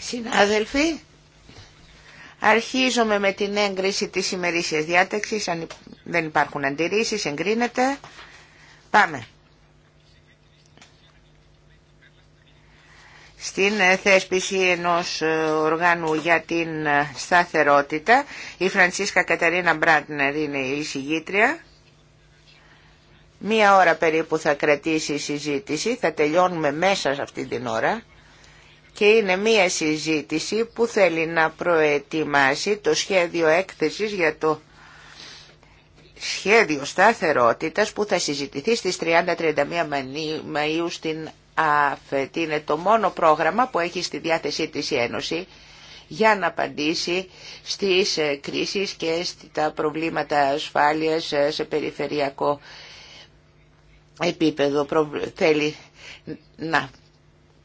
Συνάδελφοι, αρχίζουμε με την έγκριση της ημερήσιας διάταξης. Αν δεν υπάρχουν αντιρρήσεις, εγκρίνεται. Πάμε. στην ε, θέσπιση ενός ε, οργάνου για την ε, σταθερότητα. Η Φρανσίσκα Καταρίνα Μπράντνερ είναι η συγγήτρια. Μία ώρα περίπου θα κρατήσει η συζήτηση, θα τελειώνουμε μέσα σε αυτή την ώρα και είναι μία συζήτηση που θέλει να προετοιμάσει το σχέδιο έκθεσης για το σχέδιο σταθερότητας που θα συζητηθεί στις 30-31 Μαΐου στην ΑΦΕΤ. Είναι το μόνο πρόγραμμα που έχει στη διάθεσή της η Ένωση για να απαντήσει στις ε, κρίσεις και στα προβλήματα ασφάλειας ε, σε περιφερειακό επίπεδο θέλει να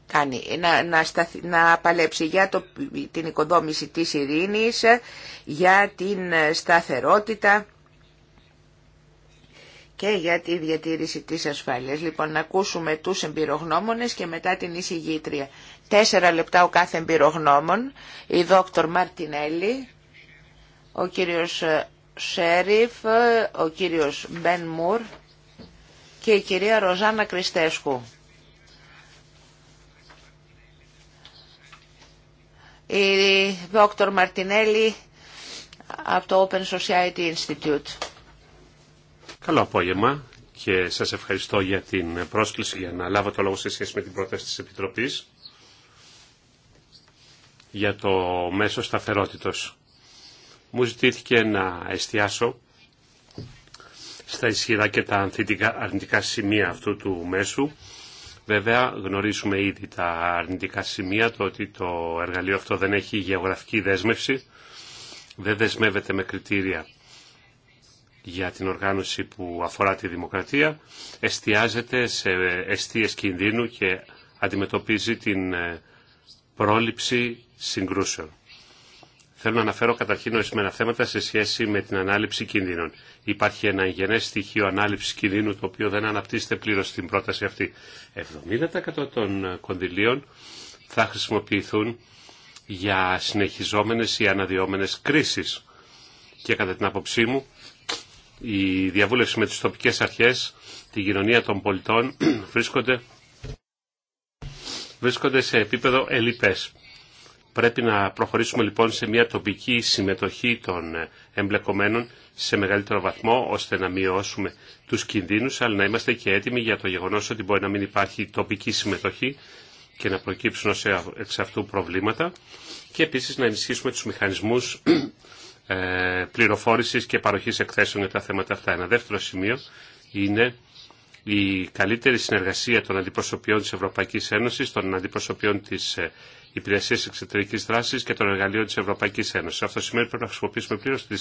κάνει, να, να, σταθ, παλέψει για το, την οικοδόμηση της ειρήνης, για την σταθερότητα και για τη διατήρηση της ασφάλειας. Λοιπόν, να ακούσουμε τους εμπειρογνώμονες και μετά την εισηγήτρια. Τέσσερα λεπτά ο κάθε εμπειρογνώμων, η δόκτωρ Μαρτινέλη, ο κύριος Σέριφ, ο κύριος Μπεν Μουρ, και η κυρία Ροζάνα Κριστέσκου. Η Δόκτωρ Μαρτινέλη από το Open Society Institute. Καλό απόγευμα και σας ευχαριστώ για την πρόσκληση για να λάβω το λόγο σε σχέση με την πρόταση της Επιτροπής για το μέσο σταθερότητος. Μου ζητήθηκε να εστιάσω στα ισχυρά και τα αρνητικά σημεία αυτού του μέσου. Βέβαια γνωρίζουμε ήδη τα αρνητικά σημεία, το ότι το εργαλείο αυτό δεν έχει γεωγραφική δέσμευση, δεν δεσμεύεται με κριτήρια για την οργάνωση που αφορά τη δημοκρατία, εστιάζεται σε αιστείες κινδύνου και αντιμετωπίζει την ε, πρόληψη συγκρούσεων. Θέλω να αναφέρω καταρχήν ορισμένα θέματα σε σχέση με την ανάληψη κινδύνων. Υπάρχει ένα γενέ στοιχείο ανάληψη κινδύνου το οποίο δεν αναπτύσσεται πλήρω στην πρόταση αυτή. 70% των κονδυλίων θα χρησιμοποιηθούν για συνεχιζόμενες ή αναδυόμενες κρίσεις. Και κατά την άποψή μου, η διαβούλευση με τις τοπικές αρχές, την κοινωνία των πολιτών, βρίσκονται, βρίσκονται σε επίπεδο ελλειπές. Πρέπει να προχωρήσουμε λοιπόν σε μια τοπική συμμετοχή των ε, εμπλεκομένων σε μεγαλύτερο βαθμό ώστε να μειώσουμε τους κινδύνους αλλά να είμαστε και έτοιμοι για το γεγονός ότι μπορεί να μην υπάρχει τοπική συμμετοχή και να προκύψουν ως ε, εξ αυτού προβλήματα και επίσης να ενισχύσουμε τους μηχανισμούς ε, πληροφόρησης και παροχής εκθέσεων για τα θέματα αυτά. Ένα δεύτερο σημείο είναι η καλύτερη συνεργασία των αντιπροσωπιών της Ευρωπαϊκής Ένωσης, των αντιπροσωπιών της Υπηρεσίε Εξωτερική Δράση και των εργαλείων τη Ευρωπαϊκή Ένωση. Αυτό σημαίνει πρέπει να χρησιμοποιήσουμε πλήρω τι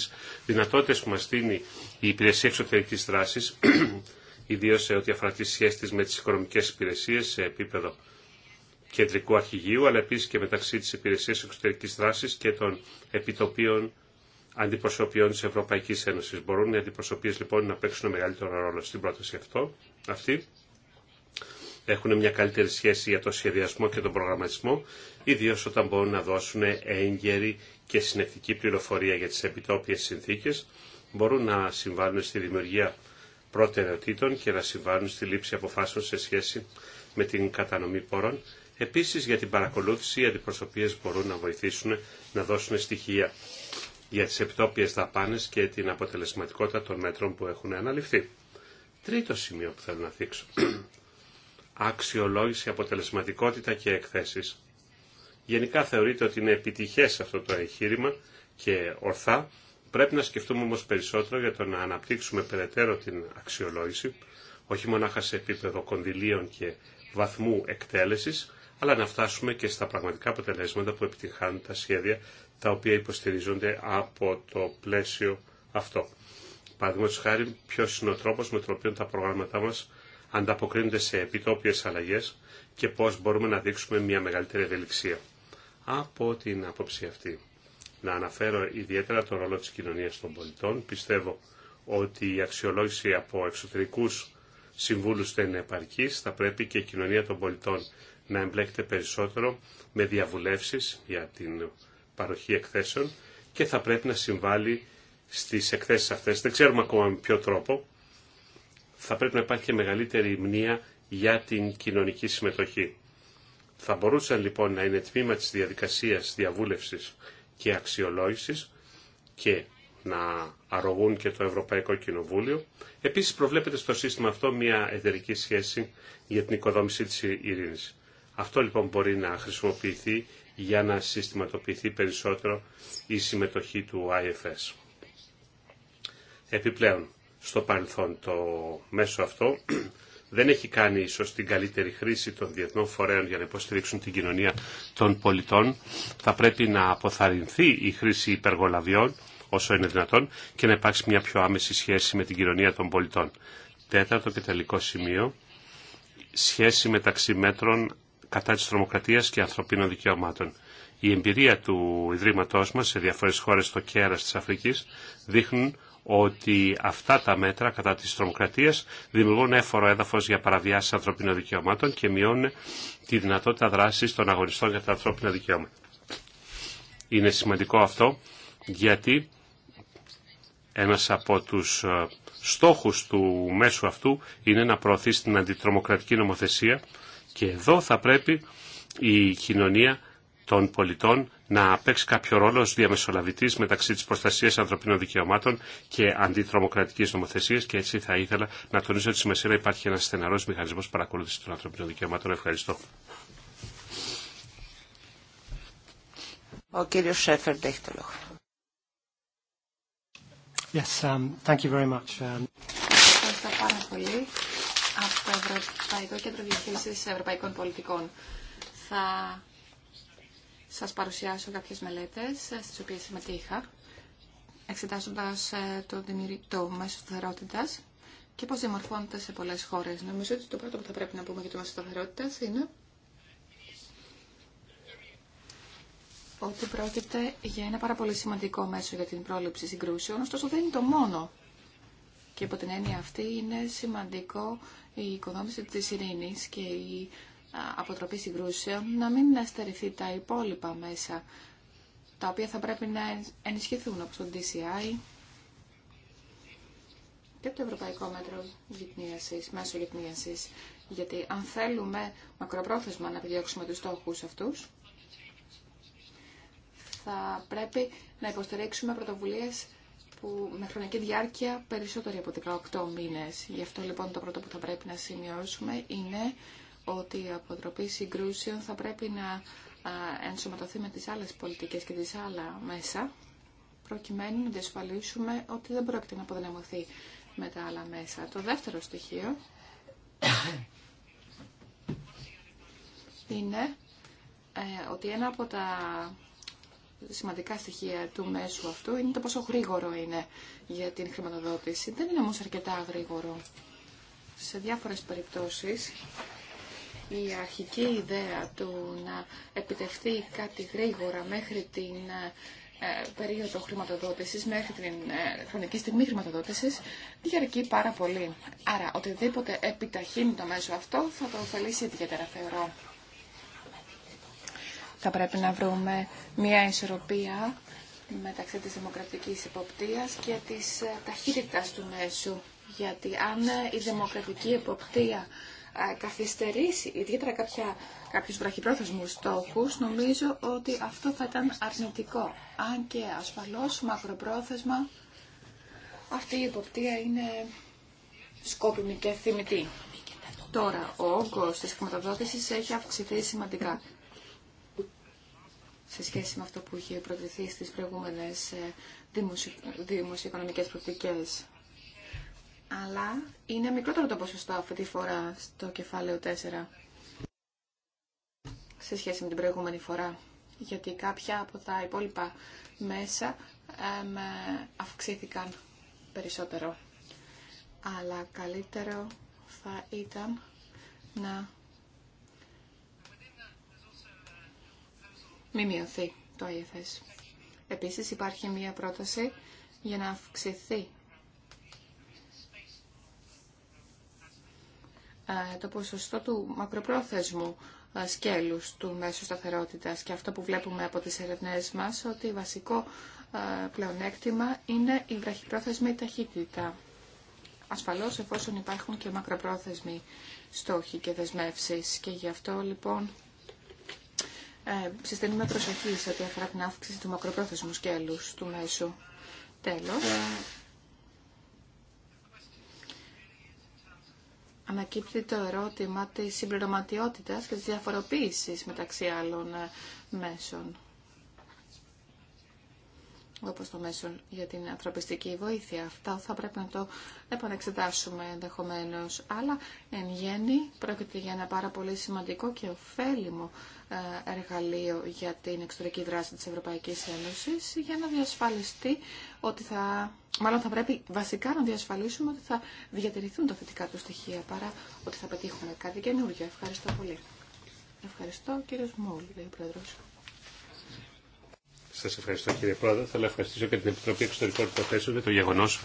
δυνατότητε που μα δίνει η Υπηρεσία Εξωτερική Δράση, ιδίω σε ό,τι αφορά τι σχέσει τη με τι οικονομικέ υπηρεσίε σε επίπεδο κεντρικού αρχηγείου, αλλά επίση και μεταξύ τη Υπηρεσία Εξωτερική Δράση και των επιτοπίων αντιπροσωπιών τη Ευρωπαϊκή Ένωση. Μπορούν οι αντιπροσωπείε λοιπόν να παίξουν μεγαλύτερο ρόλο στην πρόταση αυτό, αυτή. Έχουν μια καλύτερη σχέση για το σχεδιασμό και τον προγραμματισμό ιδίω όταν μπορούν να δώσουν έγκαιρη και συνεκτική πληροφορία για τις επιτόπιες συνθήκες, μπορούν να συμβάλλουν στη δημιουργία προτεραιοτήτων και να συμβάλλουν στη λήψη αποφάσεων σε σχέση με την κατανομή πόρων. Επίσης για την παρακολούθηση οι αντιπροσωπείες μπορούν να βοηθήσουν να δώσουν στοιχεία για τις επιτόπιες δαπάνες και την αποτελεσματικότητα των μέτρων που έχουν αναλυφθεί. Τρίτο σημείο που θέλω να δείξω. Αξιολόγηση, αποτελεσματικότητα και εκθέσεις. Γενικά θεωρείται ότι είναι επιτυχές αυτό το εγχείρημα και ορθά. Πρέπει να σκεφτούμε όμως περισσότερο για το να αναπτύξουμε περαιτέρω την αξιολόγηση, όχι μονάχα σε επίπεδο κονδυλίων και βαθμού εκτέλεσης, αλλά να φτάσουμε και στα πραγματικά αποτελέσματα που επιτυχάνουν τα σχέδια τα οποία υποστηρίζονται από το πλαίσιο αυτό. Παραδείγματο χάρη, ποιο είναι ο τρόπο με τον οποίο τα προγράμματά μα ανταποκρίνονται σε επιτόπιε αλλαγέ και πώ μπορούμε να δείξουμε μια μεγαλύτερη ευελιξία από την άποψη αυτή. Να αναφέρω ιδιαίτερα τον ρόλο της κοινωνίας των πολιτών. Πιστεύω ότι η αξιολόγηση από εξωτερικούς συμβούλους δεν είναι επαρκής. Θα πρέπει και η κοινωνία των πολιτών να εμπλέκεται περισσότερο με διαβουλεύσεις για την παροχή εκθέσεων και θα πρέπει να συμβάλλει στις εκθέσεις αυτές. Δεν ξέρουμε ακόμα με ποιο τρόπο. Θα πρέπει να υπάρχει και μεγαλύτερη μνήα για την κοινωνική συμμετοχή. Θα μπορούσαν λοιπόν να είναι τμήμα της διαδικασίας διαβούλευσης και αξιολόγησης και να αρρωγούν και το Ευρωπαϊκό Κοινοβούλιο. Επίσης προβλέπεται στο σύστημα αυτό μια εταιρική σχέση για την οικοδόμηση της ειρήνης. Αυτό λοιπόν μπορεί να χρησιμοποιηθεί για να συστηματοποιηθεί περισσότερο η συμμετοχή του IFS. Επιπλέον, στο παρελθόν το μέσο αυτό δεν έχει κάνει ίσω την καλύτερη χρήση των διεθνών φορέων για να υποστηρίξουν την κοινωνία των πολιτών. Θα πρέπει να αποθαρρυνθεί η χρήση υπεργολαβιών όσο είναι δυνατόν και να υπάρξει μια πιο άμεση σχέση με την κοινωνία των πολιτών. Τέταρτο και τελικό σημείο, σχέση μεταξύ μέτρων κατά της τρομοκρατίας και ανθρωπίνων δικαιωμάτων. Η εμπειρία του Ιδρύματός μας σε διαφορετικές χώρες στο κέρας της Αφρικής δείχνουν ότι αυτά τα μέτρα κατά της τρομοκρατίας δημιουργούν έφορο έδαφος για παραβιάσεις ανθρωπίνων δικαιωμάτων και μειώνουν τη δυνατότητα δράσης των αγωνιστών για τα ανθρώπινα δικαιώματα. Είναι σημαντικό αυτό γιατί ένας από τους ε, στόχους του μέσου αυτού είναι να προωθήσει την αντιτρομοκρατική νομοθεσία και εδώ θα πρέπει η κοινωνία των πολιτών να παίξει κάποιο ρόλο ως διαμεσολαβητής μεταξύ της προστασίας ανθρωπίνων δικαιωμάτων και αντιτρομοκρατικής νομοθεσίας και έτσι θα ήθελα να τονίσω ότι σήμερα υπάρχει ένας στεναρός μηχανισμός παρακολούθησης των ανθρωπίνων δικαιωμάτων. Ευχαριστώ. Ο κύριος Yes, um, thank you very much. Um, Κέντρο Ευρωπαϊκών Πολιτικών. Θα σας παρουσιάσω κάποιες μελέτες ε, στις οποίες συμμετείχα, εξετάζοντας ε, το, το μέσο σταθερότητα και πώς διαμορφώνεται σε πολλές χώρες. Νομίζω ότι το πρώτο που θα πρέπει να πούμε για το μέσο σταθερότητα είναι ότι πρόκειται για ένα πάρα πολύ σημαντικό μέσο για την πρόληψη συγκρούσεων, ωστόσο δεν είναι το μόνο. Και υπό την έννοια αυτή είναι σημαντικό η οικοδόμηση της ειρήνης και η αποτροπή συγκρούσεων να μην στερηθεί τα υπόλοιπα μέσα τα οποία θα πρέπει να ενισχυθούν από το DCI και το Ευρωπαϊκό Μέτρο Γυπνίασης, Μέσο Γυπνίασης. Γιατί αν θέλουμε μακροπρόθεσμα να επιδιώξουμε τους στόχους αυτούς, θα πρέπει να υποστηρίξουμε πρωτοβουλίες που με χρονική διάρκεια περισσότερη από 18 μήνες. Γι' αυτό λοιπόν το πρώτο που θα πρέπει να σημειώσουμε είναι ότι η αποτροπή συγκρούσεων θα πρέπει να ενσωματωθεί με τις άλλες πολιτικές και τις άλλα μέσα, προκειμένου να διασφαλίσουμε ότι δεν πρόκειται να αποδυναμωθεί με τα άλλα μέσα. Το δεύτερο στοιχείο είναι ε, ότι ένα από τα σημαντικά στοιχεία του μέσου αυτού είναι το πόσο γρήγορο είναι για την χρηματοδότηση. Δεν είναι όμως αρκετά γρήγορο. Σε διάφορες περιπτώσεις η αρχική ιδέα του να επιτευχθεί κάτι γρήγορα μέχρι την ε, περίοδο χρηματοδότησης, μέχρι την ε, χρονική στιγμή χρηματοδότησης, διαρκεί πάρα πολύ. Άρα, οτιδήποτε επιταχύνει το μέσο αυτό θα το ωφελήσει ιδιαίτερα, θεωρώ. Θα πρέπει να βρούμε μια ισορροπία μεταξύ της δημοκρατικής εποπτείας και της ε, ταχύτητας του μέσου. Γιατί αν η δημοκρατική υποπτία καθυστερήσει ιδιαίτερα κάποια, κάποιους βραχυπρόθεσμους στόχους, νομίζω ότι αυτό θα ήταν αρνητικό. Αν και ασφαλώς μακροπρόθεσμα αυτή η υποπτία είναι σκόπιμη και θυμητή. Τώρα, ο όγκος της χρηματοδότησης έχει αυξηθεί σημαντικά σε σχέση με αυτό που είχε προτεθεί στις προηγούμενες ε, δημοσιο... δημοσιοοικονομικές αλλά είναι μικρότερο το ποσοστό αυτή τη φορά στο κεφάλαιο 4 σε σχέση με την προηγούμενη φορά. Γιατί κάποια από τα υπόλοιπα μέσα αυξήθηκαν περισσότερο. Αλλά καλύτερο θα ήταν να μη μειωθεί το IFS. Επίσης υπάρχει μία πρόταση για να αυξηθεί Ε, το ποσοστό του μακροπρόθεσμου ε, σκέλους του μέσου σταθερότητας και αυτό που βλέπουμε από τις ερευνές μας ότι βασικό ε, πλεονέκτημα είναι η βραχυπρόθεσμη ταχύτητα. Ασφαλώς εφόσον υπάρχουν και μακροπρόθεσμοι στόχοι και δεσμεύσεις και γι' αυτό λοιπόν ε, συστήνουμε προσοχή σε ό,τι αφορά την αύξηση του μακροπρόθεσμου σκέλους του μέσου. Τέλος, ανακύπτει το ερώτημα της συμπληρωματιότητας και της διαφοροποίησης μεταξύ άλλων ε, μέσων όπως το μέσο για την ανθρωπιστική βοήθεια. Αυτά θα πρέπει να το επανεξετάσουμε ενδεχομένω. Αλλά εν γέννη πρόκειται για ένα πάρα πολύ σημαντικό και ωφέλιμο ε, εργαλείο για την εξωτερική δράση της Ευρωπαϊκής Ένωσης για να διασφαλιστεί ότι θα... Μάλλον θα πρέπει βασικά να διασφαλίσουμε ότι θα διατηρηθούν τα θετικά του στοιχεία παρά ότι θα πετύχουμε κάτι καινούργιο. Ευχαριστώ πολύ. Ευχαριστώ κύριος Μόλ, λέει ο Πρόεδρος. Σας ευχαριστώ κύριε Πρόεδρε. Θέλω να ευχαριστήσω και την Επιτροπή Εξωτερικών Υποθέσεων για το γεγονός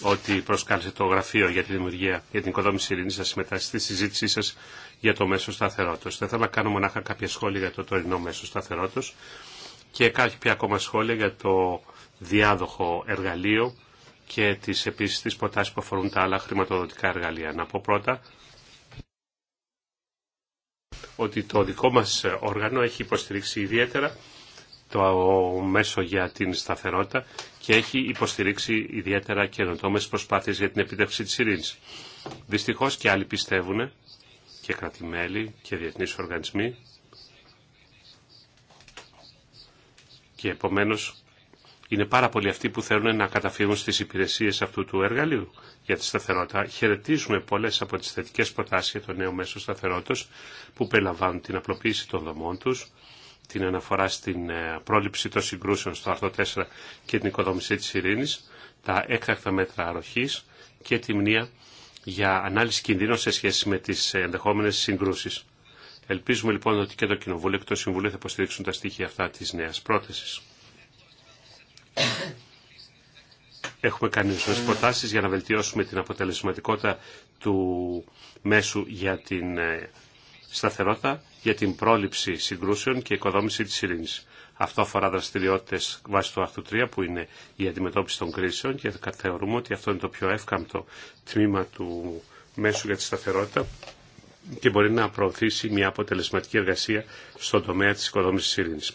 ότι προσκάλεσε το γραφείο για τη δημιουργία, για την οικοδόμηση ειρήνης να συμμετάσχει στη συζήτησή σας για το μέσο σταθερότητα. Δεν θέλω να κάνω μονάχα κάποια σχόλια για το τωρινό μέσο σταθερότητας και κάποια ακόμα σχόλια για το διάδοχο εργαλείο και τις επίσης τις προτάσεις που αφορούν τα άλλα χρηματοδοτικά εργαλεία. Να πω πρώτα ότι το δικό μας όργανο έχει υποστηρίξει ιδιαίτερα το μέσο για την σταθερότητα και έχει υποστηρίξει ιδιαίτερα καινοτόμε προσπάθειες για την επίτευξη τη ειρήνη. Δυστυχώ και άλλοι πιστεύουν, και κρατημέλη και διεθνεί οργανισμοί, και επομένω, είναι πάρα πολλοί αυτοί που θέλουν να καταφύγουν στι υπηρεσίε αυτού του εργαλείου για τη σταθερότητα. Χαιρετίζουμε πολλέ από τι θετικέ προτάσει για το νέο μέσο σταθερότητα που περιλαμβάνουν την απλοποίηση των δομών του την αναφορά στην ε, πρόληψη των συγκρούσεων στο άρθρο 4 και την οικοδόμησή της ειρήνης, τα έκτακτα μέτρα αροχής και τη μνήα για ανάλυση κινδύνων σε σχέση με τις ε, ενδεχόμενες συγκρούσεις. Ελπίζουμε λοιπόν ότι και το Κοινοβούλιο και το Συμβούλιο θα υποστηρίξουν τα στοιχεία αυτά της νέας πρότασης. Έχουμε κάνει ορισμένε προτάσεις για να βελτιώσουμε την αποτελεσματικότητα του μέσου για την ε, σταθερότητα για την πρόληψη συγκρούσεων και οικοδόμηση της ειρήνης. Αυτό αφορά δραστηριότητε βάσει του άρθρου 3 που είναι η αντιμετώπιση των κρίσεων και θεωρούμε ότι αυτό είναι το πιο εύκαμπτο τμήμα του μέσου για τη σταθερότητα και μπορεί να προωθήσει μια αποτελεσματική εργασία στον τομέα της οικοδόμησης ειρήνης.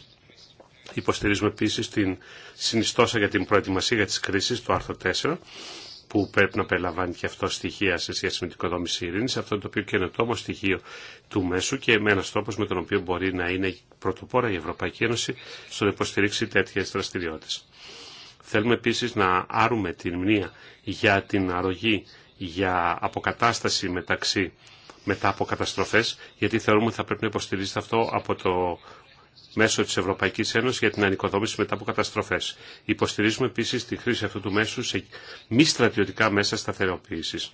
Υποστηρίζουμε επίση την συνιστόσα για την προετοιμασία για τις κρίσεις, του Άρθρου 4, που πρέπει να περιλαμβάνει και αυτό στοιχεία σε σχέση με την οικοδόμηση ειρήνη. Αυτό είναι το πιο καινοτόμο στοιχείο του μέσου και με ένα τρόπο με τον οποίο μπορεί να είναι πρωτοπόρα η Ευρωπαϊκή Ένωση στο να υποστηρίξει τέτοιε δραστηριότητε. Θέλουμε επίση να άρουμε την μνήμα για την αρρωγή για αποκατάσταση μεταξύ μετά από καταστροφές, γιατί θεωρούμε ότι θα πρέπει να υποστηρίζεται αυτό από το μέσω της Ευρωπαϊκής Ένωσης για την ανοικοδόμηση μετά από καταστροφές. Υποστηρίζουμε επίσης τη χρήση αυτού του μέσου σε μη στρατιωτικά μέσα σταθεροποίησης.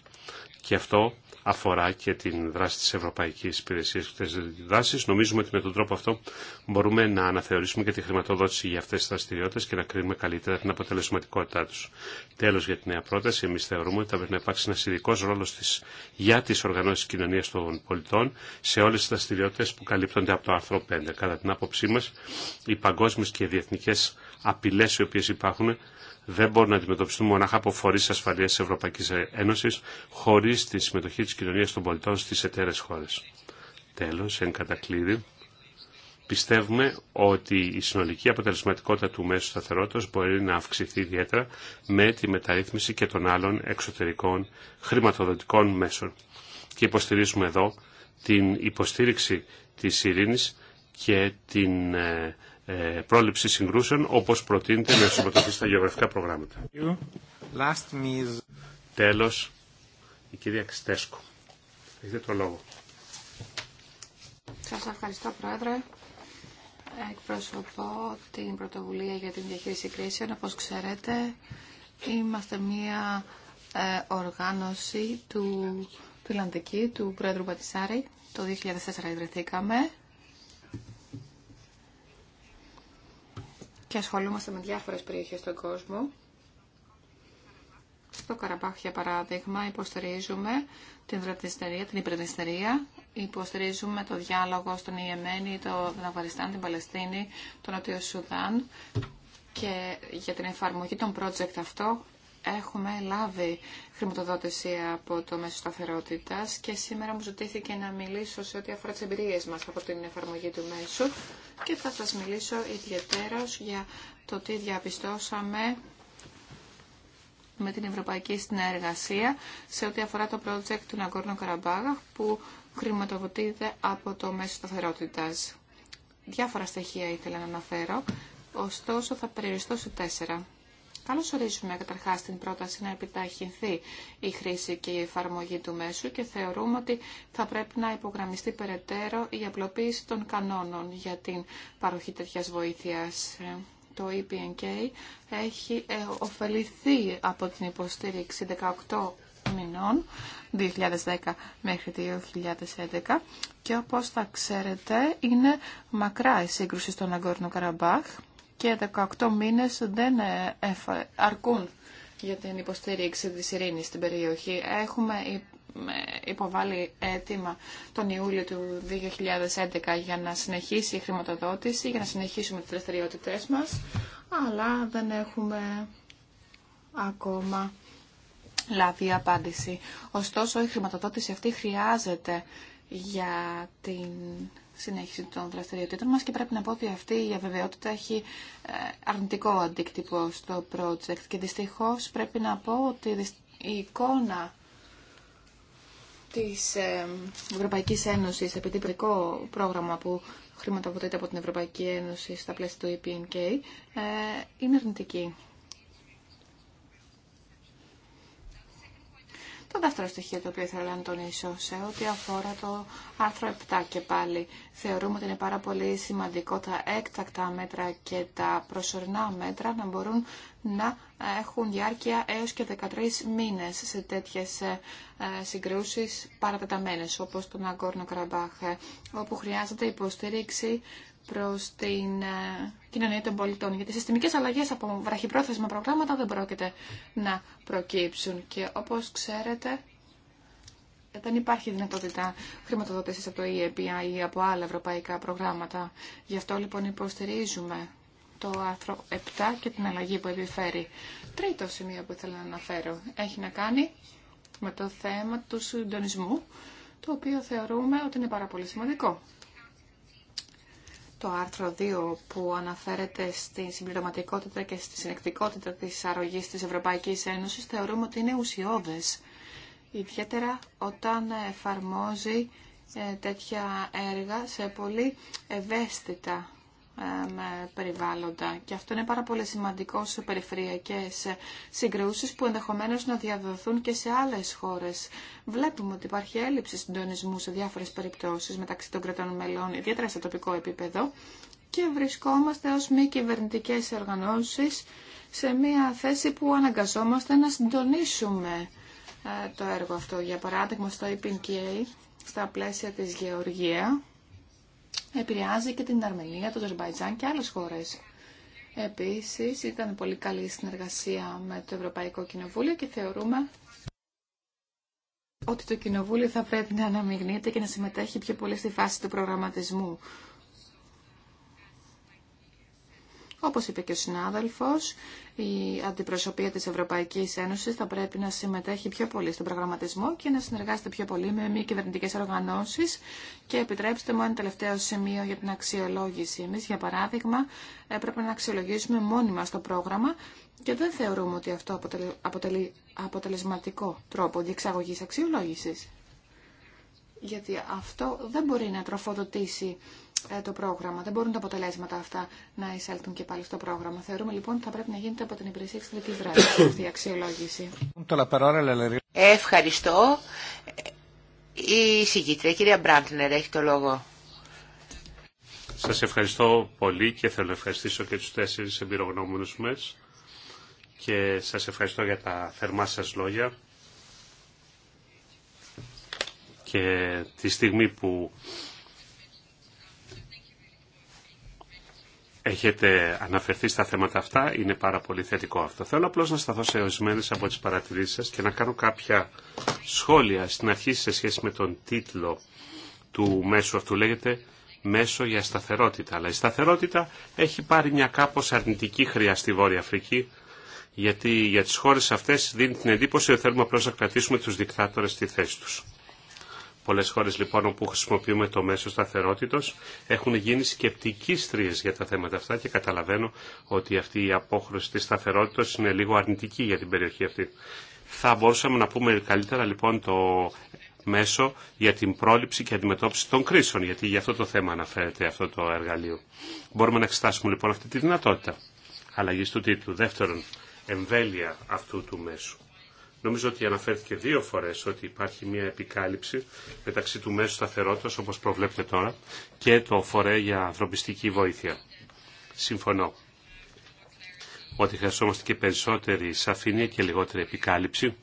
Και αυτό αφορά και την δράση της Ευρωπαϊκής Υπηρεσίας της Δράσης. Νομίζουμε ότι με τον τρόπο αυτό μπορούμε να αναθεωρήσουμε και τη χρηματοδότηση για αυτές τις δραστηριότητες και να κρίνουμε καλύτερα την αποτελεσματικότητά τους. Τέλος για την νέα πρόταση, εμείς θεωρούμε ότι θα πρέπει να υπάρξει ένας ειδικό ρόλος της, για τις οργανώσεις κοινωνίας των πολιτών σε όλες τις δραστηριότητες που καλύπτονται από το άρθρο 5. Κατά την άποψή μας, οι παγκόσμιες και διεθνικές απειλές οι οποίες υπάρχουν δεν μπορούν να αντιμετωπιστούν μονάχα από φορεί ασφαλεία τη Ευρωπαϊκή Ένωση χωρί τη συμμετοχή τη κοινωνία των πολιτών στι εταίρε χώρε. Τέλο, εν κατακλείδη, πιστεύουμε ότι η συνολική αποτελεσματικότητα του μέσου σταθερότητα μπορεί να αυξηθεί ιδιαίτερα με τη μεταρρύθμιση και των άλλων εξωτερικών χρηματοδοτικών μέσων. Και υποστηρίζουμε εδώ την υποστήριξη της ειρήνης και την ε, ε, πρόληψη συγκρούσεων όπως προτείνεται με συμμετοχή στα γεωγραφικά προγράμματα. Last Τέλος, η κυρία Ξτέσκου. Έχετε το λόγο. Σας ευχαριστώ Πρόεδρε. Εκπροσωπώ την πρωτοβουλία για την διαχείριση κρίσεων. Όπως ξέρετε, είμαστε μία ε, οργάνωση του Φιλανδική, του Πρόεδρου Πατισάρη. Το 2004 ιδρυθήκαμε και ασχολούμαστε με διάφορες περιοχές στον κόσμο. Στο Καραμπάχ, για παράδειγμα, υποστηρίζουμε την Βρετανιστερία, την υποστηρίζουμε το διάλογο στον Ιεμένη, το Αφγανιστάν, την Παλαιστίνη, τον Νότιο Σουδάν και για την εφαρμογή των project αυτό Έχουμε λάβει χρηματοδότηση από το μέσο σταθερότητα και σήμερα μου ζητήθηκε να μιλήσω σε ό,τι αφορά τι εμπειρίε μα από την εφαρμογή του μέσου και θα σα μιλήσω ιδιαίτερω για το τι διαπιστώσαμε με την Ευρωπαϊκή Συνεργασία σε ό,τι αφορά το project του Ναγκόρνο Καραμπάγα που χρηματοδοτείται από το μέσο σταθερότητα. Διάφορα στοιχεία ήθελα να αναφέρω, ωστόσο θα περιοριστώ σε τέσσερα. Καλώς ορίζουμε καταρχάς την πρόταση να επιταχυνθεί η χρήση και η εφαρμογή του μέσου και θεωρούμε ότι θα πρέπει να υπογραμμιστεί περαιτέρω η απλοποίηση των κανόνων για την παροχή τέτοιας βοήθειας το EPNK έχει ε, ωφεληθεί από την υποστήριξη 18 μηνών 2010 μέχρι 2011 και όπως θα ξέρετε είναι μακρά η σύγκρουση στον Αγκόρνο Καραμπάχ και 18 μήνες δεν ε, αρκούν για την υποστήριξη της ειρήνης στην περιοχή. Έχουμε υποβάλει αίτημα τον Ιούλιο του 2011 για να συνεχίσει η χρηματοδότηση, για να συνεχίσουμε τις δραστηριότητε μας, αλλά δεν έχουμε ακόμα λάβει απάντηση. Ωστόσο, η χρηματοδότηση αυτή χρειάζεται για την συνέχιση των δραστηριοτήτων μας και πρέπει να πω ότι αυτή η αβεβαιότητα έχει ε, αρνητικό αντίκτυπο στο project και δυστυχώς πρέπει να πω ότι η εικόνα της ε, Ευρωπαϊκής Ένωσης επί τυπικό πρόγραμμα που χρηματοδοτείται από την Ευρωπαϊκή Ένωση στα πλαίσια του EPNK ε, είναι αρνητική. Το δεύτερο στοιχείο το οποίο ήθελα να τονίσω σε ό,τι αφορά το άρθρο 7 και πάλι θεωρούμε ότι είναι πάρα πολύ σημαντικό τα έκτακτα μέτρα και τα προσωρινά μέτρα να μπορούν να έχουν διάρκεια έως και 13 μήνες σε τέτοιες ε, συγκρούσεις παρατεταμένες όπως τον Αγκόρνο Καραμπάχ ε, όπου χρειάζεται υποστήριξη Προ την ε, κοινωνία των πολιτών. Γιατί συστημικέ αλλαγέ από βραχυπρόθεσμα προγράμματα δεν πρόκειται να προκύψουν. Και όπω ξέρετε, δεν υπάρχει δυνατότητα χρηματοδότηση από το EEPI ή από άλλα ευρωπαϊκά προγράμματα. Γι' αυτό λοιπόν υποστηρίζουμε το άρθρο 7 και την αλλαγή που επιφέρει. Τρίτο σημείο που ήθελα να αναφέρω έχει να κάνει με το θέμα του συντονισμού, το οποίο θεωρούμε ότι είναι πάρα πολύ σημαντικό το άρθρο 2 που αναφέρεται στη συμπληρωματικότητα και στη συνεκτικότητα της αρρωγής της Ευρωπαϊκής Ένωσης θεωρούμε ότι είναι ουσιώδες. Ιδιαίτερα όταν εφαρμόζει ε, τέτοια έργα σε πολύ ευαίσθητα περιβάλλοντα. Και αυτό είναι πάρα πολύ σημαντικό σε περιφερειακές συγκρούσεις που ενδεχομένως να διαδοθούν και σε άλλες χώρες. Βλέπουμε ότι υπάρχει έλλειψη συντονισμού σε διάφορες περιπτώσεις μεταξύ των κρατών μελών, ιδιαίτερα σε τοπικό επίπεδο. Και βρισκόμαστε ως μη κυβερνητικέ οργανώσεις σε μια θέση που αναγκαζόμαστε να συντονίσουμε ε, το έργο αυτό. Για παράδειγμα, στο EPNK, στα πλαίσια της Γεωργία, επηρεάζει και την Αρμενία, το Ζερμπαϊτζάν και άλλες χώρες. Επίσης ήταν πολύ καλή συνεργασία με το Ευρωπαϊκό Κοινοβούλιο και θεωρούμε ότι το Κοινοβούλιο θα πρέπει να αναμειγνύεται και να συμμετέχει πιο πολύ στη φάση του προγραμματισμού Όπως είπε και ο συνάδελφος, η αντιπροσωπεία της Ευρωπαϊκής Ένωσης θα πρέπει να συμμετέχει πιο πολύ στον προγραμματισμό και να συνεργάζεται πιο πολύ με μη κυβερνητικέ οργανώσεις και επιτρέψτε μου ένα τελευταίο σημείο για την αξιολόγηση. Εμείς, για παράδειγμα, έπρεπε να αξιολογήσουμε μόνοι μας το πρόγραμμα και δεν θεωρούμε ότι αυτό αποτελεί αποτελεσματικό τρόπο διεξαγωγής αξιολόγησης γιατί αυτό δεν μπορεί να τροφοδοτήσει ε, το πρόγραμμα. Δεν μπορούν τα αποτελέσματα αυτά να εισέλθουν και πάλι στο πρόγραμμα. Θεωρούμε λοιπόν ότι θα πρέπει να γίνεται από την υπηρεσία εξωτερική δράση αυτή η αξιολόγηση. Ευχαριστώ. Η συγκήτρια, κυρία Μπράντνερ, έχει το λόγο. Σας ευχαριστώ πολύ και θέλω να ευχαριστήσω και τους τέσσερις εμπειρογνώμονους μας και σας ευχαριστώ για τα θερμά σας λόγια και τη στιγμή που έχετε αναφερθεί στα θέματα αυτά είναι πάρα πολύ θετικό αυτό. Θέλω απλώς να σταθώ σε ορισμένε από τις παρατηρήσεις σας και να κάνω κάποια σχόλια στην αρχή σε σχέση με τον τίτλο του μέσου αυτού. Λέγεται μέσο για σταθερότητα. Αλλά η σταθερότητα έχει πάρει μια κάπως αρνητική χρειά στη Βόρεια Αφρική, γιατί για τις χώρες αυτές δίνει την εντύπωση ότι θέλουμε απλώς να κρατήσουμε τους δικτάτορες στη θέση τους. Πολλέ χώρε λοιπόν όπου χρησιμοποιούμε το μέσο σταθερότητος έχουν γίνει σκεπτικοί στρίες για τα θέματα αυτά και καταλαβαίνω ότι αυτή η απόχρωση τη σταθερότητα είναι λίγο αρνητική για την περιοχή αυτή. Θα μπορούσαμε να πούμε καλύτερα λοιπόν το μέσο για την πρόληψη και αντιμετώπιση των κρίσεων, γιατί για αυτό το θέμα αναφέρεται αυτό το εργαλείο. Μπορούμε να εξετάσουμε λοιπόν αυτή τη δυνατότητα αλλαγή του τίτλου. Δεύτερον, εμβέλεια αυτού του μέσου. Νομίζω ότι αναφέρθηκε δύο φορές ότι υπάρχει μια επικάλυψη μεταξύ του μέσου σταθερότητα, όπως προβλέπετε τώρα, και το φορέ για ανθρωπιστική βοήθεια. Συμφωνώ ότι χρειαζόμαστε και περισσότερη σαφήνεια και λιγότερη επικάλυψη,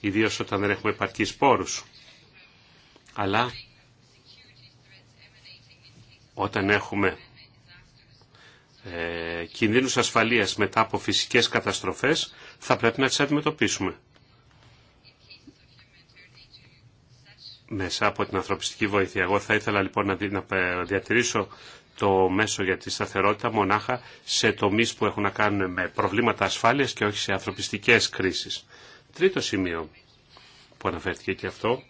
ιδίω όταν δεν έχουμε επαρκή πόρου, Αλλά όταν έχουμε ε, κινδύνους ασφαλείας μετά από φυσικές καταστροφές, θα πρέπει να τις αντιμετωπίσουμε. Μέσα από την ανθρωπιστική βοήθεια. Εγώ θα ήθελα λοιπόν να διατηρήσω το μέσο για τη σταθερότητα μονάχα σε τομείς που έχουν να κάνουν με προβλήματα ασφάλειας και όχι σε ανθρωπιστικές κρίσεις. Τρίτο σημείο που αναφέρθηκε και αυτό,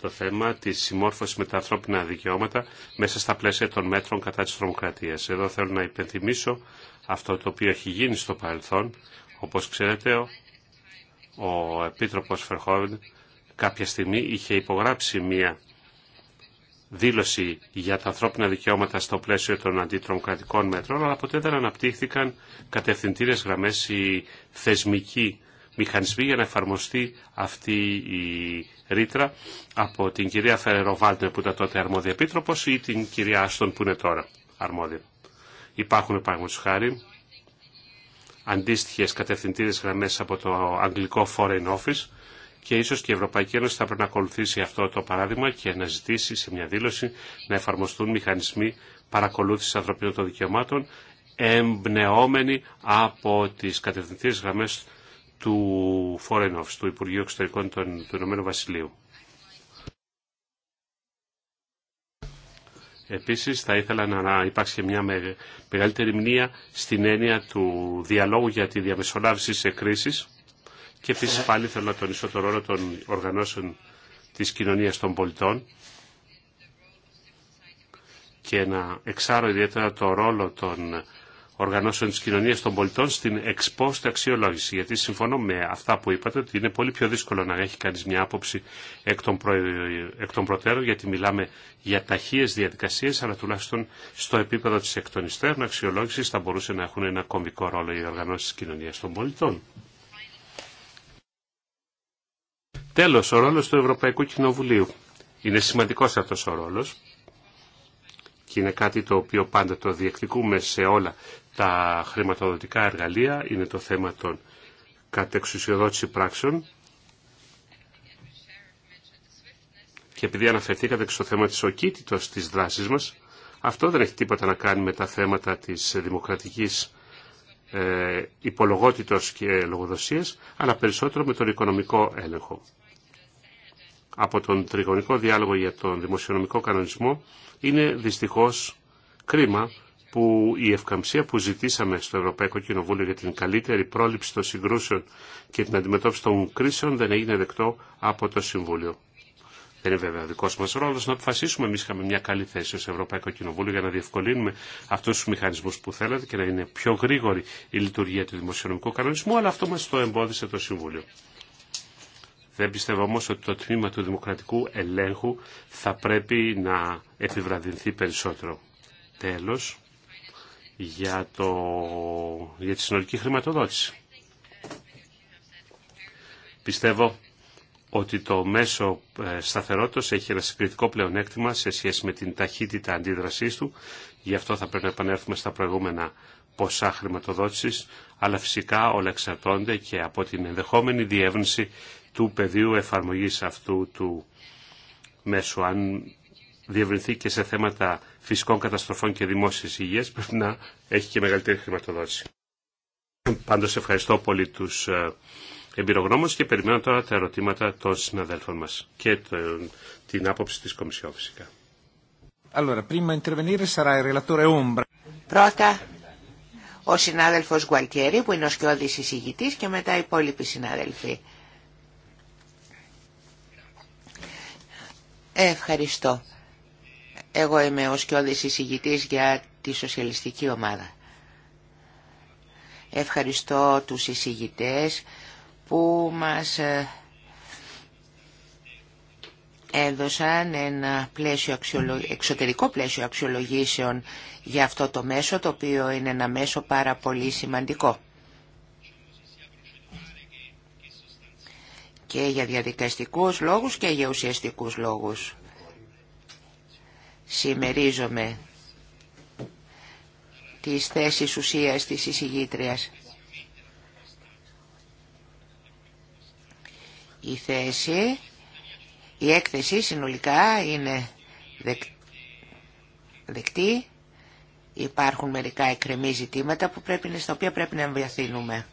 το θέμα της συμμόρφωσης με τα ανθρώπινα δικαιώματα μέσα στα πλαίσια των μέτρων κατά της τρομοκρατίας. Εδώ θέλω να υπενθυμίσω αυτό το οποίο έχει γίνει στο παρελθόν όπως ξέρετε, ο Επίτροπος Φερχόβεν κάποια στιγμή είχε υπογράψει μία δήλωση για τα ανθρώπινα δικαιώματα στο πλαίσιο των αντιτρομοκρατικών μέτρων, αλλά ποτέ δεν αναπτύχθηκαν κατευθυντήρες γραμμές οι θεσμικοί μηχανισμοί για να εφαρμοστεί αυτή η ρήτρα από την κυρία Φερεροβάλτερ που ήταν τότε αρμόδια επίτροπος ή την κυρία Άστον που είναι τώρα αρμόδια. Υπάρχουν, παραδείγματος χάρη, Αντίστοιχε κατευθυντήρες γραμμές από το αγγλικό Foreign Office και ίσως και η Ευρωπαϊκή Ένωση θα πρέπει να ακολουθήσει αυτό το παράδειγμα και να ζητήσει σε μια δήλωση να εφαρμοστούν μηχανισμοί παρακολούθησης ανθρωπίνων των δικαιωμάτων εμπνεόμενοι από τις κατευθυντήρες γραμμές του Foreign Office, του Υπουργείου Εξωτερικών του Ηνωμένου Βασιλείου. Επίσης θα ήθελα να υπάρξει και μια μεγαλύτερη μνήμα στην έννοια του διαλόγου για τη διαμεσολάβηση σε κρίσεις και επίσης πάλι θέλω να τονίσω το ρόλο των οργανώσεων της κοινωνίας των πολιτών και να εξάρω ιδιαίτερα το ρόλο των οργανώσεων της κοινωνίας των πολιτών στην εξπόστη αξιολόγηση. Γιατί συμφωνώ με αυτά που είπατε ότι είναι πολύ πιο δύσκολο να έχει κανείς μια άποψη εκ των, προτέρων γιατί μιλάμε για ταχείες διαδικασίες αλλά τουλάχιστον στο επίπεδο της εκ των υστέρων αξιολόγησης θα μπορούσε να έχουν ένα κομβικό ρόλο οι οργανώσεις της κοινωνίας των πολιτών. Τέλος, ο ρόλος του Ευρωπαϊκού Κοινοβουλίου. Είναι σημαντικός αυτός ο ρόλος και είναι κάτι το οποίο πάντα το διεκδικούμε σε όλα τα χρηματοδοτικά εργαλεία, είναι το θέμα των κατεξουσιοδότηση πράξεων. Και επειδή αναφερθήκατε στο θέμα της οκίτητος της δράσης μας, αυτό δεν έχει τίποτα να κάνει με τα θέματα της δημοκρατικής ε, υπολογότητος και λογοδοσίας, αλλά περισσότερο με τον οικονομικό έλεγχο. Από τον τριγωνικό διάλογο για τον δημοσιονομικό κανονισμό είναι δυστυχώς κρίμα που η ευκαμψία που ζητήσαμε στο Ευρωπαϊκό Κοινοβούλιο για την καλύτερη πρόληψη των συγκρούσεων και την αντιμετώπιση των κρίσεων δεν έγινε δεκτό από το Συμβούλιο. Δεν είναι βέβαια δικό μα ρόλο να αποφασίσουμε. Εμεί είχαμε μια καλή θέση ω Ευρωπαϊκό Κοινοβούλιο για να διευκολύνουμε αυτού του μηχανισμού που θέλατε και να είναι πιο γρήγορη η λειτουργία του δημοσιονομικού κανονισμού, αλλά αυτό μα το εμπόδισε το Συμβούλιο. Δεν πιστεύω όμω ότι το τμήμα του δημοκρατικού ελέγχου θα πρέπει να επιβραδυνθεί περισσότερο. Τέλος, για, το, για τη συνολική χρηματοδότηση. Πιστεύω ότι το μέσο ε, σταθερότητας έχει ένα συγκριτικό πλεονέκτημα σε σχέση με την ταχύτητα αντίδρασής του. Γι' αυτό θα πρέπει να επανέλθουμε στα προηγούμενα ποσά χρηματοδότησης, αλλά φυσικά όλα εξαρτώνται και από την ενδεχόμενη διεύρυνση του πεδίου εφαρμογής αυτού του μέσου. Αν διευρυνθεί και σε θέματα φυσικών καταστροφών και δημόσια υγεία πρέπει να έχει και μεγαλύτερη χρηματοδότηση. Πάντως ευχαριστώ πολύ του ε, εμπειρογνώμου και περιμένω τώρα τα ερωτήματα των συναδέλφων μα και την άποψη τη Κομισιόν Allora, prima intervenire sarà il relatore Πρώτα ο συνάδελφο Γουαλτιέρη που είναι ο σκιώδης εισήγητή, και μετά οι υπόλοιποι συνάδελφοι. Ευχαριστώ. Εγώ είμαι ο Σκιώδης εισηγητής για τη σοσιαλιστική ομάδα. Ευχαριστώ τους εισηγητές που μας ε, έδωσαν ένα πλαίσιο εξωτερικό πλαίσιο αξιολογήσεων για αυτό το μέσο, το οποίο είναι ένα μέσο πάρα πολύ σημαντικό. Και για διαδικαστικούς λόγους και για ουσιαστικούς λόγους. Σημερίζομαι τις θέσεις ουσίας της εισηγήτριας. Η θέση, η έκθεση συνολικά είναι δεκτή. Υπάρχουν μερικά εκκρεμή ζητήματα που πρέπει, στα οποία πρέπει να εμβιαθύνουμε.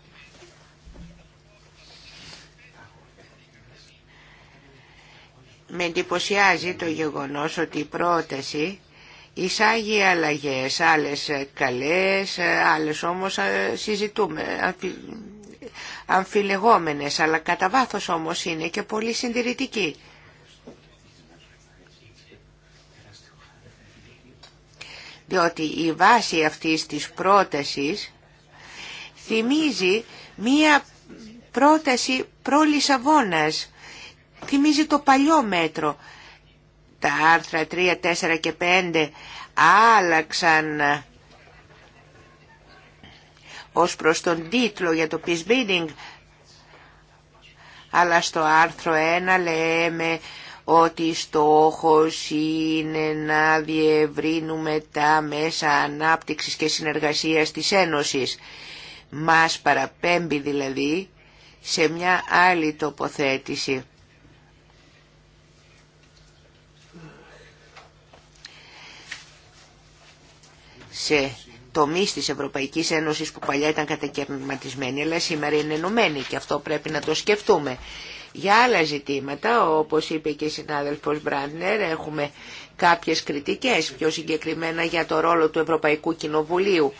με εντυπωσιάζει το γεγονός ότι η πρόταση εισάγει αλλαγές, άλλες καλές, άλλες όμως ε, συζητούμε, αμφιλεγόμενες, αλλά κατά βάθος όμως είναι και πολύ συντηρητική. Διότι η βάση αυτής της πρότασης θυμίζει μία πρόταση προ-Λισαβόνας θυμίζει το παλιό μέτρο. Τα άρθρα 3, 4 και 5 άλλαξαν ε, ως προς τον τίτλο για το peace building, αλλά στο άρθρο 1 λέμε ότι στόχος είναι να διευρύνουμε τα μέσα ανάπτυξης και συνεργασίας της Ένωσης. Μας παραπέμπει δηλαδή σε μια άλλη τοποθέτηση. σε τομεί της Ευρωπαϊκής Ένωσης που παλιά ήταν κατακαιρματισμένοι αλλά σήμερα είναι ενωμένοι και αυτό πρέπει να το σκεφτούμε. Για άλλα ζητήματα, όπως είπε και η συνάδελφος Μπραντνερ, έχουμε κάποιες κριτικές, πιο συγκεκριμένα για το ρόλο του Ευρωπαϊκού Κοινοβουλίου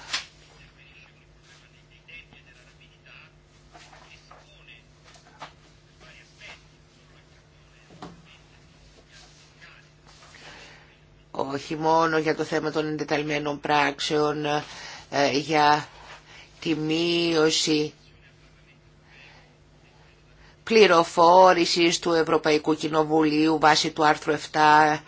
όχι μόνο για το θέμα των εντεταλμένων πράξεων, ε, για τη μείωση πληροφόρησης του Ευρωπαϊκού Κοινοβουλίου βάσει του άρθρου 7, 7.7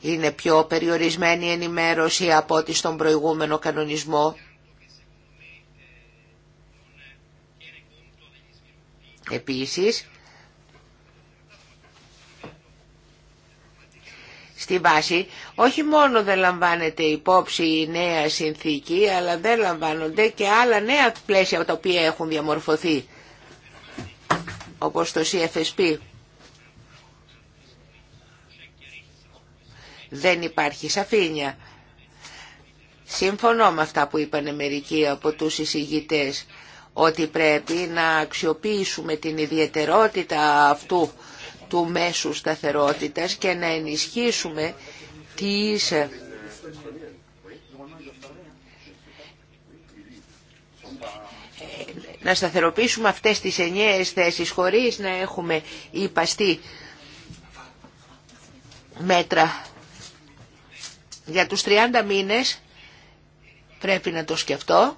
είναι πιο περιορισμένη ενημέρωση από ό,τι στον προηγούμενο κανονισμό. Επίσης, στη βάση όχι μόνο δεν λαμβάνεται υπόψη η νέα συνθήκη αλλά δεν λαμβάνονται και άλλα νέα πλαίσια τα οποία έχουν διαμορφωθεί όπως το CFSP. Δεν υπάρχει σαφήνεια. Σύμφωνο με αυτά που είπαν μερικοί από τους εισηγητές ότι πρέπει να αξιοποιήσουμε την ιδιαιτερότητα αυτού του μέσου σταθερότητας και να ενισχύσουμε τις ε, να σταθεροποιήσουμε αυτές τις ενιαίες θέσεις χωρίς να έχουμε υπαστή μέτρα. Για τους 30 μήνες πρέπει να το σκεφτώ.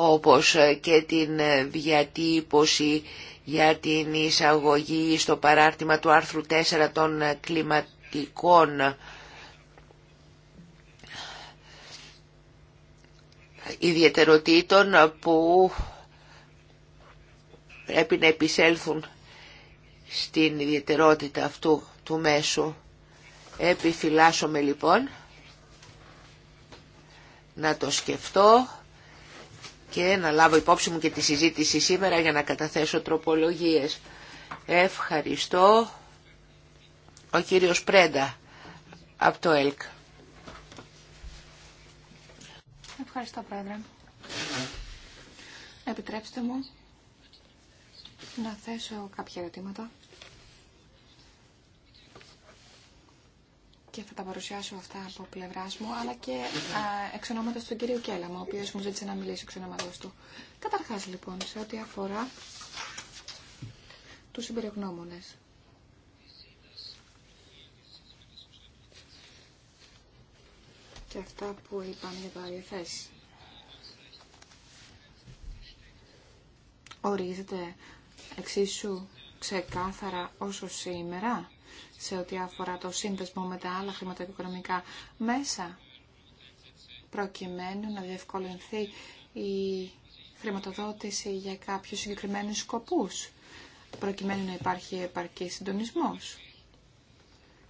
όπως ε, και την ε, διατύπωση για την εισαγωγή στο παράρτημα του άρθρου 4 των ε, κλιματικών ιδιαιτεροτήτων που πρέπει να επισέλθουν στην ιδιαιτερότητα αυτού του μέσου. Επιφυλάσσομαι λοιπόν να το σκεφτώ και να λάβω υπόψη μου και τη συζήτηση σήμερα για να καταθέσω τροπολογίες. Ευχαριστώ. Ο κύριος Πρέντα από το ΕΛΚ. Ευχαριστώ Πρόεδρε. Επιτρέψτε μου να θέσω κάποια ερωτήματα και θα τα παρουσιάσω αυτά από πλευρά μου, αλλά και εξ ονόματο του κυρίου Κέλαμα ο οποίο μου ζήτησε να μιλήσω εξ ονόματο του. Καταρχά, λοιπόν, σε ό,τι αφορά του συμπεριγνώμονε. Και αυτά που είπαν για το ΙΕΦΕΣ. Ορίζεται εξίσου ξεκάθαρα όσο σήμερα σε ό,τι αφορά το σύνδεσμο με τα άλλα χρηματοοικονομικά μέσα προκειμένου να διευκολυνθεί η χρηματοδότηση για κάποιους συγκεκριμένους σκοπούς προκειμένου να υπάρχει επαρκή συντονισμός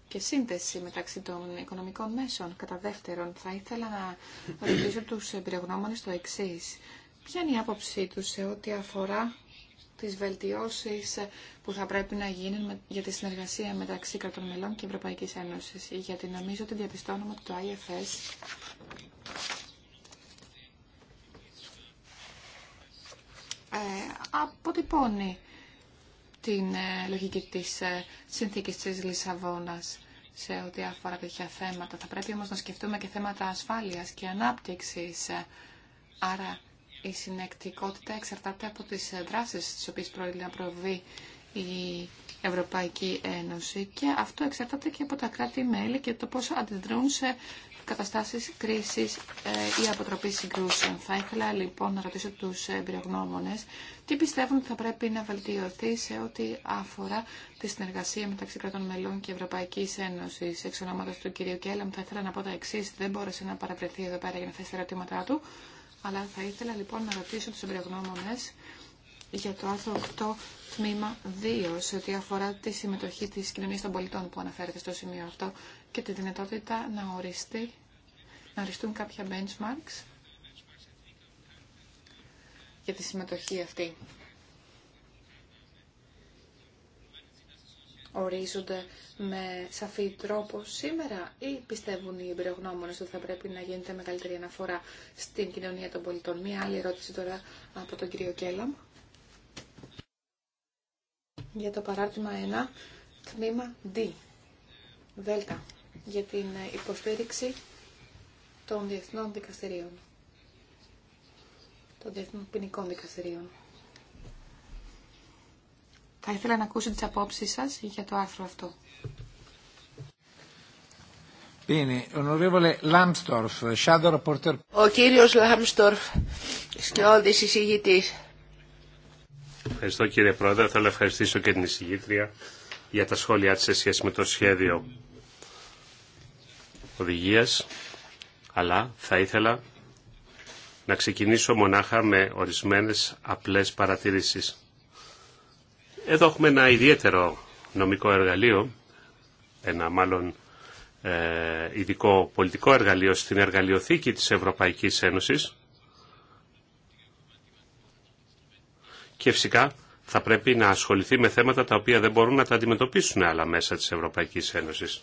και σύνδεση μεταξύ των οικονομικών μέσων. Κατά δεύτερον, θα ήθελα να ρωτήσω τους εμπειρογνώμονες το εξής. Ποια είναι η άποψή τους σε ό,τι αφορά τις βελτιώσεις που θα πρέπει να γίνουν για τη συνεργασία μεταξύ κρατών μελών και Ευρωπαϊκής Ένωσης. Γιατί νομίζω ότι διαπιστώνουμε ότι το IFS ε, αποτυπώνει την ε, λογική της ε, συνθήκης της Λισαβόνας σε ό,τι αφορά τέτοια θέματα. Θα πρέπει όμως να σκεφτούμε και θέματα ασφάλειας και ανάπτυξης. Άρα η συνεκτικότητα εξαρτάται από τις ε, δράσεις στις οποίες πρόκειται να προβεί η Ευρωπαϊκή Ένωση και αυτό εξαρτάται και από τα κράτη-μέλη και το πόσο αντιδρούν σε καταστάσεις κρίσης ε, ή αποτροπή συγκρούσεων. Θα ήθελα λοιπόν να ρωτήσω τους εμπειρογνώμονες τι πιστεύουν ότι θα πρέπει να βελτιωθεί σε ό,τι αφορά τη συνεργασία μεταξύ κρατών μελών και Ευρωπαϊκή Ένωση. Εξ ονόματο του κυρίου Κέλλαμ θα ήθελα να πω τα εξή. Δεν μπόρεσε να παραβρεθεί εδώ πέρα για να θέσει τα ερωτήματά του. Αλλά θα ήθελα λοιπόν να ρωτήσω τους εμπρεγνώμονες για το άρθρο 8 τμήμα 2 σε ό,τι αφορά τη συμμετοχή της κοινωνίας των πολιτών που αναφέρεται στο σημείο αυτό και τη δυνατότητα να, οριστεί, να οριστούν κάποια benchmarks για τη συμμετοχή αυτή. ορίζονται με σαφή τρόπο σήμερα ή πιστεύουν οι εμπειρογνώμονε ότι θα πρέπει να γίνεται μεγαλύτερη αναφορά στην κοινωνία των πολιτών. Μία άλλη ερώτηση τώρα από τον κύριο Κέλαμ. Για το παράρτημα 1, τμήμα D, δέλτα, για την υποστήριξη των διεθνών δικαστηρίων, των διεθνών ποινικών δικαστηρίων. Θα ήθελα να ακούσω τις απόψεις σας για το άρθρο αυτό. Ο κύριος Λάμστορφ, σκιώδης εισηγητής. Ευχαριστώ κύριε Πρόεδρε. Θέλω να ευχαριστήσω και την εισηγήτρια για τα σχόλιά της σε σχέση με το σχέδιο οδηγίας. Αλλά θα ήθελα να ξεκινήσω μονάχα με ορισμένες απλές παρατηρήσεις. Εδώ έχουμε ένα ιδιαίτερο νομικό εργαλείο, ένα μάλλον ε, ειδικό πολιτικό εργαλείο στην εργαλειοθήκη της Ευρωπαϊκής Ένωσης και φυσικά θα πρέπει να ασχοληθεί με θέματα τα οποία δεν μπορούν να τα αντιμετωπίσουν άλλα μέσα της Ευρωπαϊκής Ένωσης.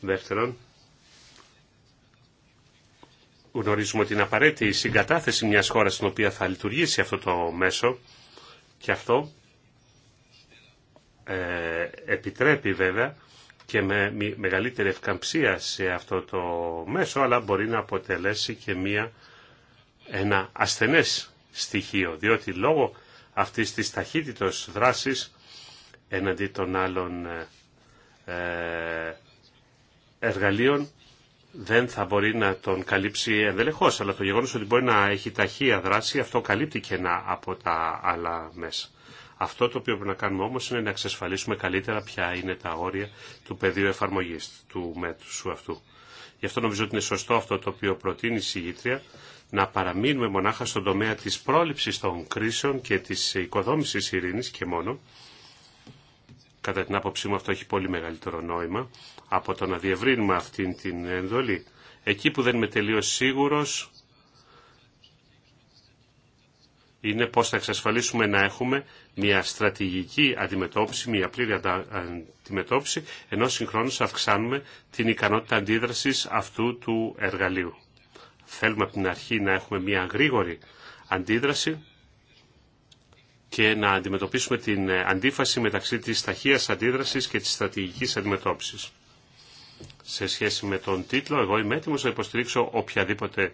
Δεύτερον, γνωρίζουμε ότι είναι απαραίτητη η συγκατάθεση μιας χώρας στην οποία θα λειτουργήσει αυτό το μέσο και αυτό ε, επιτρέπει βέβαια και με μεγαλύτερη ευκαμψία σε αυτό το μέσο, αλλά μπορεί να αποτελέσει και μία, ένα ασθενές στοιχείο, διότι λόγω αυτής της ταχύτητος δράσης εναντί των άλλων ε, ε, εργαλείων δεν θα μπορεί να τον καλύψει ενδελεχώ, αλλά το γεγονό ότι μπορεί να έχει ταχεία δράση, αυτό καλύπτει κενά από τα άλλα μέσα. Αυτό το οποίο πρέπει να κάνουμε όμω είναι να εξασφαλίσουμε καλύτερα ποια είναι τα όρια του πεδίου εφαρμογή του μέτρου αυτού. Γι' αυτό νομίζω ότι είναι σωστό αυτό το οποίο προτείνει η συγγήτρια, να παραμείνουμε μονάχα στον τομέα της πρόληψης των κρίσεων και της οικοδόμησης ειρήνης και μόνο. Κατά την άποψή μου αυτό έχει πολύ μεγαλύτερο νόημα από το να διευρύνουμε αυτήν την εντολή. Εκεί που δεν είμαι τελείως σίγουρος είναι πώς θα εξασφαλίσουμε να έχουμε μια στρατηγική αντιμετώπιση, μια πλήρη αντιμετώπιση, ενώ συγχρόνως αυξάνουμε την ικανότητα αντίδρασης αυτού του εργαλείου. Θέλουμε από την αρχή να έχουμε μια γρήγορη αντίδραση και να αντιμετωπίσουμε την αντίφαση μεταξύ της ταχείας αντίδρασης και της στρατηγικής αντιμετώπισης σε σχέση με τον τίτλο. Εγώ είμαι έτοιμος να υποστηρίξω οποιαδήποτε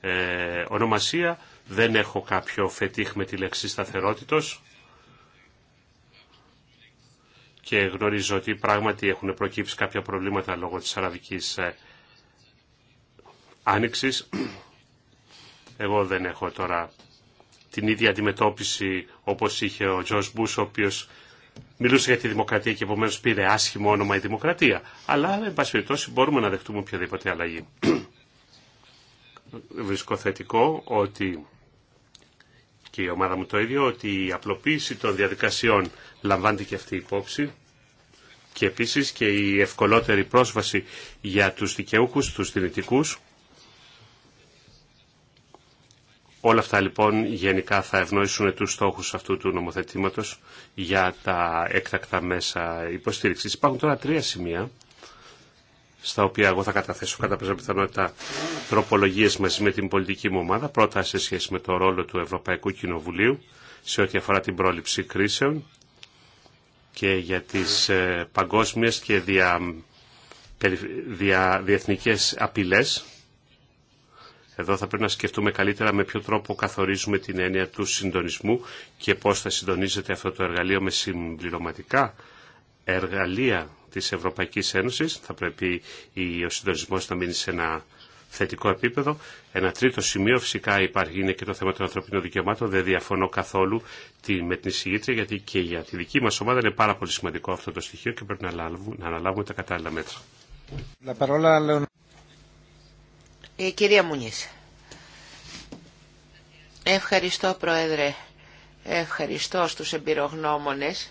ε, ονομασία. Δεν έχω κάποιο φετίχ με τη λέξη σταθερότητος και γνωρίζω ότι πράγματι έχουν προκύψει κάποια προβλήματα λόγω της αραβικής ε, άνοιξης. Εγώ δεν έχω τώρα την ίδια αντιμετώπιση όπως είχε ο Τζος Μπούς, ο οποίος Μιλούσε για τη δημοκρατία και επομένω πήρε άσχημο όνομα η δημοκρατία. Αλλά, εν πάση περιπτώσει, μπορούμε να δεχτούμε οποιαδήποτε αλλαγή. Βρίσκω θετικό ότι και η ομάδα μου το ίδιο, ότι η απλοποίηση των διαδικασιών λαμβάνεται και αυτή η υπόψη και επίσης και η ευκολότερη πρόσβαση για τους δικαιούχους, τους δυνητικούς Όλα αυτά λοιπόν γενικά θα ευνοήσουν τους στόχους αυτού του νομοθετήματος για τα έκτακτα μέσα υποστήριξης. Υπάρχουν τώρα τρία σημεία στα οποία εγώ θα καταθέσω κατά πέσα πιθανότητα τροπολογίες μαζί με την πολιτική μου ομάδα. Πρώτα σε σχέση με το ρόλο του Ευρωπαϊκού Κοινοβουλίου σε ό,τι αφορά την πρόληψη κρίσεων και για τις ε, παγκόσμιες και δια, ε, δια, απειλές εδώ θα πρέπει να σκεφτούμε καλύτερα με ποιο τρόπο καθορίζουμε την έννοια του συντονισμού και πώς θα συντονίζεται αυτό το εργαλείο με συμπληρωματικά εργαλεία της Ευρωπαϊκής Ένωσης. Θα πρέπει ο συντονισμός να μείνει σε ένα θετικό επίπεδο. Ένα τρίτο σημείο φυσικά υπάρχει είναι και το θέμα των ανθρωπίνων δικαιωμάτων. Δεν διαφωνώ καθόλου με την εισηγήτρια γιατί και για τη δική μας ομάδα είναι πάρα πολύ σημαντικό αυτό το στοιχείο και πρέπει να, να αναλάβουμε τα κατάλληλα μέτρα. Η ε, κυρία Μουνής. Ευχαριστώ Πρόεδρε. Ευχαριστώ στους εμπειρογνώμονες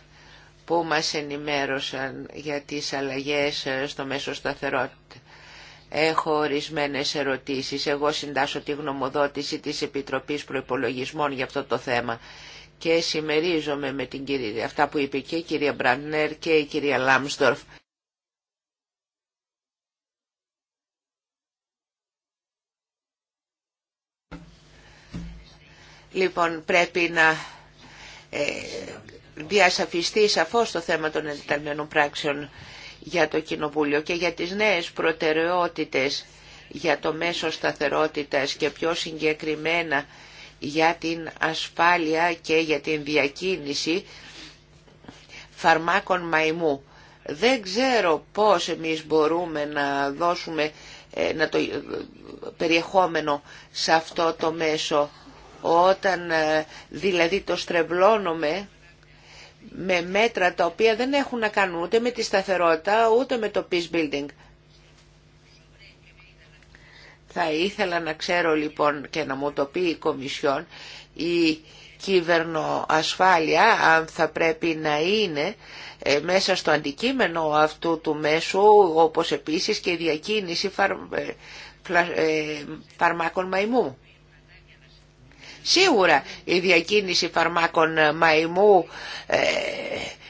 που μας ενημέρωσαν για τις αλλαγές ε, στο μέσο σταθερότητα. Έχω ορισμένε ερωτήσεις. Εγώ συντάσω τη γνωμοδότηση της Επιτροπής Προϋπολογισμών για αυτό το θέμα και συμμερίζομαι με την κυρία, αυτά που είπε και η κυρία Μπραντνερ και η κυρία Λάμστορφ Λοιπόν, πρέπει να ε, διασαφιστεί σαφώς το θέμα των ενταλμένων πράξεων για το Κοινοβούλιο και για τις νέες προτεραιότητες για το μέσο σταθερότητας και πιο συγκεκριμένα για την ασφάλεια και για την διακίνηση φαρμάκων μαϊμού. Δεν ξέρω πώς εμείς μπορούμε να δώσουμε ε, να το ε, περιεχόμενο σε αυτό το μέσο όταν ε, δηλαδή το στρεβλώνουμε με μέτρα τα οποία δεν έχουν να κάνουν ούτε με τη σταθερότητα ούτε με το peace building. Θα ήθελα να ξέρω λοιπόν και να μου το πει η Κομισιόν η κυβερνοασφάλεια αν θα πρέπει να είναι ε, μέσα στο αντικείμενο αυτού του μέσου όπως επίσης και η διακίνηση φαρ, ε, φαρμάκων μαϊμού. Σίγουρα η διακίνηση φαρμάκων μαϊμού ε,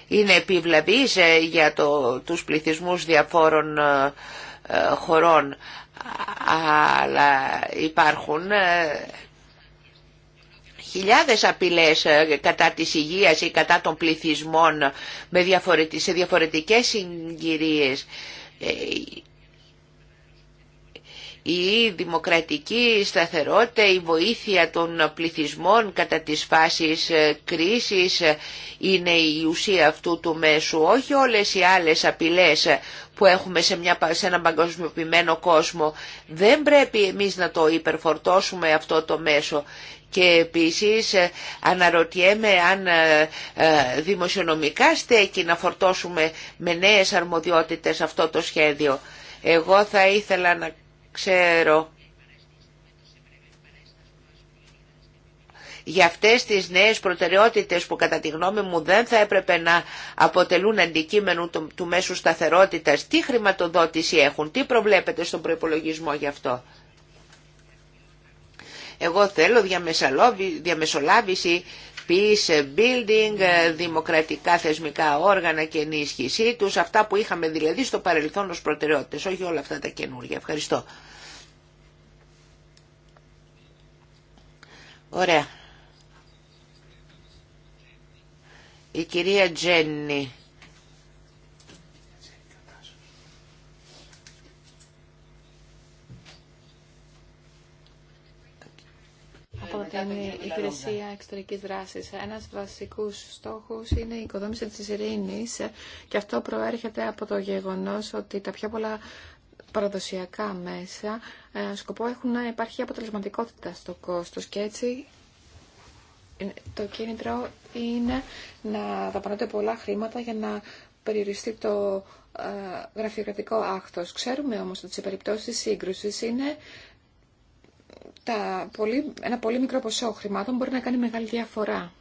είναι επιβλαβής ε, για το, τους πληθυσμούς διαφόρων ε, χωρών, αλλά υπάρχουν χιλιάδες απειλές κατά της υγείας ή κατά των πληθυσμών με σε διαφορετικές συγκυρίες η δημοκρατική σταθερότητα, η βοήθεια των πληθυσμών κατά τις φάσεις ε, κρίσης ε, είναι η ουσία αυτού του μέσου, όχι όλες οι άλλες απειλές ε, που έχουμε σε, μια, σε έναν παγκοσμιοποιημένο κόσμο. Δεν πρέπει εμείς να το υπερφορτώσουμε αυτό το μέσο. Και επίσης αναρωτιέμαι αν δημοσιονομικά στέκει να φορτώσουμε με νέες αρμοδιότητες αυτό το σχέδιο. Εγώ θα ήθελα να ξέρω για αυτές τις νέες προτεραιότητες που κατά τη γνώμη μου δεν θα έπρεπε να αποτελούν αντικείμενο του, μέσου σταθερότητας. Τι χρηματοδότηση έχουν, τι προβλέπετε στον προϋπολογισμό γι' αυτό. Εγώ θέλω διαμεσολάβηση peace ε, building, ε, δημοκρατικά θεσμικά όργανα και ενίσχυσή τους, αυτά που είχαμε δηλαδή στο παρελθόν ως προτεραιότητες, όχι όλα αυτά τα καινούργια. Ευχαριστώ. Ωραία. Η κυρία Τζέννη. από την Υπηρεσία εξωτερική δράση. Ένας βασικού στόχους είναι η οικοδόμηση τη Ειρηνή. και αυτό προέρχεται από το γεγονό ότι τα πιο πολλά παραδοσιακά μέσα ε, σκοπό έχουν να υπάρχει αποτελεσματικότητα στο κόστο. και έτσι το κίνητρο είναι να δαπανώνται πολλά χρήματα για να περιοριστεί το ε, γραφειοκρατικό άκτος. Ξέρουμε όμως ότι σε περιπτώσεις σύγκρουσης είναι τα πολύ, ένα πολύ μικρό ποσό χρημάτων μπορεί να κάνει μεγάλη διαφορά.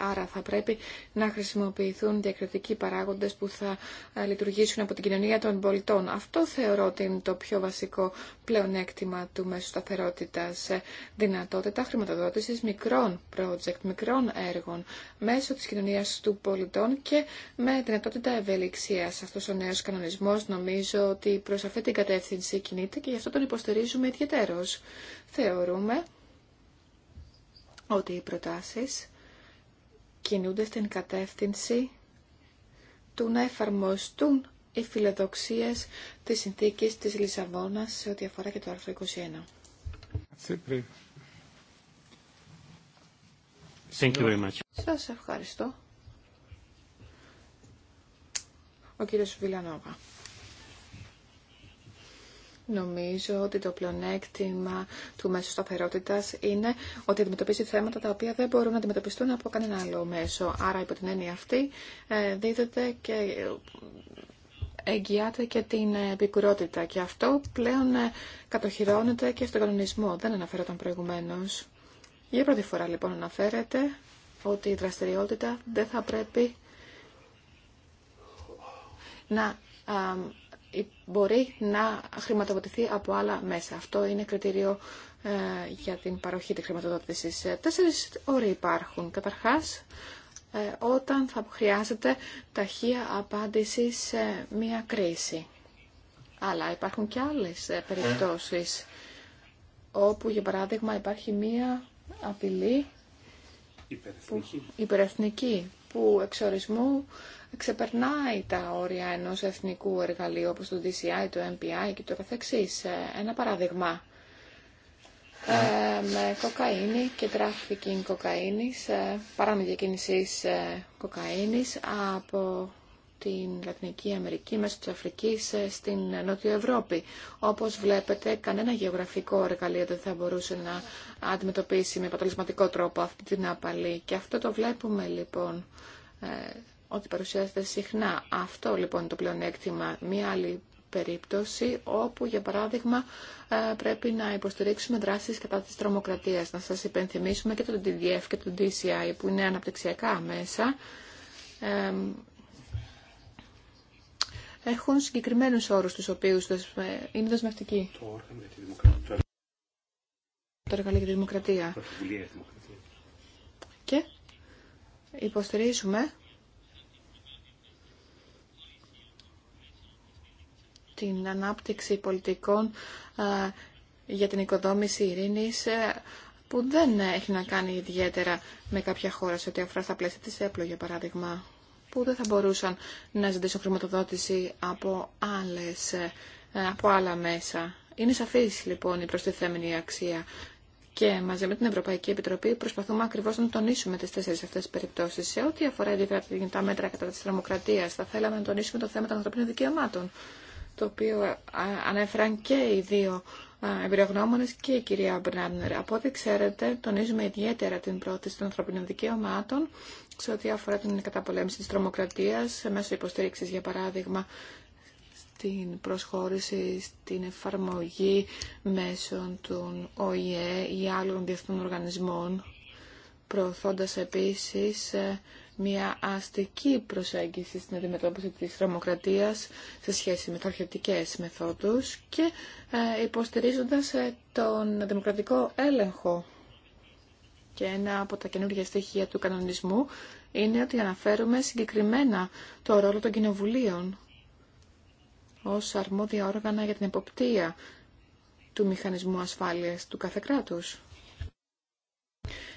Άρα θα πρέπει να χρησιμοποιηθούν διακριτικοί παράγοντες που θα ε, λειτουργήσουν από την κοινωνία των πολιτών. Αυτό θεωρώ ότι είναι το πιο βασικό πλεονέκτημα του μέσου σταθερότητα. Ε, δυνατότητα χρηματοδότησης μικρών project, μικρών έργων μέσω της κοινωνίας του πολιτών και με δυνατότητα ευελιξίας. Αυτός ο νέος κανονισμός νομίζω ότι προς αυτή την κατεύθυνση κινείται και γι' αυτό τον υποστηρίζουμε ιδιαίτερος. Θεωρούμε ότι οι προτάσεις κινούνται στην κατεύθυνση του να εφαρμοστούν οι φιλοδοξίες της συνθήκης της Λισαβόνας σε ό,τι αφορά και το άρθρο 21. Σα Σας ευχαριστώ. Ο κύριος Βιλανόβα. Νομίζω ότι το πλεονέκτημα του μέσου σταθερότητα είναι ότι αντιμετωπίζει θέματα τα οποία δεν μπορούν να αντιμετωπιστούν από κανένα άλλο μέσο. Άρα, υπό την έννοια αυτή, ε, δίδεται και εγγυάται και την επικουρότητα. Και αυτό πλέον ε, κατοχυρώνεται και στον κανονισμό. Δεν αναφέρονταν προηγουμένω. Για πρώτη φορά, λοιπόν, αναφέρεται ότι η δραστηριότητα δεν θα πρέπει να μπορεί να χρηματοδοτηθεί από άλλα μέσα. Αυτό είναι κριτήριο ε, για την παροχή της χρηματοδότησης. Ε, τέσσερις όροι υπάρχουν. Καταρχάς, ε, όταν θα χρειάζεται ταχεία απάντηση σε μία κρίση. Αλλά υπάρχουν και άλλες περιπτώσεις όπου, για παράδειγμα, υπάρχει μία απειλή υπερεθνική. υπερεθνική που εξορισμού ξεπερνάει τα όρια ενός εθνικού εργαλείου όπως το DCI, το MPI και το καθεξής. Ε, ένα παράδειγμα. Ε, με κοκαίνη και τράφικιν κοκαίνης, ε, παράνομη διακίνηση ε, κοκαίνης από την Λατινική Αμερική μέσω της Αφρικής ε, στην Νότιο Ευρώπη. Όπως βλέπετε, κανένα γεωγραφικό εργαλείο δεν θα μπορούσε να αντιμετωπίσει με αποτελεσματικό τρόπο αυτή την απαλή. Και αυτό το βλέπουμε λοιπόν ε, ότι παρουσιάζεται συχνά. Αυτό λοιπόν είναι το πλεονέκτημα. Μία άλλη περίπτωση όπου για παράδειγμα ε, πρέπει να υποστηρίξουμε δράσεις κατά της τρομοκρατίας. Να σας υπενθυμίσουμε και το DDF και το DCI που είναι αναπτυξιακά μέσα έχουν συγκεκριμένους όρους τους οποίους ε, είναι δεσμευτικοί. Το όργανο για τη δημοκρατία. Το εργαλείο για τη δημοκρατία. Και υποστηρίζουμε την ανάπτυξη πολιτικών ε, για την οικοδόμηση ειρήνης ε, που δεν έχει να κάνει ιδιαίτερα με κάποια χώρα σε ό,τι αφορά στα πλαίσια της ΕΠΛΟ, για παράδειγμα που δεν θα μπορούσαν να ζητήσουν χρηματοδότηση από, άλλες, ε, από άλλα μέσα. Είναι σαφής λοιπόν η προστιθέμενη αξία και μαζί με την Ευρωπαϊκή Επιτροπή προσπαθούμε ακριβώς να τονίσουμε τις τέσσερις αυτές τις περιπτώσεις. Σε ό,τι αφορά τα μέτρα κατά της τρομοκρατίας θα θέλαμε να τονίσουμε το θέμα των ανθρωπίνων δικαιωμάτων το οποίο ε, ανέφεραν και οι δύο εμπειρογνώμονε και η κυρία Μπρνάντνερ. Από ό,τι ξέρετε, τονίζουμε ιδιαίτερα την πρόθεση των ανθρωπίνων δικαιωμάτων σε ό,τι αφορά την καταπολέμηση της τρομοκρατίας μέσω υποστήριξης, για παράδειγμα, στην προσχώρηση στην εφαρμογή μέσων των ΟΗΕ ή άλλων διεθνών οργανισμών, προωθώντας επίσης ε, μια αστική προσέγγιση στην αντιμετώπιση της τρομοκρατίας σε σχέση με αρχιωτικές μεθόδους και ε, υποστηρίζοντας ε, τον δημοκρατικό έλεγχο. Και ένα από τα καινούργια στοιχεία του κανονισμού είναι ότι αναφέρουμε συγκεκριμένα το ρόλο των κοινοβουλίων ως αρμόδια όργανα για την εποπτεία του μηχανισμού ασφάλειας του κάθε κράτους.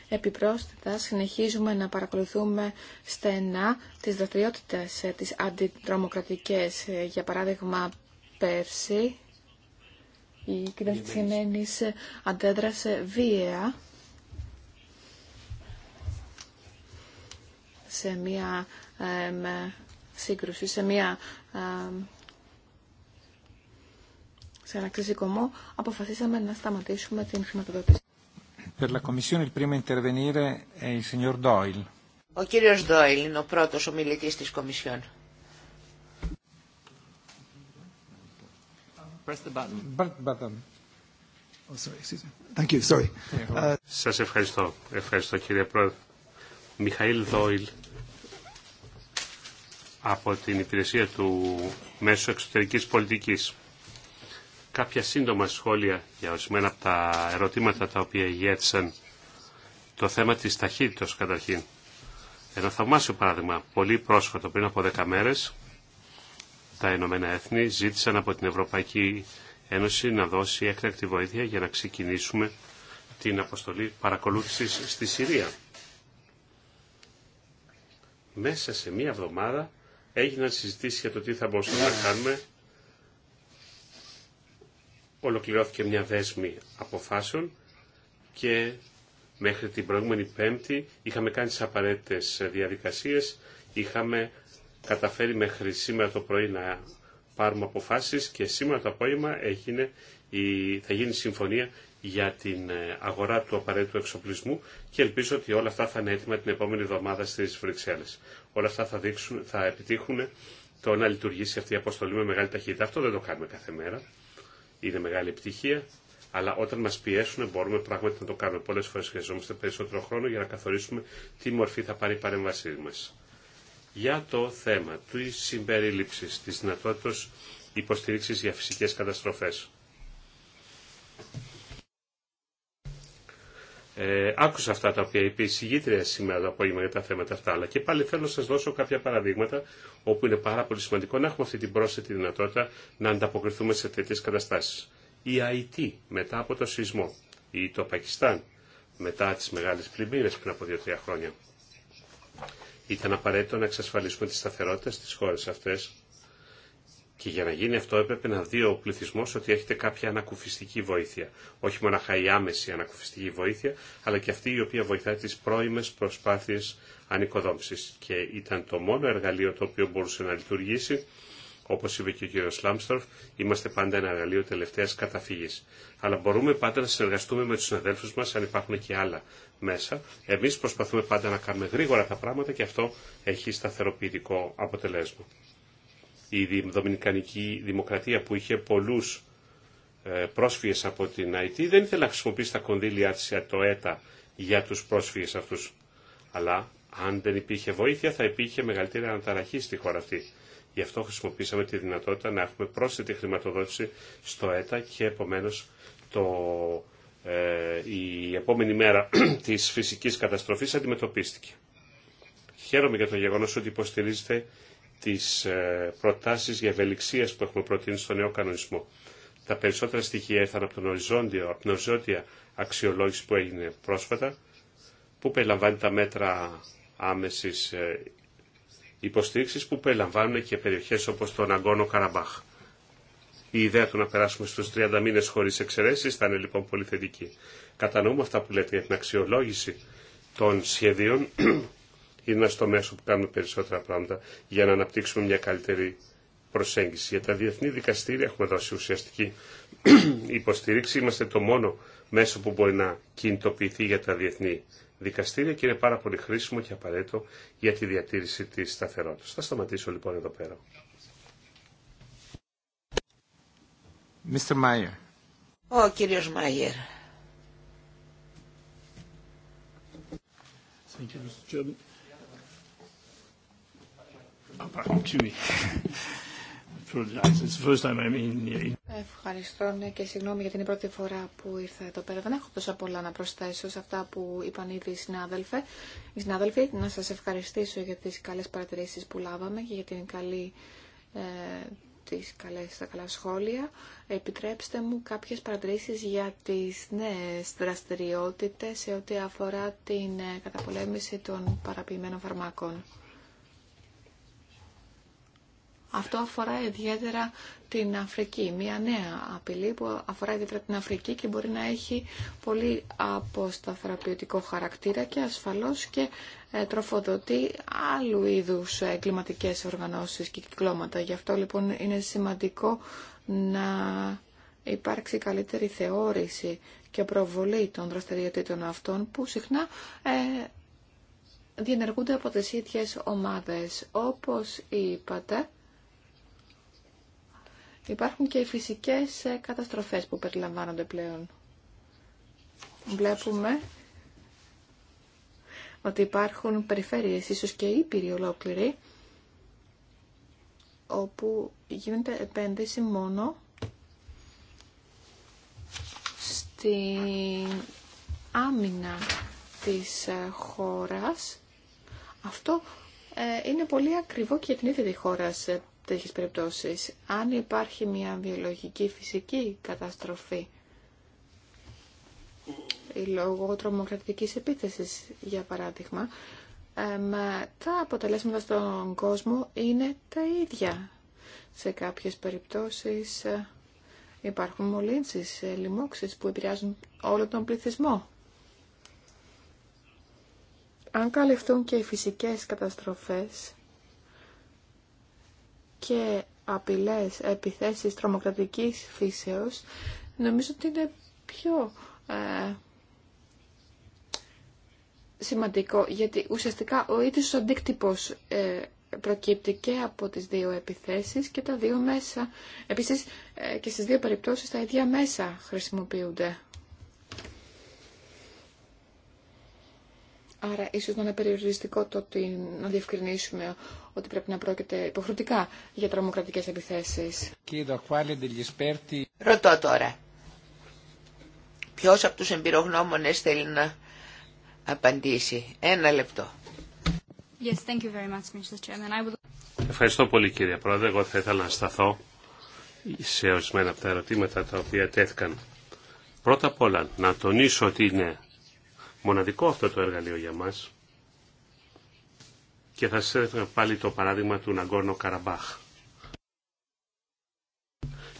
Επιπρόσθετα, συνεχίζουμε να παρακολουθούμε στενά τις δραστηριότητες ε, τις αντιτρομοκρατικές. Ε, για παράδειγμα, πέρσι η κυβέρνηση της ε, αντέδρασε βία σε μία σύγκρουση, σε μία ε, σε ένα ξεσηκωμό, αποφασίσαμε να σταματήσουμε την χρηματοδότηση. Ο κύριος Ντόιλ είναι ο πρώτος ομιλητής της Κομισιόν. Oh, uh, Σα ευχαριστώ. Ευχαριστώ κύριε Πρόεδρε. Μιχαήλ Δόιλ από την Υπηρεσία του Μέσου Εξωτερικής Πολιτικής κάποια σύντομα σχόλια για ορισμένα από τα ερωτήματα τα οποία ηγέτησαν το θέμα της ταχύτητας καταρχήν. Ένα θαυμάσιο παράδειγμα, πολύ πρόσφατο πριν από δέκα μέρες, τα Ηνωμένα Έθνη ζήτησαν από την Ευρωπαϊκή Ένωση να δώσει έκτακτη βοήθεια για να ξεκινήσουμε την αποστολή παρακολούθησης στη Συρία. Μέσα σε μία εβδομάδα έγιναν συζητήσεις για το τι θα μπορούσαμε να κάνουμε ολοκληρώθηκε μια δέσμη αποφάσεων και μέχρι την προηγούμενη Πέμπτη είχαμε κάνει τις απαραίτητες διαδικασίες, είχαμε καταφέρει μέχρι σήμερα το πρωί να πάρουμε αποφάσεις και σήμερα το απόγευμα έγινε η, θα γίνει συμφωνία για την ε, αγορά του απαραίτητου εξοπλισμού και ελπίζω ότι όλα αυτά θα είναι έτοιμα την επόμενη εβδομάδα στις Βρυξέλλες. Όλα αυτά θα, δείξουν, θα επιτύχουν το να λειτουργήσει αυτή η αποστολή με μεγάλη ταχύτητα. Αυτό δεν το κάνουμε κάθε μέρα είναι μεγάλη επιτυχία, αλλά όταν μας πιέσουν μπορούμε πράγματι να το κάνουμε. Πολλές φορές χρειαζόμαστε περισσότερο χρόνο για να καθορίσουμε τι μορφή θα πάρει η παρέμβασή μα. Για το θέμα τη συμπεριληψη, της δυνατότητα υποστήριξης για φυσικές καταστροφές. Ε, άκουσα αυτά τα οποία είπε η συγγήτρια σήμερα το απόγευμα για τα θέματα αυτά, αλλά και πάλι θέλω να σα δώσω κάποια παραδείγματα όπου είναι πάρα πολύ σημαντικό να έχουμε αυτή την πρόσθετη δυνατότητα να ανταποκριθούμε σε τέτοιε καταστάσει. Η ΑΙΤ μετά από το σεισμό ή το Πακιστάν μετά τι μεγάλε πλημμύρε πριν από 2-3 χρόνια. Ήταν απαραίτητο να εξασφαλίσουμε τη σταθερότητα στι χώρε αυτέ και για να γίνει αυτό έπρεπε να δει ο πληθυσμό ότι έχετε κάποια ανακουφιστική βοήθεια. Όχι μόνο η άμεση ανακουφιστική βοήθεια, αλλά και αυτή η οποία βοηθάει τι πρώιμε προσπάθειε ανοικοδόμηση. Και ήταν το μόνο εργαλείο το οποίο μπορούσε να λειτουργήσει. Όπω είπε και ο κ. Λάμστορφ, είμαστε πάντα ένα εργαλείο τελευταία καταφυγή. Αλλά μπορούμε πάντα να συνεργαστούμε με του συναδέλφου μα αν υπάρχουν και άλλα μέσα. Εμεί προσπαθούμε πάντα να κάνουμε γρήγορα τα πράγματα και αυτό έχει σταθεροποιητικό αποτελέσμα η Δομινικανική Δημοκρατία που είχε πολλούς ε, πρόσφυγες από την Αιτή δεν ήθελε να χρησιμοποιήσει τα κονδύλια της το ΕΤΑ για τους πρόσφυγες αυτούς. Αλλά αν δεν υπήρχε βοήθεια θα υπήρχε μεγαλύτερη αναταραχή στη χώρα αυτή. Γι' αυτό χρησιμοποίησαμε τη δυνατότητα να έχουμε πρόσθετη χρηματοδότηση στο ΕΤΑ και επομένως το, ε, η επόμενη μέρα της φυσικής καταστροφής αντιμετωπίστηκε. Χαίρομαι για το γεγονός ότι υποστηρίζετε τις ε, προτάσεις για ευελιξία που έχουμε προτείνει στο νέο κανονισμό. Τα περισσότερα στοιχεία ήρθαν από, τον οριζόντιο, από την οριζόντια αξιολόγηση που έγινε πρόσφατα, που περιλαμβάνει τα μέτρα άμεσης ε, υποστήριξης, που περιλαμβάνουν και περιοχές όπως τον Αγκόνο Καραμπάχ. Η ιδέα του να περάσουμε στους 30 μήνες χωρίς εξαιρέσεις είναι λοιπόν πολύ θετική. Κατανοούμε αυτά που λέτε για την αξιολόγηση των σχεδίων είναι στο μέσο που κάνουμε περισσότερα πράγματα για να αναπτύξουμε μια καλύτερη προσέγγιση. Για τα διεθνή δικαστήρια έχουμε δώσει ουσιαστική υποστήριξη. Είμαστε το μόνο μέσο που μπορεί να κινητοποιηθεί για τα διεθνή δικαστήρια και είναι πάρα πολύ χρήσιμο και απαραίτητο για τη διατήρηση της σταθερότητας. Θα σταματήσω λοιπόν εδώ πέρα. Mr. Meyer. Ο κύριος Thank you, Mr. Ευχαριστώ ναι, και συγγνώμη για την πρώτη φορά που ήρθα εδώ πέρα. Δεν έχω τόσα πολλά να προσθέσω σε αυτά που είπαν ήδη οι συνάδελφοι. Οι να σας ευχαριστήσω για τις καλές παρατηρήσεις που λάβαμε και για την καλή, ε, τις καλές, τα καλά σχόλια. Επιτρέψτε μου κάποιες παρατηρήσεις για τις νέε δραστηριότητες σε ό,τι αφορά την ε, καταπολέμηση των παραποιημένων φαρμάκων. Αυτό αφορά ιδιαίτερα την Αφρική, μια νέα απειλή που αφορά ιδιαίτερα την Αφρική και μπορεί να έχει πολύ αποσταθεραπευτικό χαρακτήρα και ασφαλώς και ε, τροφοδοτεί άλλου είδους εγκληματικές οργανώσεις και κυκλώματα. Γι' αυτό λοιπόν είναι σημαντικό να υπάρξει καλύτερη θεώρηση και προβολή των δραστηριοτήτων αυτών που συχνά ε, διενεργούνται από τις ίδιες ομάδες. Όπως είπατε, Υπάρχουν και οι φυσικές ε, καταστροφές που περιλαμβάνονται πλέον. Βλέπουμε ότι υπάρχουν περιφέρειες, ίσως και ήπειροι ολόκληροι, όπου γίνεται επένδυση μόνο στην άμυνα της ε, χώρας. Αυτό ε, είναι πολύ ακριβό και για την ίδια τη χώρα τέτοιες περιπτώσεις. Αν υπάρχει μια βιολογική φυσική καταστροφή λόγω τρομοκρατικής επίθεσης, για παράδειγμα, τα αποτελέσματα στον κόσμο είναι τα ίδια. Σε κάποιες περιπτώσεις ε, υπάρχουν μολύνσεις, ε, λοιμώξεις που επηρεάζουν όλο τον πληθυσμό. Αν καλυφθούν και οι φυσικές καταστροφές, και απειλές, επιθέσεις τρομοκρατικής φύσεως, νομίζω ότι είναι πιο ε, σημαντικό, γιατί ουσιαστικά ο ίδιος ο αντίκτυπος ε, προκύπτει και από τις δύο επιθέσεις και τα δύο μέσα. Επίσης ε, και στις δύο περιπτώσεις τα ίδια μέσα χρησιμοποιούνται. Άρα ίσως να είναι περιοριστικό το ότι να διευκρινίσουμε ότι πρέπει να πρόκειται υποχρεωτικά για τρομοκρατικέ επιθέσεις. Ρωτώ τώρα. Ποιος από τους εμπειρογνώμονες θέλει να απαντήσει. Ένα λεπτό. Yes, thank you very much, Mr. Chairman. I would... Ευχαριστώ πολύ κύριε Πρόεδρε. Εγώ θα ήθελα να σταθώ σε ορισμένα από τα ερωτήματα τα οποία τέθηκαν. Πρώτα απ' όλα να τονίσω ότι είναι μοναδικό αυτό το εργαλείο για μας και θα σας έδωσα πάλι το παράδειγμα του Ναγκόρνο Καραμπάχ.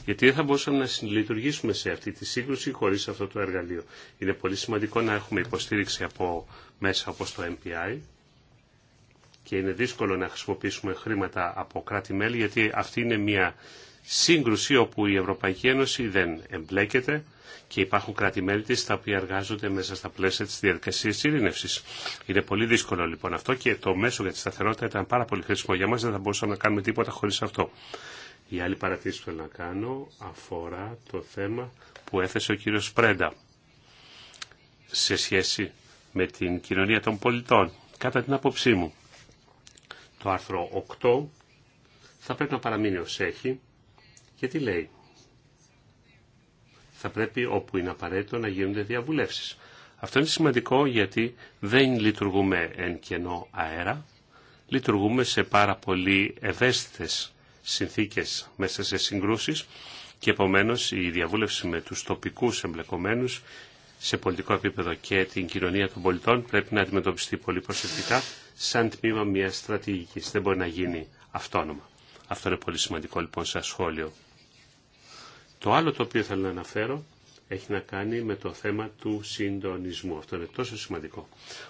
Γιατί δεν θα μπορούσαμε να συλλειτουργήσουμε σε αυτή τη σύγκρουση χωρίς αυτό το εργαλείο. Είναι πολύ σημαντικό να έχουμε υποστήριξη από μέσα όπως το MPI και είναι δύσκολο να χρησιμοποιήσουμε χρήματα από κράτη-μέλη γιατί αυτή είναι μια σύγκρουση όπου η Ευρωπαϊκή Ένωση δεν εμπλέκεται και υπάρχουν κράτη-μέλη της τα οποία εργάζονται μέσα στα πλαίσια της διαδικασίας ειρήνευσης. Είναι πολύ δύσκολο λοιπόν αυτό και το μέσο για τη σταθερότητα ήταν πάρα πολύ χρήσιμο για μας, δεν θα μπορούσαμε να κάνουμε τίποτα χωρίς αυτό. Η άλλη παρατήρηση που θέλω να κάνω αφορά το θέμα που έθεσε ο κύριος Πρέντα σε σχέση με την κοινωνία των πολιτών. Κατά την άποψή μου, το άρθρο 8 θα πρέπει να παραμείνει ως έχει, γιατί λέει θα πρέπει όπου είναι απαραίτητο να γίνονται διαβουλεύσεις. Αυτό είναι σημαντικό γιατί δεν λειτουργούμε εν κενό αέρα, λειτουργούμε σε πάρα πολύ ευαίσθητες συνθήκες μέσα σε συγκρούσεις και επομένως η διαβούλευση με τους τοπικούς εμπλεκομένους σε πολιτικό επίπεδο και την κοινωνία των πολιτών πρέπει να αντιμετωπιστεί πολύ προσεκτικά σαν τμήμα μια στρατηγική. Δεν μπορεί να γίνει αυτόνομα. Αυτό είναι πολύ σημαντικό λοιπόν σε σχόλιο. Το άλλο το οποίο θέλω να αναφέρω έχει να κάνει με το θέμα του συντονισμού. Αυτό είναι τόσο σημαντικό.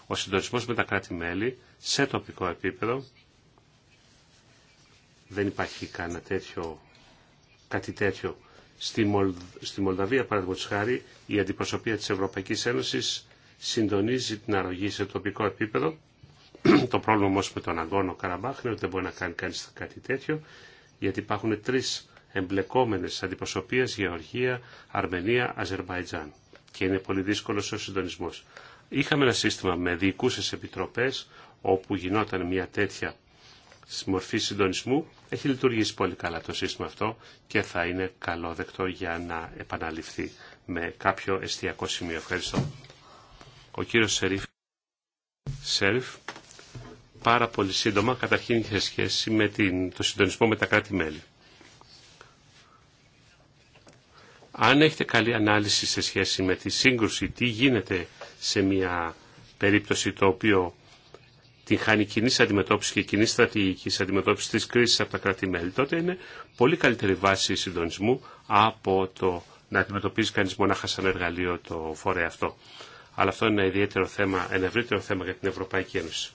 Ο συντονισμός με τα κράτη-μέλη σε τοπικό επίπεδο δεν υπάρχει κανένα τέτοιο, κάτι τέτοιο. Στη, Μολ, στη Μολδαβία, παραδείγματος χάρη, η αντιπροσωπεία της Ευρωπαϊκής Ένωσης συντονίζει την αρρωγή σε τοπικό επίπεδο. το πρόβλημα όμως με τον αγώνο Καραμπάχ ότι δεν μπορεί να κάνει κανείς κάτι τέτοιο, γιατί υπάρχουν τρεις εμπλεκόμενες αντιπροσωπείες Γεωργία, Αρμενία, Αζερβαϊτζάν. Και είναι πολύ δύσκολος ο συντονισμός. Είχαμε ένα σύστημα με διοικούσες επιτροπές όπου γινόταν μια τέτοια μορφή συντονισμού. Έχει λειτουργήσει πολύ καλά το σύστημα αυτό και θα είναι καλό δεκτό για να επαναληφθεί με κάποιο εστιακό σημείο. Ευχαριστώ. Ο κύριος Σερίφ. πάρα πολύ σύντομα, καταρχήν είχε σχέση με την, το συντονισμό με τα κράτη-μέλη. Αν έχετε καλή ανάλυση σε σχέση με τη σύγκρουση, τι γίνεται σε μια περίπτωση το οποίο την χάνει κοινή αντιμετώπιση και κοινή στρατηγική αντιμετώπιση τη κρίση από τα κράτη-μέλη, τότε είναι πολύ καλύτερη βάση συντονισμού από το να αντιμετωπίζει κανεί μονάχα σαν εργαλείο το φορέα αυτό. Αλλά αυτό είναι ένα ιδιαίτερο θέμα, ένα ευρύτερο θέμα για την Ευρωπαϊκή Ένωση.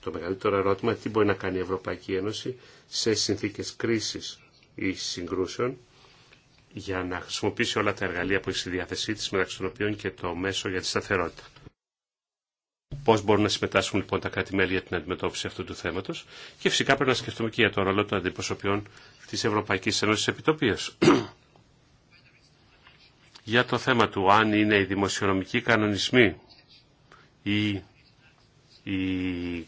Το μεγαλύτερο ερώτημα τι μπορεί να κάνει η Ευρωπαϊκή Ένωση σε συνθήκε κρίση ή συγκρούσεων για να χρησιμοποιήσει όλα τα εργαλεία που έχει στη διάθεσή της, μεταξύ των οποίων και το μέσο για τη σταθερότητα. Πώ μπορούν να συμμετάσχουν λοιπόν τα κράτη-μέλη για την αντιμετώπιση αυτού του θέματο και φυσικά πρέπει να σκεφτούμε και για τον ρόλο των αντιπροσωπιών τη Ευρωπαϊκή Ένωση επιτοπίω. για το θέμα του αν είναι οι δημοσιονομικοί κανονισμοί ή η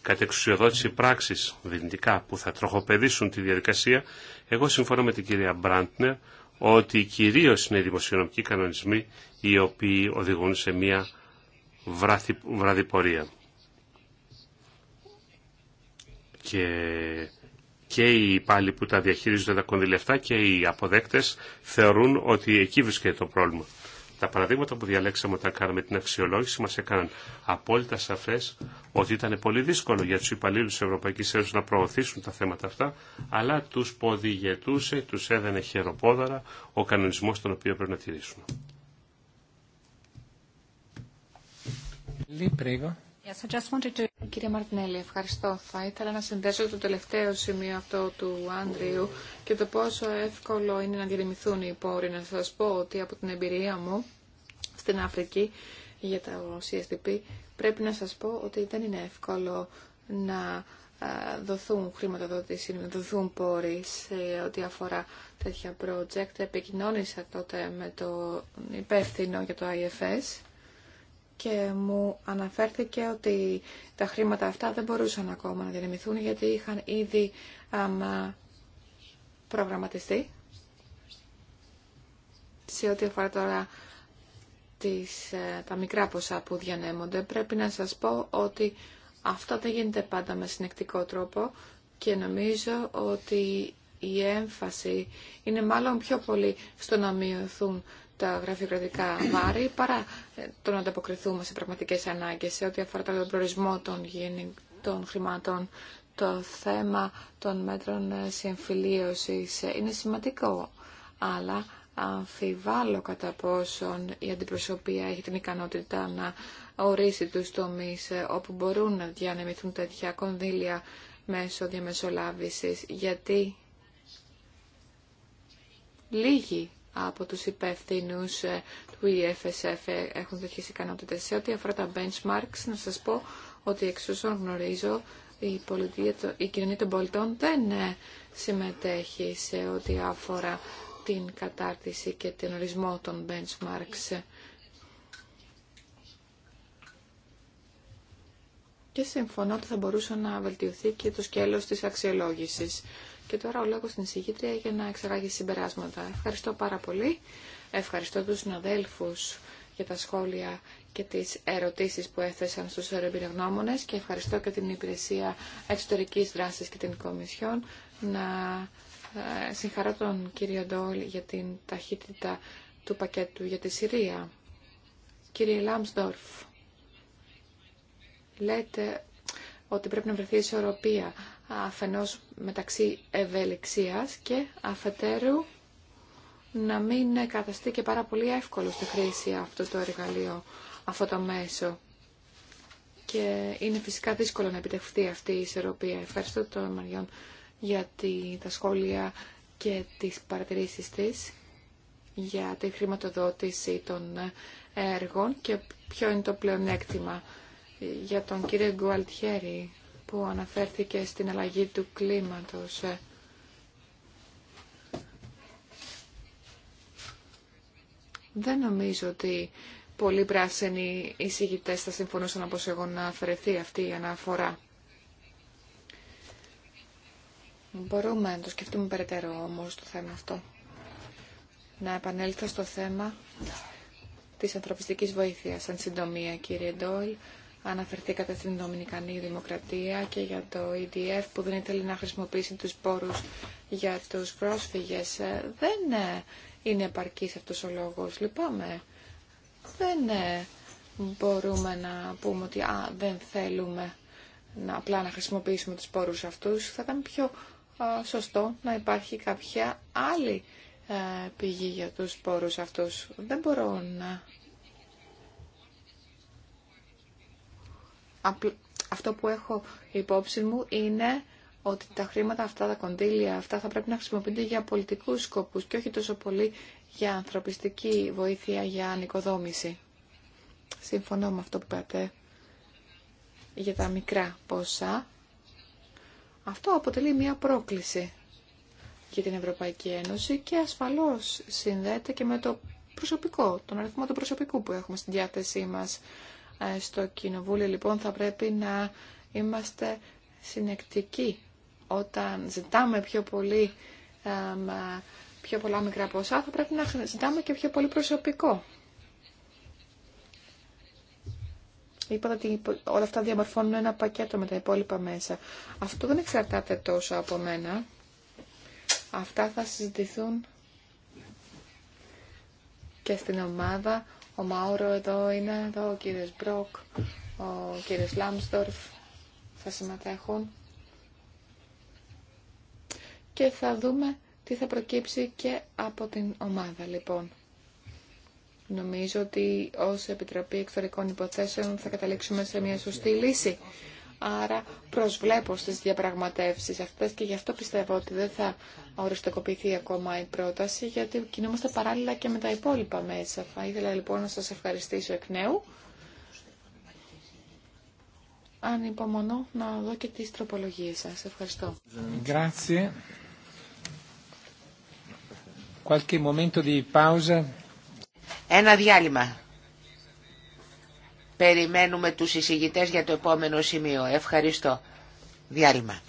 κατεξουσιοδότηση πράξη δυνητικά που θα τροχοπεδίσουν τη διαδικασία, εγώ συμφωνώ με την κυρία Μπραντνερ ότι κυρίως είναι οι δημοσιονομικοί κανονισμοί οι οποίοι οδηγούν σε μια βραδιπορία. Και, και οι υπάλληλοι που τα διαχειρίζονται τα κονδυλευτά και οι αποδέκτες θεωρούν ότι εκεί βρίσκεται το πρόβλημα. Τα παραδείγματα που διαλέξαμε όταν κάναμε την αξιολόγηση μας έκαναν απόλυτα σαφές ότι ήταν πολύ δύσκολο για τους υπαλλήλους της Ευρωπαϊκής Ένωσης να προωθήσουν τα θέματα αυτά, αλλά τους ποδηγετούσε, τους έδαινε χεροπόδαρα ο κανονισμός τον οποίο πρέπει να τηρήσουν. Κύριε Μαρτινέλη, ευχαριστώ. Θα ήθελα να συνδέσω το τελευταίο σημείο αυτό του Άντριου και το πόσο εύκολο είναι να διαδημηθούν οι πόροι. Να σας πω ότι από την εμπειρία μου στην Αφρική για τα CSDP πρέπει να σας πω ότι δεν είναι εύκολο να δοθούν χρήματα, να δοθούν πόροι σε ό,τι αφορά τέτοια project. Επικοινώνησα τότε με το υπεύθυνο για το IFS και μου αναφέρθηκε ότι τα χρήματα αυτά δεν μπορούσαν ακόμα να διανεμηθούν γιατί είχαν ήδη προγραμματιστεί σε ό,τι αφορά τώρα τις, ε, τα μικρά ποσά που διανέμονται. Πρέπει να σας πω ότι αυτό δεν γίνεται πάντα με συνεκτικό τρόπο και νομίζω ότι η έμφαση είναι μάλλον πιο πολύ στο να μειωθούν τα γραφειοκρατικά βάρη παρά ε, το να ανταποκριθούμε σε πραγματικές ανάγκες σε ό,τι αφορά τον προορισμό των, των χρημάτων. Το θέμα των μέτρων ε, συμφιλίωσης ε, είναι σημαντικό, αλλά αμφιβάλλω κατά πόσον η αντιπροσωπεία έχει την ικανότητα να ορίσει τους τομείς όπου μπορούν να διανεμηθούν τέτοια κονδύλια μέσω διαμεσολάβησης, γιατί λίγοι από τους υπεύθυνους ε, του EFSF έχουν τέτοιες ικανότητες. Σε ό,τι αφορά τα benchmarks, να σας πω ότι εξ όσων γνωρίζω, η, πολιτεία, η κοινωνία των πολιτών δεν ε, συμμετέχει σε ό,τι αφορά την κατάρτιση και τον ορισμό των benchmarks. Και συμφωνώ ότι θα μπορούσε να βελτιωθεί και το σκέλος της αξιολόγησης. Και τώρα ο λόγος στην εισηγήτρια για να εξαγάγει συμπεράσματα. Ευχαριστώ πάρα πολύ. Ευχαριστώ τους συναδέλφους για τα σχόλια και τις ερωτήσεις που έθεσαν στους εμπειρογνώμονες και ευχαριστώ και την Υπηρεσία Εξωτερικής Δράσης και την Κομισιόν να ε, συγχαρώ τον κύριο Ντόλ για την ταχύτητα του πακέτου για τη Συρία. Κύριε Λάμσδορφ, λέτε ότι πρέπει να βρεθεί ισορροπία αφενός μεταξύ ευελιξίας και αφετέρου να μην καταστεί και πάρα πολύ εύκολο στη χρήση αυτό το εργαλείο, αυτό το μέσο. Και είναι φυσικά δύσκολο να επιτευχθεί αυτή η ισορροπία. Ευχαριστώ τον Μαριόν για τα σχόλια και τις παρατηρήσεις της για τη χρηματοδότηση των έργων και ποιο είναι το πλεονέκτημα για τον κύριο Γκουαλτιέρη που αναφέρθηκε στην αλλαγή του κλίματος. Δεν νομίζω ότι πολλοί πράσινοι εισηγητέ θα συμφωνούσαν όπως εγώ να αφαιρεθεί αυτή η αναφορά. Μπορούμε να το σκεφτούμε περαιτέρω όμως το θέμα αυτό. Να επανέλθω στο θέμα της ανθρωπιστικής βοήθειας. Σαν συντομία, κύριε Ντόιλ, Αναφερθήκατε στην Δομινικανή Δημοκρατία και για το EDF που δεν ήθελε να χρησιμοποιήσει τους πόρους για τους πρόσφυγες. Ε, δεν ε, είναι επαρκής αυτός ο λόγος. Λυπάμαι. Δεν ε, μπορούμε να πούμε ότι α, δεν θέλουμε να, απλά να χρησιμοποιήσουμε τους πόρους αυτούς. Θα ήταν πιο σωστό να υπάρχει κάποια άλλη πηγή για τους πόρους αυτούς. Δεν μπορώ να αυτό που έχω υπόψη μου είναι ότι τα χρήματα αυτά, τα κονδύλια αυτά θα πρέπει να χρησιμοποιούνται για πολιτικούς σκοπούς και όχι τόσο πολύ για ανθρωπιστική βοήθεια, για ανοικοδόμηση. Συμφωνώ με αυτό που είπατε για τα μικρά ποσά. Αυτό αποτελεί μια πρόκληση για την Ευρωπαϊκή Ένωση και ασφαλώς συνδέεται και με το προσωπικό, τον αριθμό του προσωπικού που έχουμε στη διάθεσή μας στο Κοινοβούλιο λοιπόν θα πρέπει να είμαστε συνεκτικοί όταν ζητάμε πιο πολύ πιο πολλά μικρά ποσά θα πρέπει να ζητάμε και πιο πολύ προσωπικό. Είπατε ότι όλα αυτά διαμορφώνουν ένα πακέτο με τα υπόλοιπα μέσα. Αυτό δεν εξαρτάται τόσο από μένα. Αυτά θα συζητηθούν και στην ομάδα ο Μάουρο εδώ είναι, εδώ ο κύριος Μπροκ, ο κύριος Λάμστορφ θα συμμετέχουν. Και θα δούμε τι θα προκύψει και από την ομάδα λοιπόν. Νομίζω ότι ως Επιτροπή Εξωτερικών Υποθέσεων θα καταλήξουμε σε μια σωστή λύση Άρα προσβλέπω στις διαπραγματεύσεις αυτές και γι' αυτό πιστεύω ότι δεν θα οριστικοποιηθεί ακόμα η πρόταση γιατί κινούμαστε παράλληλα και με τα υπόλοιπα μέσα. Θα ήθελα λοιπόν να σας ευχαριστήσω εκ νέου. Αν υπομονώ να δω και τις τροπολογίες σας. Ευχαριστώ. Grazie. Qualche momento di pausa. Ένα διάλειμμα. Περιμένουμε τους εισηγητές για το επόμενο σημείο. Ευχαριστώ. Διάλειμμα.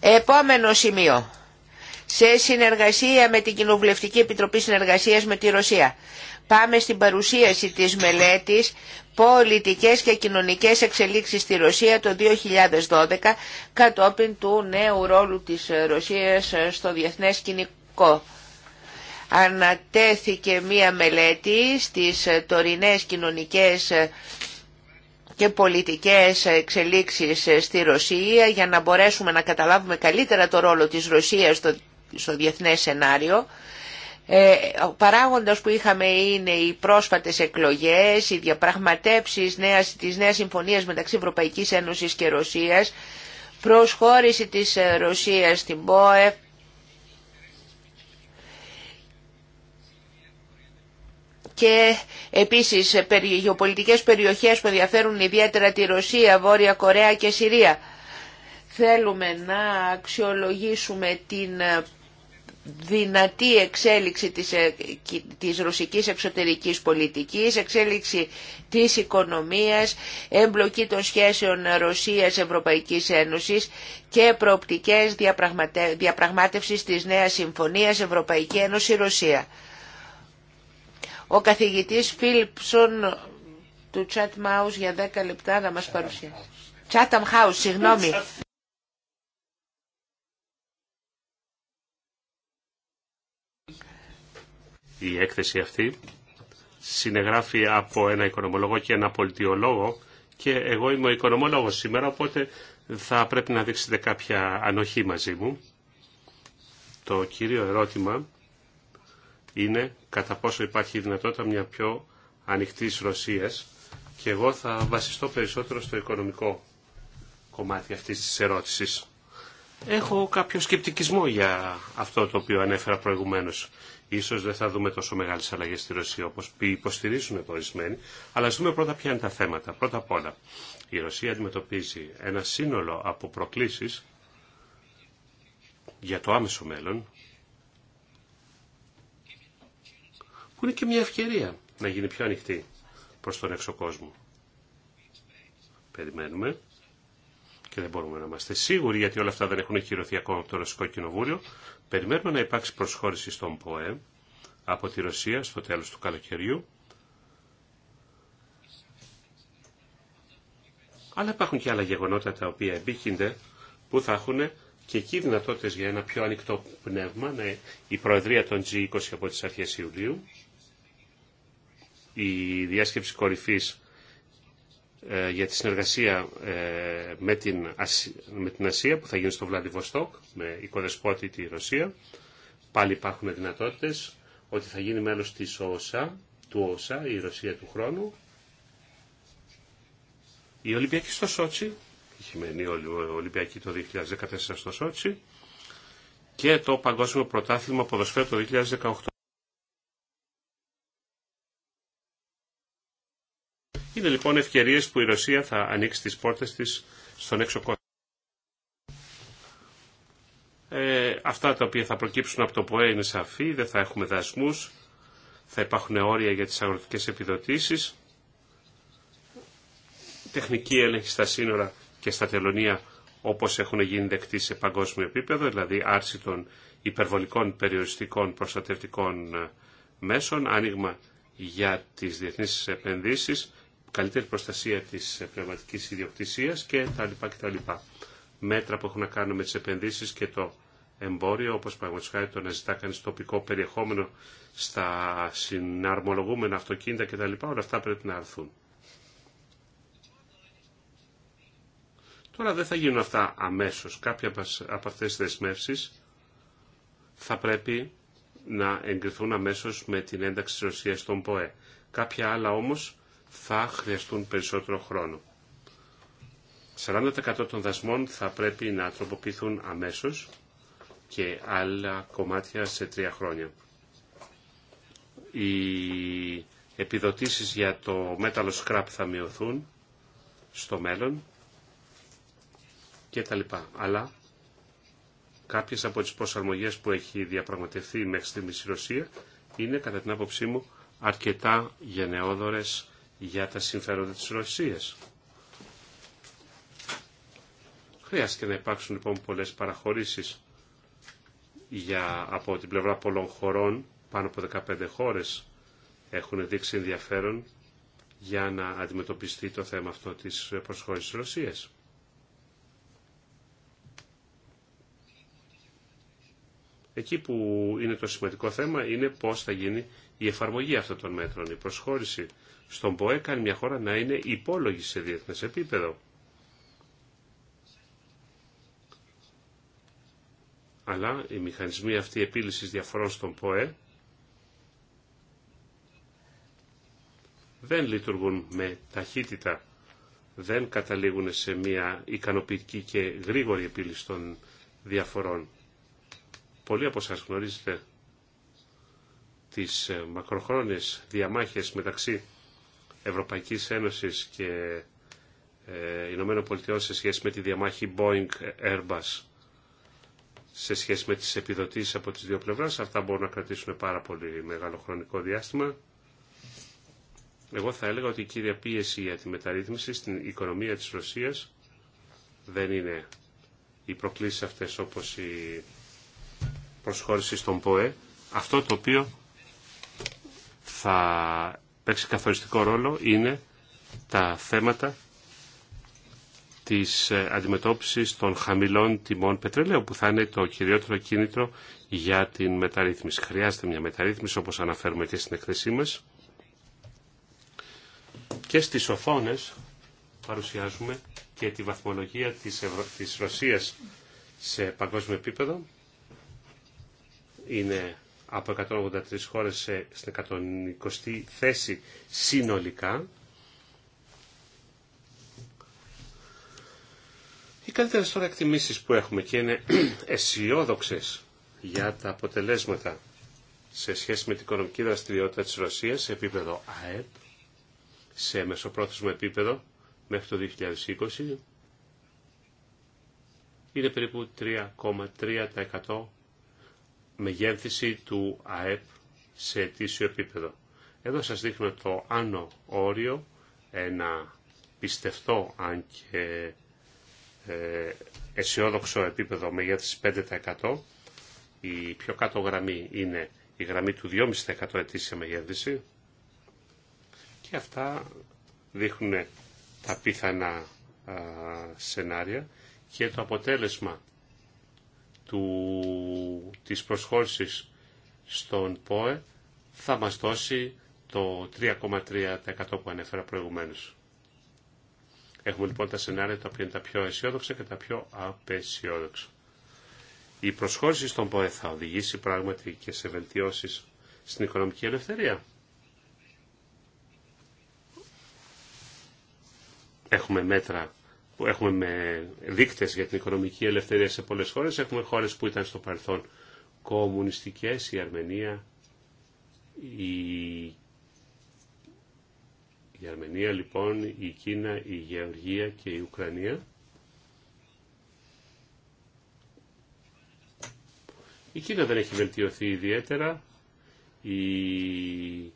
Επόμενο σημείο. Σε συνεργασία με την Κοινοβουλευτική Επιτροπή Συνεργασίας με τη Ρωσία. Πάμε στην παρουσίαση της μελέτης «Πολιτικές και κοινωνικές εξελίξεις στη Ρωσία το 2012» κατόπιν του νέου ρόλου της Ρωσίας στο διεθνές κοινικό ανατέθηκε μία μελέτη στις τωρινές κοινωνικές και πολιτικές εξελίξεις στη Ρωσία για να μπορέσουμε να καταλάβουμε καλύτερα το ρόλο της Ρωσίας στο, στο διεθνές σενάριο. Ε, ο παράγοντας που είχαμε είναι οι πρόσφατες εκλογές, οι διαπραγματεύσεις νέας, της νέας συμφωνίας μεταξύ Ευρωπαϊκής Ένωσης και Ρωσίας, προσχώρηση της Ρωσίας στην ΠΟΕΦ, και επίσης γεωπολιτικές περιοχές που ενδιαφέρουν ιδιαίτερα τη Ρωσία, Βόρεια Κορέα και Συρία. Θέλουμε να αξιολογήσουμε την ε, δυνατή εξέλιξη της, ε, της ρωσικής εξωτερικής πολιτικής, εξέλιξη της οικονομίας, εμπλοκή των σχέσεων Ρωσίας-Ευρωπαϊκής Ένωσης και προοπτικές διαπραγμάτευσης της νέας συμφωνίας Ευρωπαϊκή Ένωση-Ρωσία ο καθηγητής Φίλψον του Chat Mouse για 10 λεπτά να μας παρουσιάσει. Chatham House, συγγνώμη. Η έκθεση αυτή συνεγράφει από ένα οικονομολόγο και ένα πολιτιολόγο και εγώ είμαι ο οικονομολόγος σήμερα, οπότε θα πρέπει να δείξετε κάποια ανοχή μαζί μου. Το κύριο ερώτημα είναι κατά πόσο υπάρχει δυνατότητα μια πιο ανοιχτή Ρωσία και εγώ θα βασιστώ περισσότερο στο οικονομικό κομμάτι αυτής της ερώτησης. Έχω κάποιο σκεπτικισμό για αυτό το οποίο ανέφερα προηγουμένως. Ίσως δεν θα δούμε τόσο μεγάλες αλλαγές στη Ρωσία όπως υποστηρίζουν οι ορισμένοι, αλλά ας δούμε πρώτα ποια είναι τα θέματα. Πρώτα απ' όλα, η Ρωσία αντιμετωπίζει ένα σύνολο από προκλήσεις για το άμεσο μέλλον, που είναι και μια ευκαιρία να γίνει πιο ανοιχτή προς τον έξω κόσμο. Περιμένουμε και δεν μπορούμε να είμαστε σίγουροι γιατί όλα αυτά δεν έχουν κυρωθεί ακόμα από το Ρωσικό Κοινοβούλιο. Περιμένουμε να υπάρξει προσχώρηση στον ΠΟΕ από τη Ρωσία στο τέλος του καλοκαιριού. Αλλά υπάρχουν και άλλα γεγονότα τα οποία επίκυνται που θα έχουν και εκεί δυνατότητες για ένα πιο ανοιχτό πνεύμα, η Προεδρία των G20 από τις αρχές Ιουλίου, η διάσκεψη κορυφής ε, για τη συνεργασία ε, με την, Ασία, που θα γίνει στο Βλαντιβοστόκ με οικοδεσπότη τη Ρωσία. Πάλι υπάρχουν δυνατότητες ότι θα γίνει μέλος της ΟΣΑ, του ΟΣΑ, η Ρωσία του χρόνου. Η Ολυμπιακή στο Σότσι, η χειμενή Ολυμπιακή το 2014 στο Σότσι και το Παγκόσμιο Πρωτάθλημα Ποδοσφαίρου το 2018 Είναι λοιπόν ευκαιρίες που η Ρωσία θα ανοίξει τις πόρτες της στον έξω κόσμο. Ε, αυτά τα οποία θα προκύψουν από το ΠΟΕ είναι σαφή, δεν θα έχουμε δασμούς, θα υπάρχουν όρια για τις αγροτικές επιδοτήσεις, τεχνική έλεγχη στα σύνορα και στα τελωνία όπως έχουν γίνει δεκτοί σε παγκόσμιο επίπεδο, δηλαδή άρση των υπερβολικών περιοριστικών προστατευτικών ε, μέσων, άνοιγμα για τις διεθνείς επενδύσεις, καλύτερη προστασία της πνευματικής ιδιοκτησίας και τα λοιπά και τα λοιπά. Μέτρα που έχουν να κάνουν με τις επενδύσεις και το εμπόριο, όπως πραγματικά το να ζητά κανείς τοπικό περιεχόμενο στα συναρμολογούμενα αυτοκίνητα και τα λοιπά, όλα αυτά πρέπει να έρθουν. Τώρα δεν θα γίνουν αυτά αμέσως. Κάποια από αυτές τις δεσμεύσεις θα πρέπει να εγκριθούν αμέσως με την ένταξη της Ρωσίας στον ΠΟΕ. Κάποια άλλα όμως θα χρειαστούν περισσότερο χρόνο. 40% των δασμών θα πρέπει να τροποποιηθούν αμέσως και άλλα κομμάτια σε τρία χρόνια. Οι επιδοτήσεις για το μέταλλο σκράπ θα μειωθούν στο μέλλον και τα λοιπά. Αλλά κάποιες από τις προσαρμογές που έχει διαπραγματευτεί μέχρι στιγμής η Ρωσία είναι κατά την άποψή μου αρκετά γενναιόδορες για τα συμφέροντα της Ρωσίας. Χρειάστηκε να υπάρξουν λοιπόν πολλές παραχωρήσεις για, από την πλευρά πολλών χωρών, πάνω από 15 χώρες έχουν δείξει ενδιαφέρον για να αντιμετωπιστεί το θέμα αυτό της προσχώρησης της Ρωσίας. Εκεί που είναι το σημαντικό θέμα είναι πώς θα γίνει η εφαρμογή αυτών των μέτρων. Η προσχώρηση στον ΠΟΕ κάνει μια χώρα να είναι υπόλογη σε διεθνές επίπεδο. Αλλά οι μηχανισμοί αυτή επίλυσης διαφορών στον ΠΟΕ δεν λειτουργούν με ταχύτητα, δεν καταλήγουν σε μια ικανοποιητική και γρήγορη επίλυση των διαφορών. Πολλοί από σας γνωρίζετε τις μακροχρόνιες διαμάχες μεταξύ Ευρωπαϊκής Ένωσης και ε, Ηνωμένων Πολιτειών σε σχέση με τη διαμάχη Boeing-Airbus σε σχέση με τις επιδοτήσεις από τις δύο πλευράς. Αυτά μπορούν να κρατήσουν πάρα πολύ μεγάλο χρονικό διάστημα. Εγώ θα έλεγα ότι η κύρια πίεση για τη μεταρρύθμιση στην οικονομία της Ρωσίας δεν είναι οι προκλήσεις αυτές όπως η προσχώρηση στον ΠΟΕ. Αυτό το οποίο θα παίξει καθοριστικό ρόλο είναι τα θέματα της ε, αντιμετώπισης των χαμηλών τιμών πετρελαίου που θα είναι το κυριότερο κίνητρο για την μεταρρύθμιση. Χρειάζεται μια μεταρρύθμιση όπως αναφέρουμε και στην εκθεσή μας. Και στις οθόνες παρουσιάζουμε και τη βαθμολογία της, Ευρω... της Ρωσίας σε παγκόσμιο επίπεδο. Είναι από 183 χώρες σε, στην 120η θέση συνολικά. Οι καλύτερε τώρα εκτιμήσεις που έχουμε και είναι αισιόδοξε για τα αποτελέσματα σε σχέση με την οικονομική δραστηριότητα της Ρωσίας σε επίπεδο ΑΕΠ, σε μεσοπρόθεσμο επίπεδο μέχρι το 2020, είναι περίπου 3,3% μεγέθυνση του ΑΕΠ σε αιτήσιο επίπεδο. Εδώ σας δείχνω το άνω όριο, ένα πιστευτό αν και ε, αισιόδοξο επίπεδο μεγέθυνση 5%. Η πιο κάτω γραμμή είναι η γραμμή του 2,5% ετήσια μεγέθυνση και αυτά δείχνουν τα πιθανά σενάρια και το αποτέλεσμα του, της προσχώρησης στον ΠΟΕ θα μας δώσει το 3,3% που ανέφερα προηγουμένως. Έχουμε λοιπόν τα σενάρια τα οποία είναι τα πιο αισιόδοξα και τα πιο απεσιόδοξα. Η προσχώρηση στον ΠΟΕ θα οδηγήσει πράγματι και σε βελτιώσεις στην οικονομική ελευθερία. Έχουμε μέτρα που έχουμε με δείκτες για την οικονομική ελευθερία σε πολλές χώρες. Έχουμε χώρες που ήταν στο παρελθόν κομμουνιστικές, η Αρμενία, η... η Αρμενία λοιπόν, η Κίνα, η Γεωργία και η Ουκρανία. Η Κίνα δεν έχει βελτιωθεί ιδιαίτερα. Η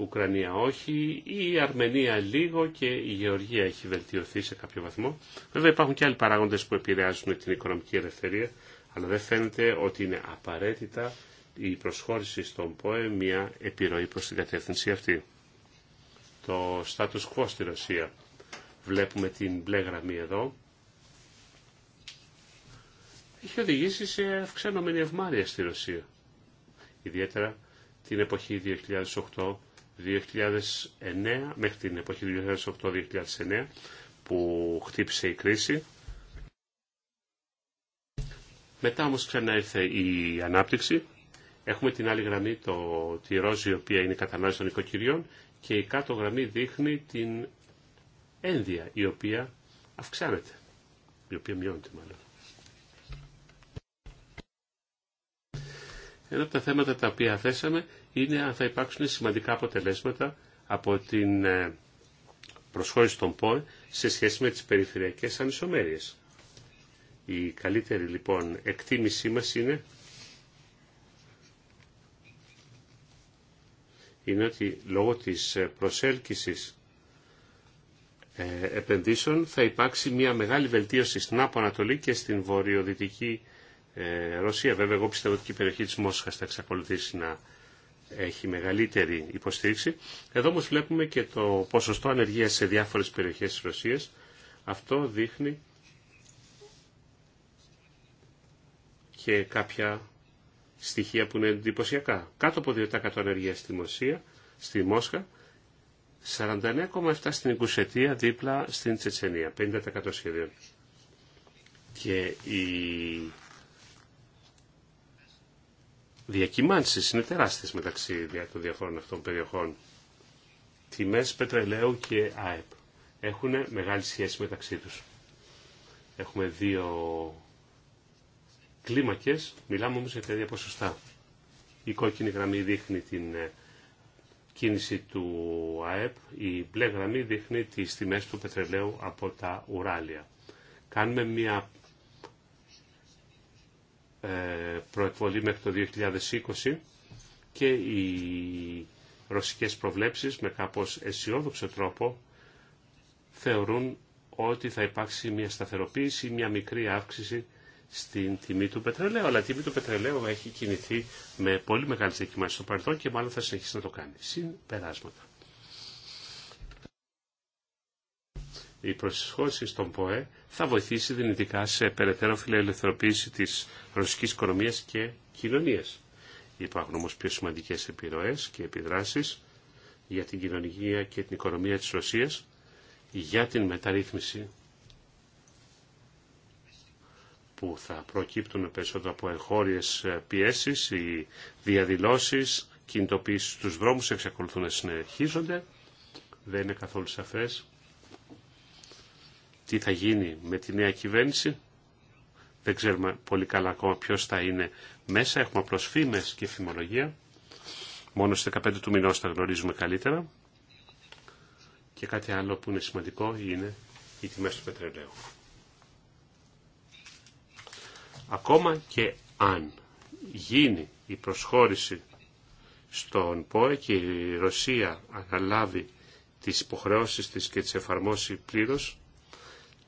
Ουκρανία όχι, η Αρμενία λίγο και η Γεωργία έχει βελτιωθεί σε κάποιο βαθμό. Βέβαια υπάρχουν και άλλοι παράγοντες που επηρεάζουν την οικονομική ελευθερία, αλλά δεν φαίνεται ότι είναι απαραίτητα η προσχώρηση στον ΠΟΕ μια επιρροή προς την κατεύθυνση αυτή. Το status quo στη Ρωσία. Βλέπουμε την μπλε γραμμή εδώ. Έχει οδηγήσει σε αυξανόμενη ευμάρεια στη Ρωσία. Ιδιαίτερα την εποχή 2008 2009 μέχρι την εποχή 2008-2009 που χτύπησε η κρίση. Μετά όμως ξανά ήρθε η ανάπτυξη. Έχουμε την άλλη γραμμή, το, τη ρόζη, η οποία είναι η κατανάλωση των οικοκυριών και η κάτω γραμμή δείχνει την ένδια, η οποία αυξάνεται, η οποία μειώνεται μάλλον. Ένα από τα θέματα τα οποία θέσαμε είναι αν θα υπάρξουν σημαντικά αποτελέσματα από την ε, προσχώρηση των ΠΟΕ σε σχέση με τις περιφερειακές ανισομέρειες. Η καλύτερη λοιπόν εκτίμησή μας είναι, είναι ότι λόγω της προσέλκυσης ε, επενδύσεων θα υπάρξει μια μεγάλη βελτίωση στην Άπο και στην βορειοδυτική ε, Ρωσία. Βέβαια, εγώ πιστεύω ότι η περιοχή της Μόσχας θα εξακολουθήσει να έχει μεγαλύτερη υποστήριξη. Εδώ όμως βλέπουμε και το ποσοστό ανεργία σε διάφορες περιοχές της Ρωσίας. Αυτό δείχνει και κάποια στοιχεία που είναι εντυπωσιακά. Κάτω από 2% ανεργία στη, Μωσία στη Μόσχα, 49,7% στην Οικουσετία, δίπλα στην Τσετσενία, 50% σχεδίων. Και η διακυμάνσεις είναι τεράστιες μεταξύ των διαφόρων αυτών περιοχών. Τιμές πετρελαίου και ΑΕΠ έχουν μεγάλη σχέση μεταξύ τους. Έχουμε δύο κλίμακες, μιλάμε όμως για τα ίδια ποσοστά. Η κόκκινη γραμμή δείχνει την ε, κίνηση του ΑΕΠ, η μπλε γραμμή δείχνει τις τιμές του πετρελαίου από τα ουράλια. Κάνουμε μια ε, προεκβολή μέχρι το 2020 και οι ρωσικές προβλέψεις με κάπως αισιόδοξο τρόπο θεωρούν ότι θα υπάρξει μια σταθεροποίηση, μια μικρή αύξηση στην τιμή του πετρελαίου. Αλλά η τιμή του πετρελαίου έχει κινηθεί με πολύ μεγάλη δοκιμάσει στο παρελθόν και μάλλον θα συνεχίσει να το κάνει. Συμπεράσματα. οι προσχώσει στον ΠΟΕ θα βοηθήσει δυνητικά σε περαιτέρω φιλελευθερωποίηση τη ρωσική οικονομία και κοινωνία. Υπάρχουν όμω πιο σημαντικέ επιρροέ και επιδράσεις για την κοινωνία και την οικονομία τη Ρωσία για την μεταρρύθμιση που θα προκύπτουν περισσότερο από εγχώριες πιέσεις, οι διαδηλώσεις, κινητοποίησεις στους δρόμους εξακολουθούν να συνεχίζονται. Δεν είναι καθόλου σαφές τι θα γίνει με τη νέα κυβέρνηση. Δεν ξέρουμε πολύ καλά ακόμα ποιος θα είναι μέσα. Έχουμε απλώς φήμες και φημολογία. Μόνο στις 15 του μηνός θα γνωρίζουμε καλύτερα. Και κάτι άλλο που είναι σημαντικό είναι οι τιμές του πετρελαίου. Ακόμα και αν γίνει η προσχώρηση στον ΠΟΕ και η Ρωσία αναλάβει τις υποχρεώσεις της και τις εφαρμόσει πλήρως,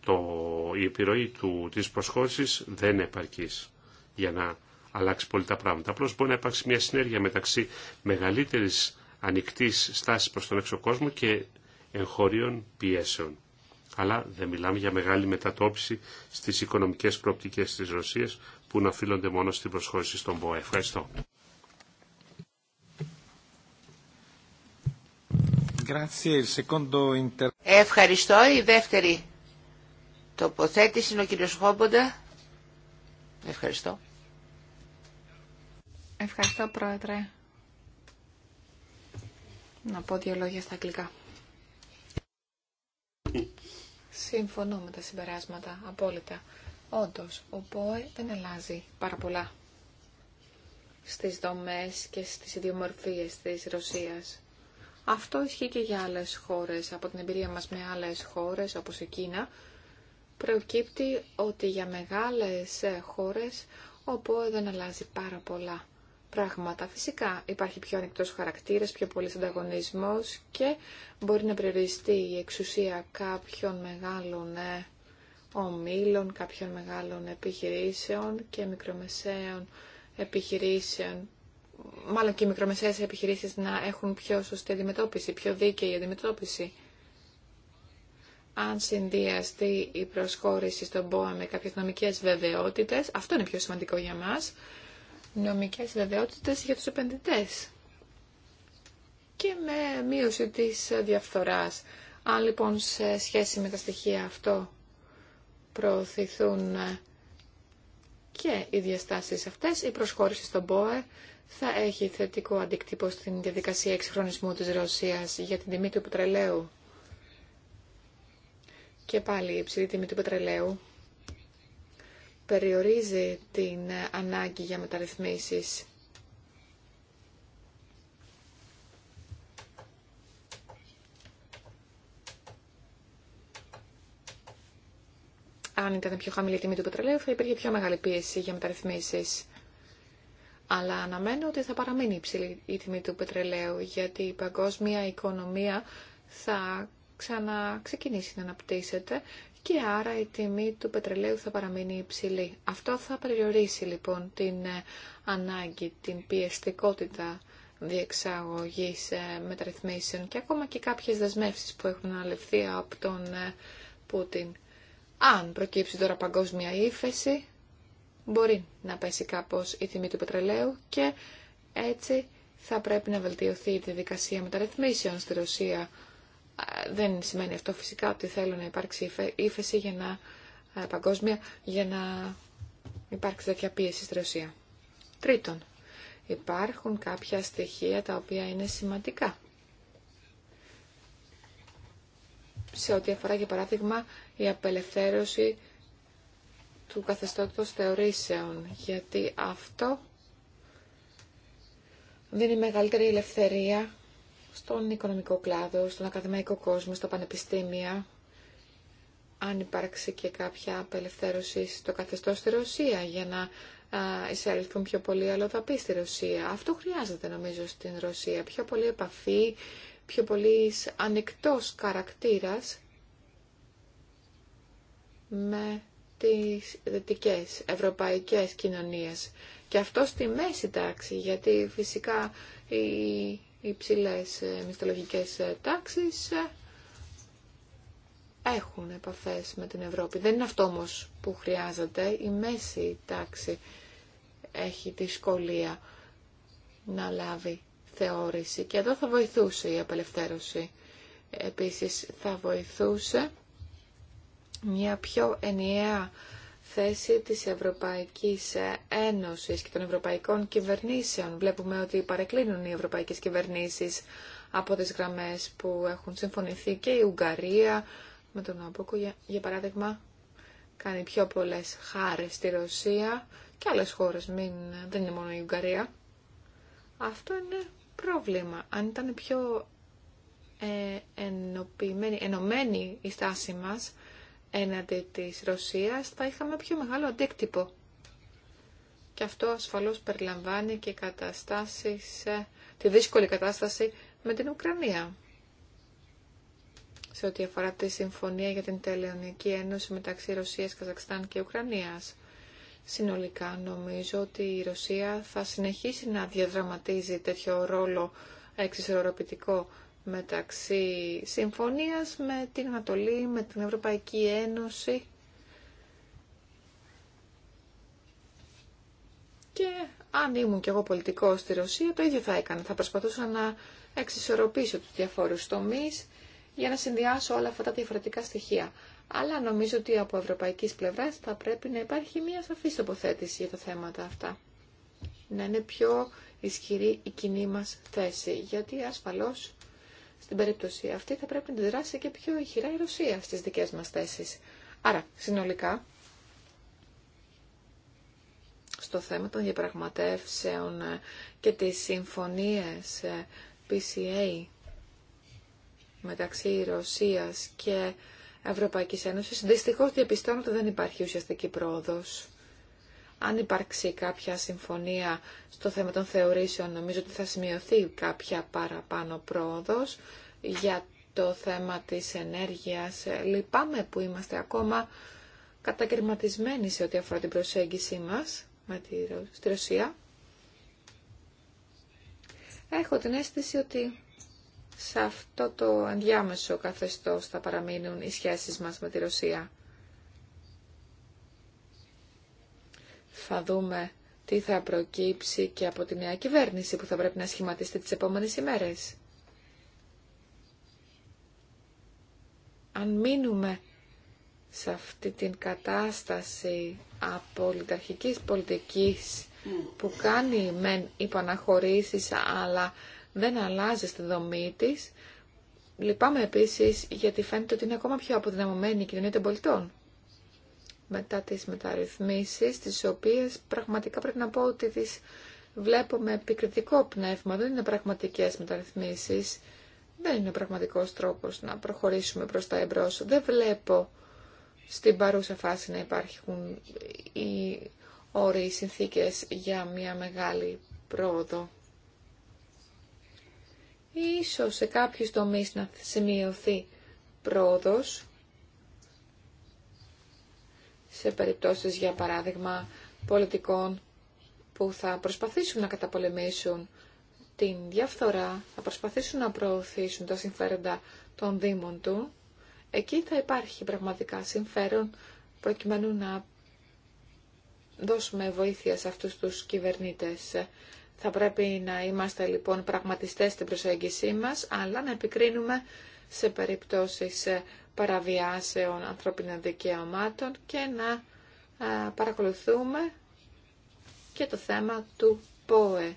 το, η επιρροή του, της προσχώρησης δεν είναι επαρκής για να αλλάξει πολύ τα πράγματα. Απλώ μπορεί να υπάρξει μια συνέργεια μεταξύ μεγαλύτερης ανοιχτή στάση προς τον έξω κόσμο και εγχωρίων πιέσεων. Αλλά δεν μιλάμε για μεγάλη μετατόπιση στις οικονομικές προοπτικές της Ρωσίας που να οφείλονται μόνο στην προσχώρηση στον ΠΟΕ. Ευχαριστώ. Ευχαριστώ. Η δεύτερη τοποθέτηση είναι ο κύριος Χόμποντα. Ευχαριστώ. Ευχαριστώ πρόεδρε. Να πω δύο λόγια στα αγγλικά. Συμφωνώ με τα συμπεράσματα, απόλυτα. Όντως, ο ΠΟΕ δεν αλλάζει πάρα πολλά στις δομές και στις ιδιομορφίες της Ρωσίας. Αυτό ισχύει και για άλλες χώρες. Από την εμπειρία μας με άλλες χώρες, όπως η Κίνα, προκύπτει ότι για μεγάλες ε, χώρες όπου δεν αλλάζει πάρα πολλά πράγματα. Φυσικά υπάρχει πιο ανοιχτός χαρακτήρας, πιο πολλής ανταγωνισμός και μπορεί να περιοριστεί η εξουσία κάποιων μεγάλων ε, ομίλων, κάποιων μεγάλων επιχειρήσεων και μικρομεσαίων επιχειρήσεων μάλλον και οι μικρομεσαίες επιχειρήσεις να έχουν πιο σωστή αντιμετώπιση, πιο δίκαιη αντιμετώπιση αν συνδυαστεί η προσχώρηση στον ΠΟΕ με κάποιες νομικές βεβαιότητες, αυτό είναι πιο σημαντικό για μας, νομικές βεβαιότητες για τους επενδυτές και με μείωση της διαφθοράς. Αν λοιπόν σε σχέση με τα στοιχεία αυτό προωθηθούν και οι διαστάσεις αυτές, η προσχώρηση στον ΠΟΕ θα έχει θετικό αντικτύπο στην διαδικασία εξχρονισμού της Ρωσίας για την τιμή του πετρελαίου. Και πάλι η υψηλή τιμή του πετρελαίου περιορίζει την ανάγκη για μεταρρυθμίσεις. Αν ήταν πιο χαμηλή η τιμή του πετρελαίου θα υπήρχε πιο μεγάλη πίεση για μεταρρυθμίσεις. Αλλά αναμένω ότι θα παραμείνει υψηλή η τιμή του πετρελαίου γιατί η παγκόσμια οικονομία θα ξαναξεκινήσει να αναπτύσσεται και άρα η τιμή του πετρελαίου θα παραμείνει υψηλή. Αυτό θα περιορίσει λοιπόν την ε, ανάγκη, την πιεστικότητα διεξαγωγής ε, μεταρρυθμίσεων και ακόμα και κάποιες δεσμεύσεις που έχουν αναλευθεί από τον ε, Πούτιν. Αν προκύψει τώρα παγκόσμια ύφεση, μπορεί να πέσει κάπως η τιμή του πετρελαίου και έτσι θα πρέπει να βελτιωθεί η διαδικασία μεταρρυθμίσεων στη Ρωσία δεν σημαίνει αυτό φυσικά ότι θέλω να υπάρξει ύφεση για να, παγκόσμια για να υπάρξει τέτοια πίεση στη Ρωσία. Τρίτον, υπάρχουν κάποια στοιχεία τα οποία είναι σημαντικά. Σε ό,τι αφορά για παράδειγμα η απελευθέρωση του καθεστώτος θεωρήσεων, γιατί αυτό δίνει μεγαλύτερη ελευθερία στον οικονομικό κλάδο, στον ακαδημαϊκό κόσμο, στα πανεπιστήμια, αν υπάρξει και κάποια απελευθέρωση στο καθεστώς στη Ρωσία για να εισέλθουν πιο πολλοί αλλοδαποί στη Ρωσία. Αυτό χρειάζεται νομίζω στην Ρωσία. Πιο πολύ επαφή, πιο πολύ ανεκτός χαρακτήρα με τις δυτικές ευρωπαϊκές κοινωνίες. Και αυτό στη μέση τάξη, γιατί φυσικά η υψηλές ε, μισθολογικέ ε, τάξεις ε, έχουν επαφές με την Ευρώπη. Δεν είναι αυτό όμως που χρειάζεται. Η μέση τάξη έχει δυσκολία να λάβει θεώρηση και εδώ θα βοηθούσε η απελευθέρωση. Επίσης θα βοηθούσε μια πιο ενιαία θέση της Ευρωπαϊκής Ένωσης και των ευρωπαϊκών κυβερνήσεων. Βλέπουμε ότι παρεκκλίνουν οι ευρωπαϊκές κυβερνήσεις από τις γραμμές που έχουν συμφωνηθεί και η Ουγγαρία με τον Αμπόκο, για, παράδειγμα, κάνει πιο πολλές χάρες στη Ρωσία και άλλες χώρες, μην, δεν είναι μόνο η Ουγγαρία. Αυτό είναι πρόβλημα. Αν ήταν πιο ε, ενωμένη η στάση μας, έναντι της Ρωσίας θα είχαμε πιο μεγάλο αντίκτυπο. Και αυτό ασφαλώς περιλαμβάνει και καταστάσεις, ε, τη δύσκολη κατάσταση με την Ουκρανία. Σε ό,τι αφορά τη συμφωνία για την τελεωνική ένωση μεταξύ Ρωσίας, Καζακστάν και Ουκρανίας. Συνολικά νομίζω ότι η Ρωσία θα συνεχίσει να διαδραματίζει τέτοιο ρόλο εξισορροπητικό μεταξύ συμφωνίας με την Ανατολή, με την Ευρωπαϊκή Ένωση και αν ήμουν κι εγώ πολιτικός στη Ρωσία το ίδιο θα έκανα. Θα προσπαθούσα να εξισορροπήσω τους διαφόρους τομείς για να συνδυάσω όλα αυτά τα διαφορετικά στοιχεία. Αλλά νομίζω ότι από ευρωπαϊκής πλευράς θα πρέπει να υπάρχει μια σαφής τοποθέτηση για τα θέματα αυτά. Να είναι πιο ισχυρή η κοινή μας θέση, γιατί ασφαλώς στην περίπτωση αυτή θα πρέπει να αντιδράσει και πιο ηχηρά η Ρωσία στις δικές μας θέσεις. Άρα, συνολικά, στο θέμα των διαπραγματεύσεων ε, και τις συμφωνίες ε, PCA μεταξύ Ρωσίας και Ευρωπαϊκής Ένωσης, δυστυχώς διαπιστώνω ότι δεν υπάρχει ουσιαστική πρόοδος αν υπάρξει κάποια συμφωνία στο θέμα των θεωρήσεων, νομίζω ότι θα σημειωθεί κάποια παραπάνω πρόοδος για το θέμα της ενέργειας. Λυπάμαι που είμαστε ακόμα κατακαιρματισμένοι σε ό,τι αφορά την προσέγγιση μας με στη Ρωσία. Έχω την αίσθηση ότι σε αυτό το ενδιάμεσο καθεστώς θα παραμείνουν οι σχέσεις μας με τη Ρωσία. Θα δούμε τι θα προκύψει και από τη νέα κυβέρνηση που θα πρέπει να σχηματιστεί τις επόμενες ημέρες. Αν μείνουμε σε αυτή την κατάσταση απολυταρχικής πολιτικής που κάνει μεν υπαναχωρήσεις αλλά δεν αλλάζει στη δομή της, λυπάμαι επίσης γιατί φαίνεται ότι είναι ακόμα πιο αποδυναμωμένη η κοινωνία των πολιτών μετά τις μεταρρυθμίσεις, τις οποίες πραγματικά πρέπει να πω ότι τις βλέπω με επικριτικό πνεύμα. Δεν είναι πραγματικές μεταρρυθμίσεις, δεν είναι πραγματικός τρόπος να προχωρήσουμε προς τα εμπρός. Δεν βλέπω στην παρούσα φάση να υπάρχουν οι όροι, οι συνθήκες για μια μεγάλη πρόοδο. Ίσως σε κάποιους τομείς να σημειωθεί πρόοδος, σε περιπτώσεις, για παράδειγμα, πολιτικών που θα προσπαθήσουν να καταπολεμήσουν την διαφθορά, θα προσπαθήσουν να προωθήσουν τα συμφέροντα των δήμων του, εκεί θα υπάρχει πραγματικά συμφέρον προκειμένου να δώσουμε βοήθεια σε αυτούς τους κυβερνήτες. Θα πρέπει να είμαστε λοιπόν πραγματιστές στην προσέγγισή μας, αλλά να επικρίνουμε σε περιπτώσεις ε, παραβιάσεων ανθρώπινων δικαιωμάτων και να παρακολουθούμε και το θέμα του ΠΟΕ.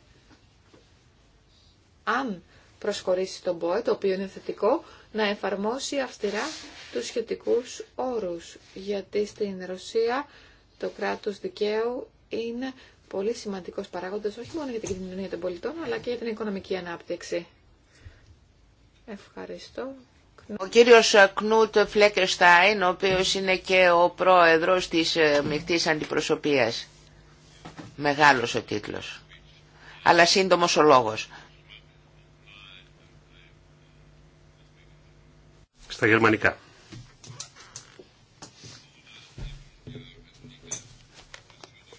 Αν προσχωρήσει τον ΠΟΕ, το οποίο είναι θετικό, να εφαρμόσει αυστηρά τους σχετικούς όρους, γιατί στην Ρωσία το κράτος δικαίου είναι πολύ σημαντικός παράγοντας, όχι μόνο για την κοινωνία των πολιτών, αλλά και για την οικονομική ανάπτυξη. Ευχαριστώ. Ο κύριος Κνούτ Φλέκεστάιν, ο οποίος είναι και ο πρόεδρος της ε, μειχτής αντιπροσωπείας. Μεγάλος ο τίτλος, αλλά σύντομος ο λόγος. Στα γερμανικά.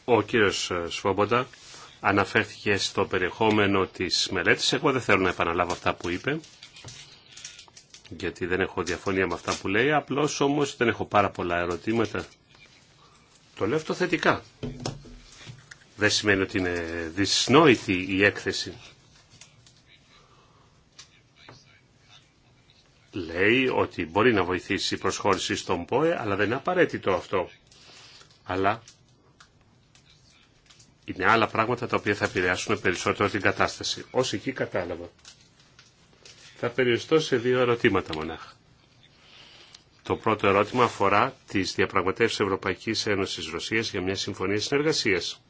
Ο κύριος ε, Σφόμποντα αναφέρθηκε στο περιεχόμενο της μελέτης. Εγώ δεν θέλω να επαναλάβω αυτά που είπε γιατί δεν έχω διαφωνία με αυτά που λέει, απλώς όμως δεν έχω πάρα πολλά ερωτήματα. Το λέω αυτό θετικά. Δεν σημαίνει ότι είναι δυσνόητη η έκθεση. Λέει ότι μπορεί να βοηθήσει η προσχώρηση στον ΠΟΕ, αλλά δεν είναι απαραίτητο αυτό. Αλλά είναι άλλα πράγματα τα οποία θα επηρεάσουν περισσότερο την κατάσταση. Όσοι εκεί κατάλαβα. Θα περιοριστώ σε δύο ερωτήματα μονάχα. Το πρώτο ερώτημα αφορά τις διαπραγματεύσεις Ευρωπαϊκής Ένωσης Ρωσίας για μια συμφωνία συνεργασίας.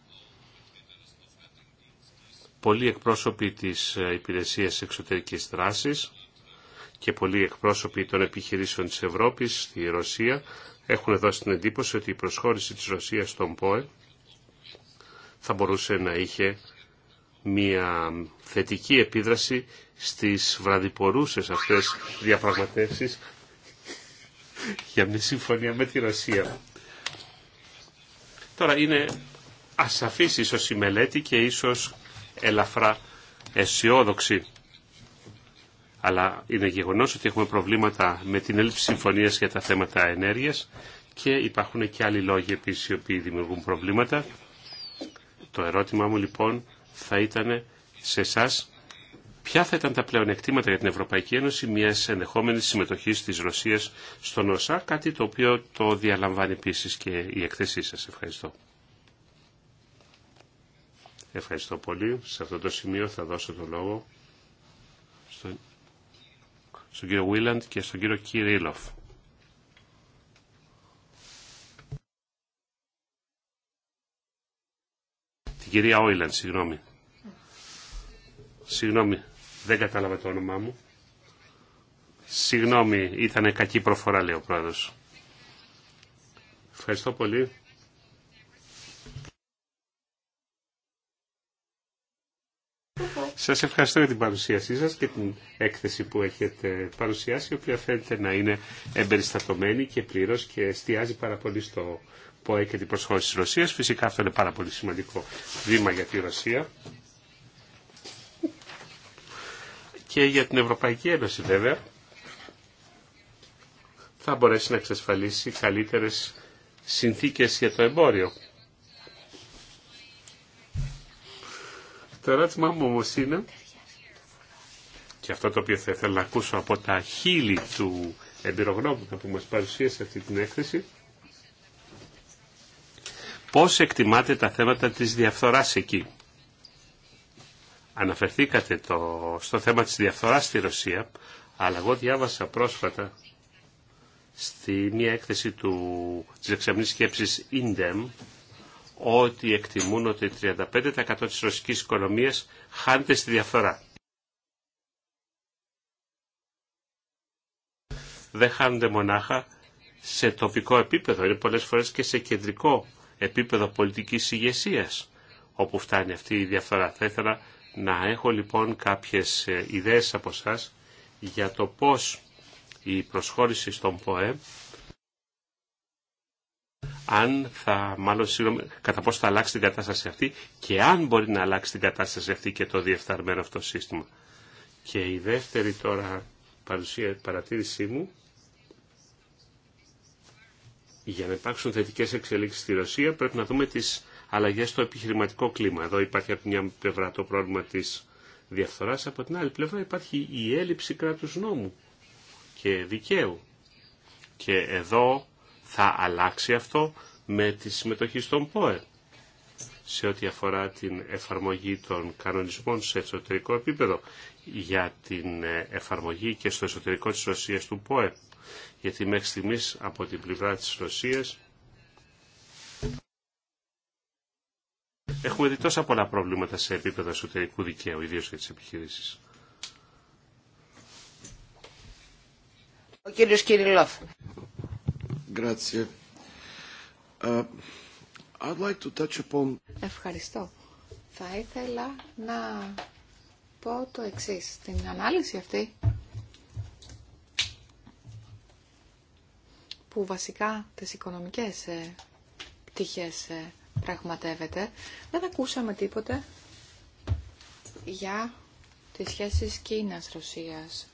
Πολλοί εκπρόσωποι της ε, Υπηρεσίας Εξωτερικής Δράσης και πολλοί εκπρόσωποι των επιχειρήσεων της Ευρώπης στη Ρωσία έχουν δώσει την εντύπωση ότι η προσχώρηση της Ρωσίας στον ΠΟΕ θα μπορούσε να είχε μια θετική επίδραση στις βραδιπορούσες αυτές διαπραγματεύσεις για μια συμφωνία με τη Ρωσία. Τώρα είναι ασαφής ίσως η μελέτη και ίσως ελαφρά αισιόδοξη. Αλλά είναι γεγονός ότι έχουμε προβλήματα με την έλλειψη συμφωνίας για τα θέματα ενέργειας και υπάρχουν και άλλοι λόγοι επίσης οι οποίοι δημιουργούν προβλήματα. Το ερώτημά μου λοιπόν θα ήταν σε εσάς Ποια θα ήταν τα πλεονεκτήματα για την Ευρωπαϊκή Ένωση μια ενδεχόμενη συμμετοχή τη Ρωσία στον ΩΣΑ, κάτι το οποίο το διαλαμβάνει επίση και η εκθέσή σα. Ευχαριστώ. Ευχαριστώ πολύ. Σε αυτό το σημείο θα δώσω το λόγο στον, στον κύριο Βίλαντ και στον κύριο Κυρίλοφ. Την κυρία Όιλαντ, συγγνώμη. Συγγνώμη, δεν κατάλαβα το όνομά μου. Συγγνώμη, ήταν κακή προφορά, λέει ο πρόεδρος. Ευχαριστώ πολύ. Σας ευχαριστώ για την παρουσίασή σας και την έκθεση που έχετε παρουσιάσει, η οποία φαίνεται να είναι εμπεριστατωμένη και πλήρως και εστιάζει πάρα πολύ στο ΠΟΕ και την προσχώρηση της Ρωσίας. Φυσικά αυτό είναι πάρα πολύ σημαντικό βήμα για τη Ρωσία και για την Ευρωπαϊκή Ένωση βέβαια θα μπορέσει να εξασφαλίσει καλύτερες συνθήκες για το εμπόριο. Το ερώτημά μου όμως είναι και αυτό το οποίο θα ήθελα να ακούσω από τα χείλη του εμπειρογνώμου που μας παρουσίασε αυτή την έκθεση πώς εκτιμάτε τα θέματα της διαφθοράς εκεί. Αναφερθήκατε το, στο θέμα της διαφθοράς στη Ρωσία, αλλά εγώ διάβασα πρόσφατα στη μία έκθεση του, της εξαμνής σκέψης Ίντεμ ότι εκτιμούν ότι 35% της ρωσικής οικονομίας χάνεται στη διαφθορά. Δεν χάνονται μονάχα σε τοπικό επίπεδο, είναι πολλές φορές και σε κεντρικό επίπεδο πολιτικής ηγεσία όπου φτάνει αυτή η διαφθορά. Θα ήθελα να έχω λοιπόν κάποιες ε, ιδέες από εσά για το πώς η προσχώρηση στον ΠΟΕ αν θα, μάλλον, κατά πώς θα αλλάξει την κατάσταση αυτή και αν μπορεί να αλλάξει την κατάσταση αυτή και το διεφθαρμένο αυτό σύστημα. Και η δεύτερη τώρα παρατήρησή μου, για να υπάρξουν θετικές εξελίξεις στη Ρωσία πρέπει να δούμε τις για στο επιχειρηματικό κλίμα. Εδώ υπάρχει από μια πλευρά το πρόβλημα τη διαφθοράς, από την άλλη πλευρά υπάρχει η έλλειψη κράτους νόμου και δικαίου. Και εδώ θα αλλάξει αυτό με τη συμμετοχή στον ΠΟΕ σε ό,τι αφορά την εφαρμογή των κανονισμών σε εσωτερικό επίπεδο για την ε, εφαρμογή και στο εσωτερικό της Ρωσίας του ΠΟΕ. Γιατί μέχρι στιγμής από την πλευρά της Ρωσίας Έχουμε δει τόσα πολλά προβλήματα σε επίπεδο εσωτερικού δικαίου, ιδίω για τι επιχειρήσει. Ο Κυριλόφ. Uh, Ευχαριστώ. Θα ήθελα να πω το εξής. Την ανάλυση αυτή που βασικά τις οικονομικές ε, πτυχές ε, δεν ακούσαμε τίποτε για τις σχέσεις Κίνας-Ρωσίας.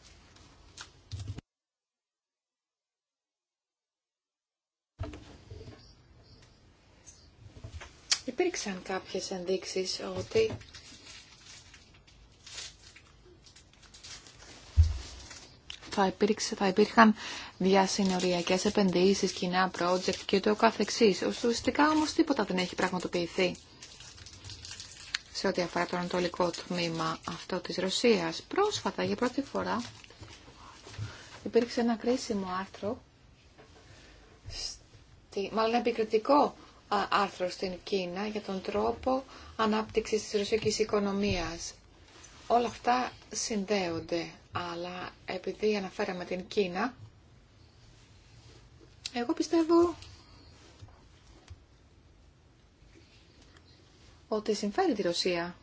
Υπήρξαν κάποιες ενδείξεις ότι θα, υπήρξε, θα υπήρχαν διασυνοριακές επενδύσεις, κοινά project και το καθεξής. Ουσιαστικά όμως τίποτα δεν έχει πραγματοποιηθεί σε ό,τι αφορά το ανατολικό τμήμα αυτό της Ρωσίας. Πρόσφατα, για πρώτη φορά, υπήρξε ένα κρίσιμο άρθρο, στη, μάλλον επικριτικό άρθρο στην Κίνα για τον τρόπο ανάπτυξης της ρωσικής οικονομίας. Όλα αυτά συνδέονται, αλλά επειδή αναφέραμε την Κίνα, εγώ πιστεύω ότι συμφέρει τη Ρωσία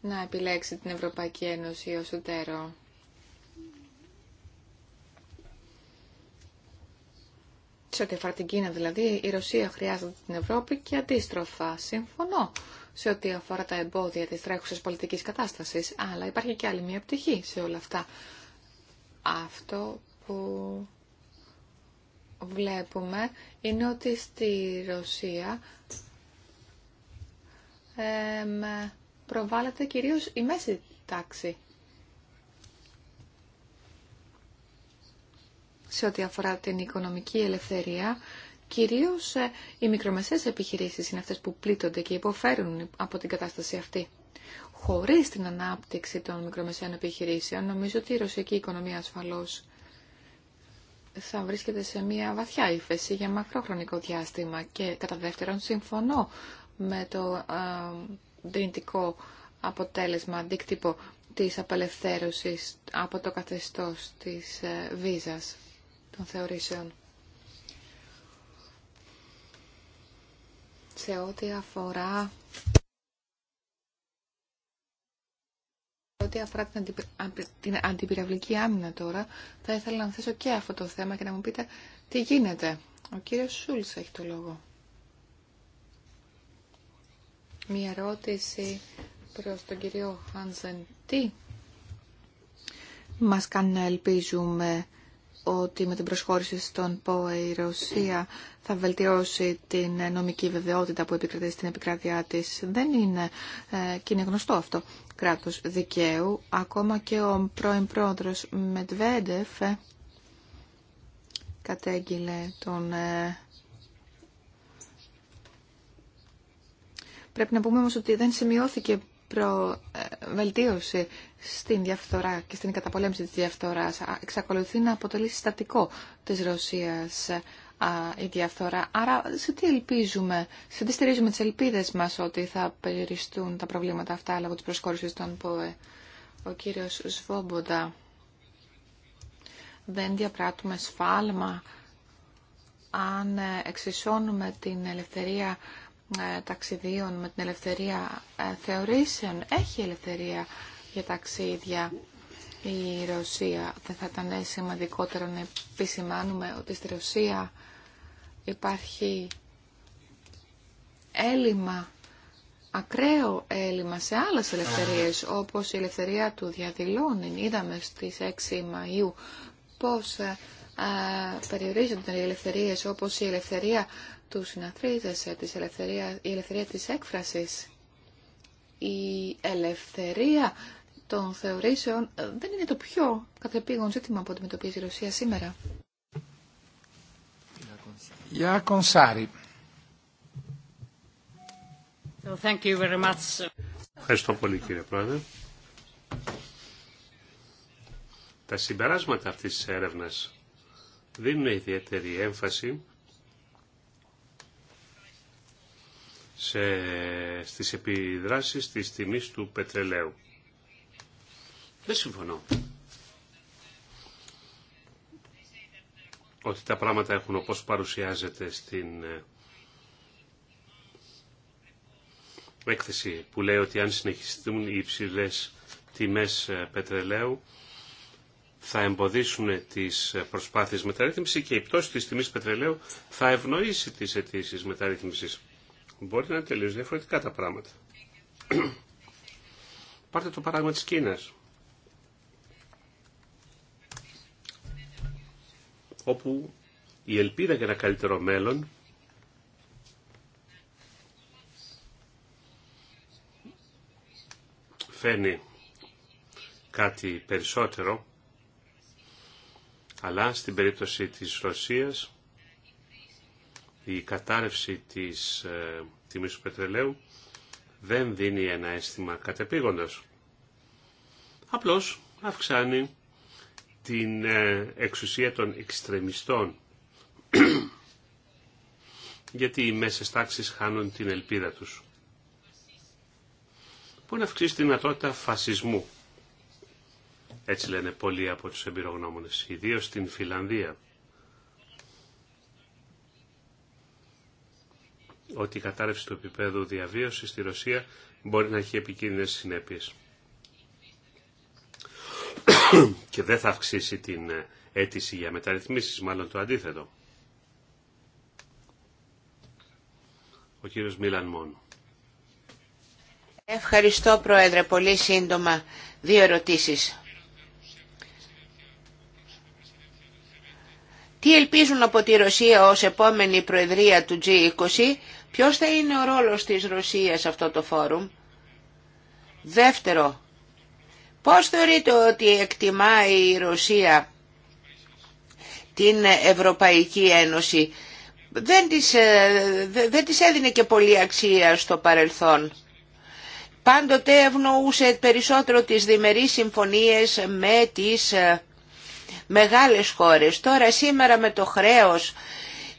να επιλέξει την Ευρωπαϊκή Ένωση ως ουτέρο. Σε ό,τι αφορά την Κίνα δηλαδή, η Ρωσία χρειάζεται την Ευρώπη και αντίστροφα. Συμφωνώ σε ό,τι αφορά τα εμπόδια της τρέχουσας πολιτικής κατάστασης, αλλά υπάρχει και άλλη μία πτυχή σε όλα αυτά. Αυτό που βλέπουμε είναι ότι στη Ρωσία προβάλλεται κυρίως η μέση τάξη. Σε ό,τι αφορά την οικονομική ελευθερία, Κυρίως ε, οι μικρομεσαίες επιχειρήσεις είναι αυτές που πλήττονται και υποφέρουν από την κατάσταση αυτή. Χωρίς την ανάπτυξη των μικρομεσαίων επιχειρήσεων, νομίζω ότι η ρωσική οικονομία ασφαλώς θα βρίσκεται σε μια βαθιά ύφεση για μακρόχρονικό διάστημα και κατά δεύτερον συμφωνώ με το ε, δυνητικό αποτέλεσμα, αντίκτυπο της απελευθέρωσης από το καθεστώς της ε, βίζας των θεωρήσεων. σε ό,τι αφορά ό,τι την, την αντιπυραυλική άμυνα τώρα, θα ήθελα να θέσω και αυτό το θέμα και να μου πείτε τι γίνεται. Ο κύριος Σούλς έχει το λόγο. Μία ερώτηση προς τον κύριο Χάνζεν Τι μας κάνει να ελπίζουμε ότι με την προσχώρηση στον ΠΟΕ η Ρωσία θα βελτιώσει την νομική βεβαιότητα που επικρατεί στην επικράτειά της. Δεν είναι ε, και είναι γνωστό αυτό κράτος δικαίου. Ακόμα και ο πρώην πρόεδρος Μετβέντεφ ε, κατέγγειλε τον... Ε, Πρέπει να πούμε όμως ότι δεν σημειώθηκε προβελτίωση ε, στην διαφθορά και στην καταπολέμηση της διαφθοράς εξακολουθεί να αποτελεί συστατικό της Ρωσίας ε, η διαφθορά. Άρα σε τι ελπίζουμε, σε τι στηρίζουμε τις ελπίδες μας ότι θα περιοριστούν τα προβλήματα αυτά λόγω της προσκόρησης των ΠΟΕ. Ο κύριος Σβόμποντα δεν διαπράττουμε σφάλμα αν ε, εξισώνουμε την ελευθερία ε, ταξιδίων με την ελευθερία ε, θεωρήσεων. Έχει ελευθερία για ταξίδια η Ρωσία. Δεν θα ήταν σημαντικότερο να επισημάνουμε ότι στη Ρωσία υπάρχει έλλειμμα, ακραίο έλλειμμα σε άλλες ελευθερίες, όπως η ελευθερία του διαδηλώνει. Είδαμε στις 6 Μαΐου πώς ε, περιορίζονται οι ελευθερίες, όπως η ελευθερία του συναθρίζεσαι, ε, της ελευθερία, η ελευθερία της έκφρασης, η ελευθερία των θεωρήσεων ε, δεν είναι το πιο κατεπήγον ζήτημα που αντιμετωπίζει η Ρωσία σήμερα. Ευχαριστώ πολύ κύριε Πρόεδρε. Τα συμπεράσματα αυτής της έρευνας δίνουν ιδιαίτερη έμφαση σε, στις επιδράσεις της τιμής του πετρελαίου. Δεν συμφωνώ. Ότι τα πράγματα έχουν όπως παρουσιάζεται στην ε, έκθεση που λέει ότι αν συνεχιστούν οι υψηλές τιμές ε, πετρελαίου θα εμποδίσουν τις προσπάθειες μεταρρύθμισης και η πτώση της τιμής πετρελαίου θα ευνοήσει τις αιτήσει μεταρρύθμισης. Μπορεί να είναι διαφορετικά τα πράγματα. Πάρτε το παράδειγμα της Κίνας. Όπου η ελπίδα για ένα καλύτερο μέλλον φαίνει κάτι περισσότερο αλλά στην περίπτωση της Ρωσίας η κατάρρευση της ε, τιμής του πετρελαίου δεν δίνει ένα αίσθημα κατεπήγοντας. Απλώς αυξάνει την ε, εξουσία των εξτρεμιστών γιατί οι μέσες τάξεις χάνουν την ελπίδα τους. Που να αυξήσει τη δυνατότητα φασισμού. Έτσι λένε πολλοί από τους εμπειρογνώμονες, ιδίως στην Φιλανδία. ότι η κατάρρευση του επίπεδου διαβίωσης στη Ρωσία μπορεί να έχει επικίνδυνες συνέπειες. και δεν θα αυξήσει την ε, αίτηση για μεταρρυθμίσει, μάλλον το αντίθετο. Ο κύριος Μίλαν Μόνο. Ευχαριστώ Πρόεδρε. Πολύ σύντομα δύο ερωτήσεις. Τι ελπίζουν από τη Ρωσία ως επόμενη Προεδρία του G20 Ποιος θα είναι ο ρόλος της Ρωσίας σε αυτό το φόρουμ. Δεύτερο, πώς θεωρείτε ότι εκτιμάει η Ρωσία την Ευρωπαϊκή Ένωση. Δεν της, ε, δεν της έδινε και πολλή αξία στο παρελθόν. Πάντοτε ευνοούσε περισσότερο τις διμερείς συμφωνίες με τις ε, μεγάλες χώρες. Τώρα σήμερα με το χρέος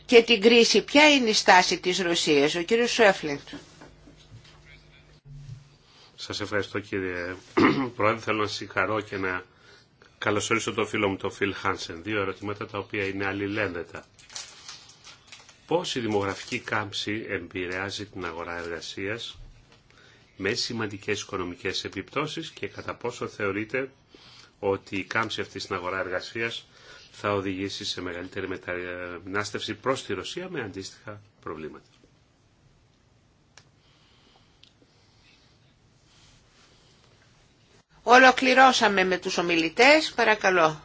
και την κρίση. Ποια είναι η στάση της Ρωσίας, ο κύριος Σούεφλιντ; Σας ευχαριστώ κύριε Πρόεδρε. Θέλω να συγχαρώ και να καλωσορίσω τον φίλο μου τον Φιλ Χάνσεν. Δύο ερωτήματα τα οποία είναι αλληλένδετα. Πώς η δημογραφική κάμψη επηρεάζει την αγορά εργασίας με σημαντικές οικονομικές επιπτώσεις και κατά πόσο θεωρείτε ότι η κάμψη αυτή στην αγορά εργασίας θα οδηγήσει σε μεγαλύτερη μετανάστευση προς τη Ρωσία με αντίστοιχα προβλήματα. Ολοκληρώσαμε με τους ομιλητές, παρακαλώ.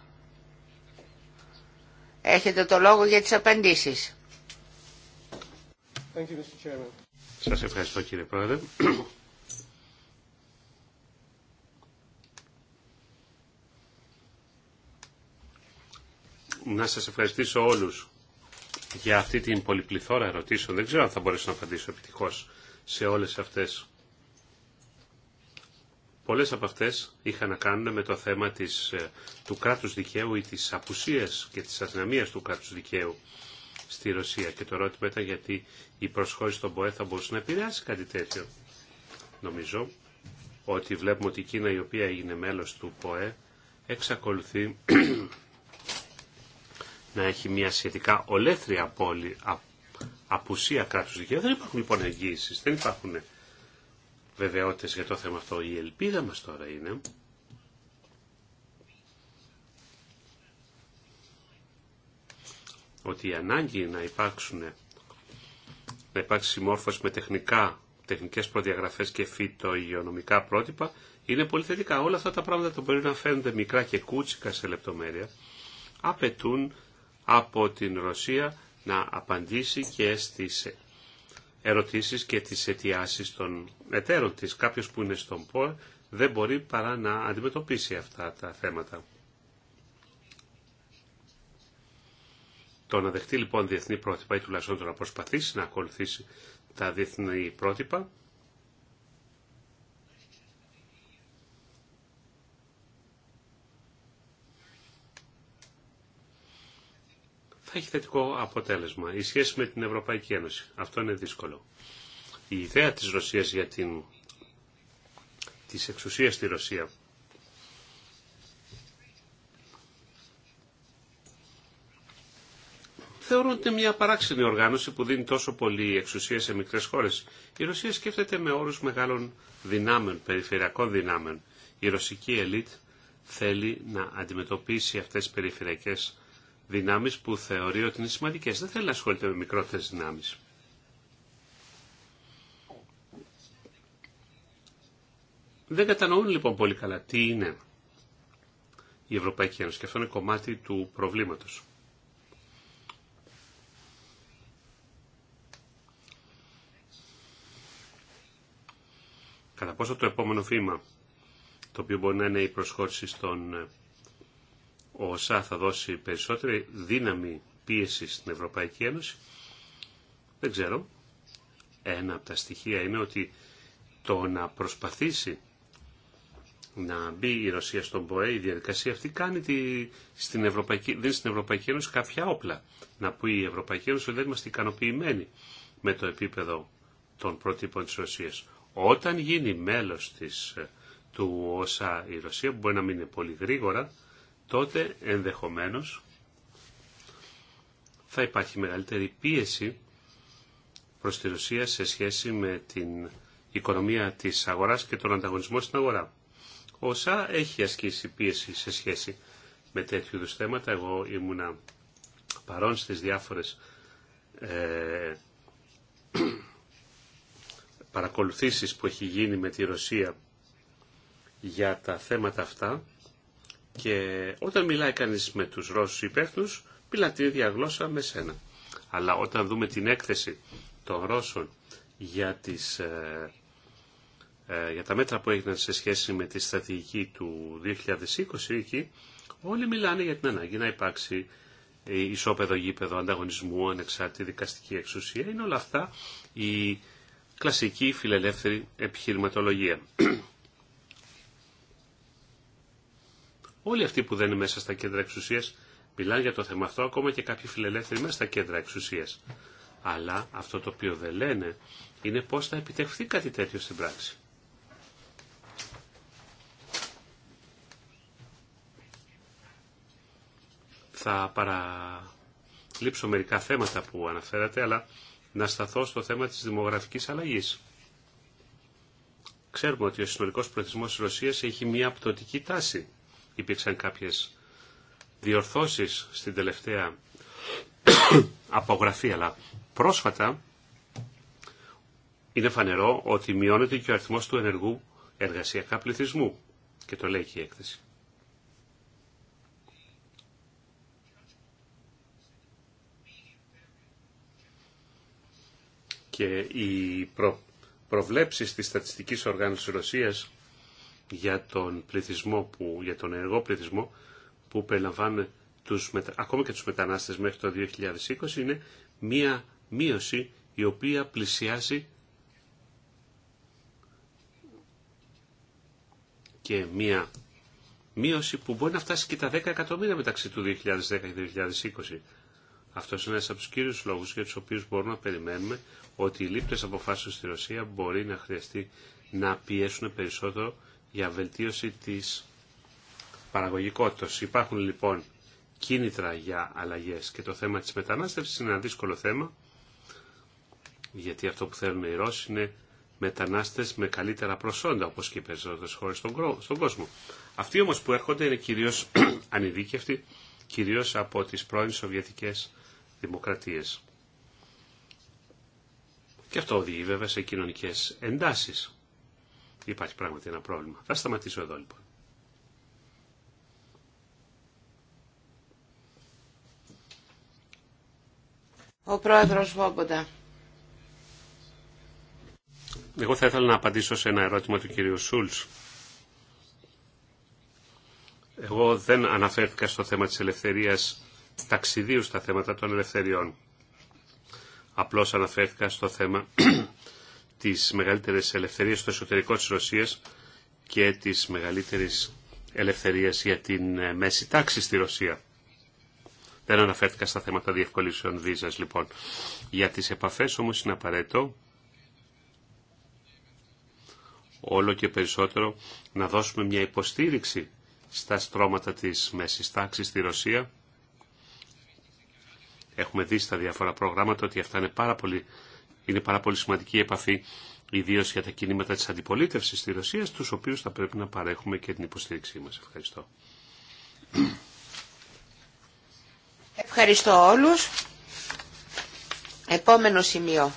Έχετε το λόγο για τις απαντήσεις. Thank Σας ευχαριστώ κύριε Πρόεδρε. να σας ευχαριστήσω όλους για αυτή την πολυπληθώρα ερωτήσεων. Δεν ξέρω αν θα μπορέσω να απαντήσω επιτυχώς σε όλες αυτές. Πολλές από αυτές είχαν να κάνουν με το θέμα της, ε, του κράτους δικαίου ή της απουσίας και της αδυναμίας του κράτους δικαίου στη Ρωσία. Και το ερώτημα ήταν γιατί η προσχώρηση στον ΠΟΕ θα μπορούσε να επηρεάσει κάτι τέτοιο. Νομίζω ότι βλέπουμε ότι η Κίνα η οποία έγινε μέλος του ΠΟΕ εξακολουθεί να έχει μια σχετικά ολέθρια πόλη, απουσία κράτους δικαίου. Δεν υπάρχουν λοιπόν εγγύησεις, δεν υπάρχουν βεβαιότητες για το θέμα αυτό. Η ελπίδα μας τώρα είναι ότι η ανάγκη να υπάρξουν να υπάρξει συμμόρφωση με τεχνικά, τεχνικές προδιαγραφές και φυτο-υγειονομικά πρότυπα είναι πολύ θετικά. Όλα αυτά τα πράγματα που μπορεί να φαίνονται μικρά και κούτσικα σε λεπτομέρεια απαιτούν από την Ρωσία να απαντήσει και στις ερωτήσεις και τις αιτιάσεις των εταίρων της. Κάποιος που είναι στον ΠΟΕ δεν μπορεί παρά να αντιμετωπίσει αυτά τα θέματα. Το να δεχτεί λοιπόν διεθνή πρότυπα ή τουλάχιστον το να προσπαθήσει να ακολουθήσει τα διεθνή πρότυπα θα έχει θετικό αποτέλεσμα η σχέση με την Ευρωπαϊκή Ένωση. Αυτό είναι δύσκολο. Η ιδέα της Ρωσίας για την της εξουσίας στη Ρωσία θεωρούν ότι μια παράξενη οργάνωση που δίνει τόσο πολύ εξουσία σε μικρές χώρες. Η Ρωσία σκέφτεται με όρους μεγάλων δυνάμεων, περιφερειακών δυνάμεων. Η ρωσική ελίτ θέλει να αντιμετωπίσει αυτές τις περιφερειακές δυνάμεις που θεωρεί ότι είναι σημαντικές. Δεν θέλει να ασχολείται με μικρότερες δυνάμεις. Δεν κατανοούν λοιπόν πολύ καλά τι είναι η Ευρωπαϊκή Ένωση και αυτό είναι κομμάτι του προβλήματος. Κατά πόσο το επόμενο βήμα, το οποίο μπορεί να είναι η προσχώρηση στον ο ΩΣΑ θα δώσει περισσότερη δύναμη πίεση στην Ευρωπαϊκή Ένωση. Δεν ξέρω. Ένα από τα στοιχεία είναι ότι το να προσπαθήσει να μπει η Ρωσία στον ΠΟΕ, η διαδικασία αυτή κάνει τη, στην Ευρωπαϊκή, δίνει στην Ευρωπαϊκή Ένωση κάποια όπλα. Να πει η Ευρωπαϊκή Ένωση ότι δεν είμαστε ικανοποιημένοι με το επίπεδο των προτύπων της Ρωσίας. Όταν γίνει μέλος της, ε, του ΩΣΑ η Ρωσία, που μπορεί να μην πολύ γρήγορα, τότε ενδεχομένως θα υπάρχει μεγαλύτερη πίεση προς τη Ρωσία σε σχέση με την οικονομία της αγοράς και τον ανταγωνισμό στην αγορά. Ο έχει ασκήσει πίεση σε σχέση με τέτοιου είδους θέματα. Εγώ ήμουνα παρόν στις διάφορες ε, παρακολουθήσεις που έχει γίνει με τη Ρωσία για τα θέματα αυτά και όταν μιλάει κανείς με τους Ρώσους υπεύθυνους, μιλά την ίδια γλώσσα με σένα. Αλλά όταν δούμε την έκθεση των Ρώσων για, ε, ε, τα μέτρα που έγιναν σε σχέση με τη στρατηγική του 2020 εκεί, όλοι μιλάνε για την ανάγκη να υπάρξει ισόπεδο γήπεδο ανταγωνισμού, ανεξάρτητη δικαστική εξουσία. Είναι όλα αυτά η κλασική φιλελεύθερη επιχειρηματολογία. Όλοι αυτοί που δεν είναι μέσα στα κέντρα εξουσία μιλάνε για το θέμα αυτό, ακόμα και κάποιοι φιλελεύθεροι μέσα στα κέντρα εξουσία. Αλλά αυτό το οποίο δεν λένε είναι πώ θα επιτευχθεί κάτι τέτοιο στην πράξη. Θα παραλείψω μερικά θέματα που αναφέρατε, αλλά να σταθώ στο θέμα της δημογραφικής αλλαγής. Ξέρουμε ότι ο συνολικός πληθυσμός της Ρωσίας έχει μια πτωτική τάση Υπήρξαν κάποιες διορθώσεις στην τελευταία απογραφή, αλλά πρόσφατα είναι φανερό ότι μειώνεται και ο αριθμός του ενεργού εργασιακά πληθυσμού και το λέει και η έκθεση. Και οι προ... προβλέψεις της στατιστικής οργάνωσης Ρωσίας για τον πληθυσμό, που, για τον ενεργό πληθυσμό που περιλαμβάνουν τους, ακόμα και τους μετανάστες μέχρι το 2020 είναι μία μείωση η οποία πλησιάζει και μία μείωση που μπορεί να φτάσει και τα 10 εκατομμύρια μεταξύ του 2010 και 2020. Αυτό είναι ένας από του κύριου λόγου για τους οποίους μπορούμε να περιμένουμε ότι οι λήπτες αποφάσεων στη Ρωσία μπορεί να χρειαστεί να πιέσουν περισσότερο για βελτίωση της παραγωγικότητας. Υπάρχουν λοιπόν κίνητρα για αλλαγές και το θέμα της μετανάστευσης είναι ένα δύσκολο θέμα γιατί αυτό που θέλουν οι Ρώσοι είναι μετανάστες με καλύτερα προσόντα όπως και οι περισσότερες χώρες στον κόσμο. Αυτοί όμως που έρχονται είναι κυρίως ανειδίκευτοι, κυρίως από τις πρώην Σοβιετικές δημοκρατίες. Και αυτό οδηγεί βέβαια σε κοινωνικές εντάσεις. Υπάρχει πράγματι ένα πρόβλημα. Θα σταματήσω εδώ λοιπόν. Ο πρόεδρος Βόμποντα. Εγώ θα ήθελα να απαντήσω σε ένα ερώτημα του κυρίου Σούλτς. Εγώ δεν αναφέρθηκα στο θέμα της ελευθερίας ταξιδίου στα θέματα των ελευθεριών. Απλώς αναφέρθηκα στο θέμα τι μεγαλύτερε ελευθερίες στο εσωτερικό της Ρωσίας και τις μεγαλύτερε ελευθερίες για την ε, μέση τάξη στη Ρωσία. Δεν αναφέρθηκα στα θέματα διευκολύνσεων βίζα, λοιπόν. Για τις επαφές όμως είναι απαραίτητο όλο και περισσότερο να δώσουμε μια υποστήριξη στα στρώματα της μέσης τάξης στη Ρωσία. Έχουμε δει στα διάφορα προγράμματα ότι αυτά είναι πάρα πολύ είναι πάρα πολύ σημαντική η επαφή ιδίω για τα κινήματα της αντιπολίτευσης στη Ρωσία, στους οποίους θα πρέπει να παρέχουμε και την υποστήριξή μας. Ευχαριστώ. Ευχαριστώ όλους. Επόμενο σημείο.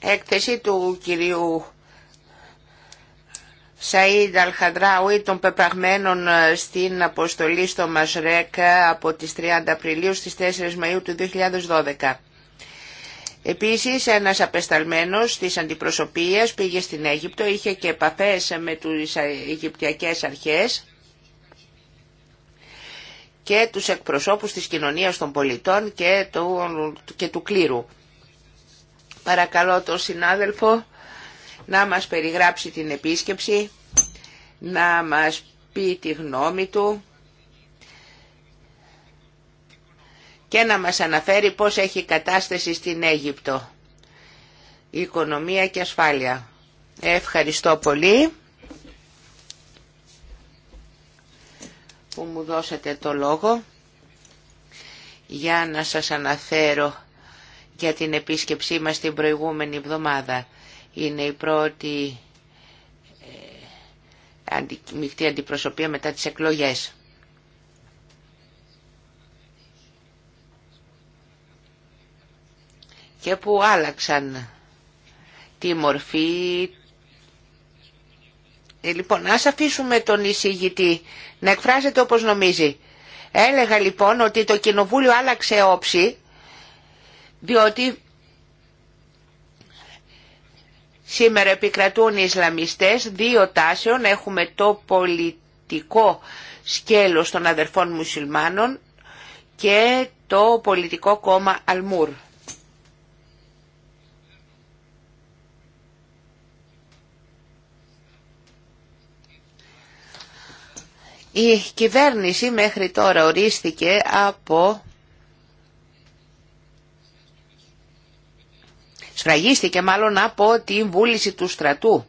Έκθεση του κυρίου Σαΐντ Αλχαντράουι των πεπραγμένων ε, στην αποστολή στο Μασρέκ ε, από τις 30 Απριλίου στις 4 Μαΐου του 2012. Επίσης ένας απεσταλμένος της αντιπροσωπείας πήγε στην Αίγυπτο, είχε και επαφές με τις Αιγυπτιακές αρχές και τους εκπροσώπους της κοινωνίας των πολιτών και του, και του κλήρου. Παρακαλώ τον συνάδελφο να μας περιγράψει την επίσκεψη, να μας πει τη γνώμη του και να μας αναφέρει πώς έχει κατάσταση στην Αίγυπτο. Οικονομία και ασφάλεια. Ευχαριστώ πολύ που μου δώσατε το λόγο για να σας αναφέρω για την επίσκεψή μας την προηγούμενη εβδομάδα είναι η πρώτη ε, μειχτή αντιπροσωπεία μετά τις εκλογές. και που άλλαξαν τη μορφή. Ε, λοιπόν, ας αφήσουμε τον εισηγητή να εκφράζεται όπως νομίζει. Έλεγα λοιπόν ότι το κοινοβούλιο άλλαξε όψη, διότι Σήμερα επικρατούν οι Ισλαμιστές δύο τάσεων. Έχουμε το πολιτικό σκέλος των αδερφών μουσουλμάνων και το πολιτικό κόμμα Αλμούρ. Η κυβέρνηση μέχρι τώρα ορίστηκε από σφραγίστηκε μάλλον από την βούληση του στρατού.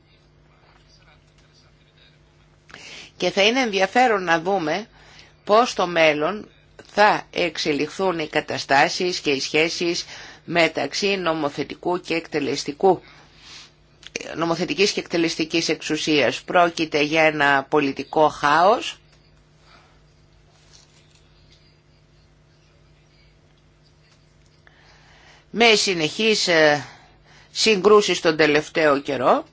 Και θα είναι ενδιαφέρον να δούμε πώς στο μέλλον θα εξελιχθούν οι καταστάσεις και οι σχέσεις μεταξύ νομοθετικού και εκτελεστικού νομοθετικής και εκτελεστικής εξουσίας. Πρόκειται για ένα πολιτικό χάος με συνεχείς ε, συγκρούσεις τον τελευταίο καιρό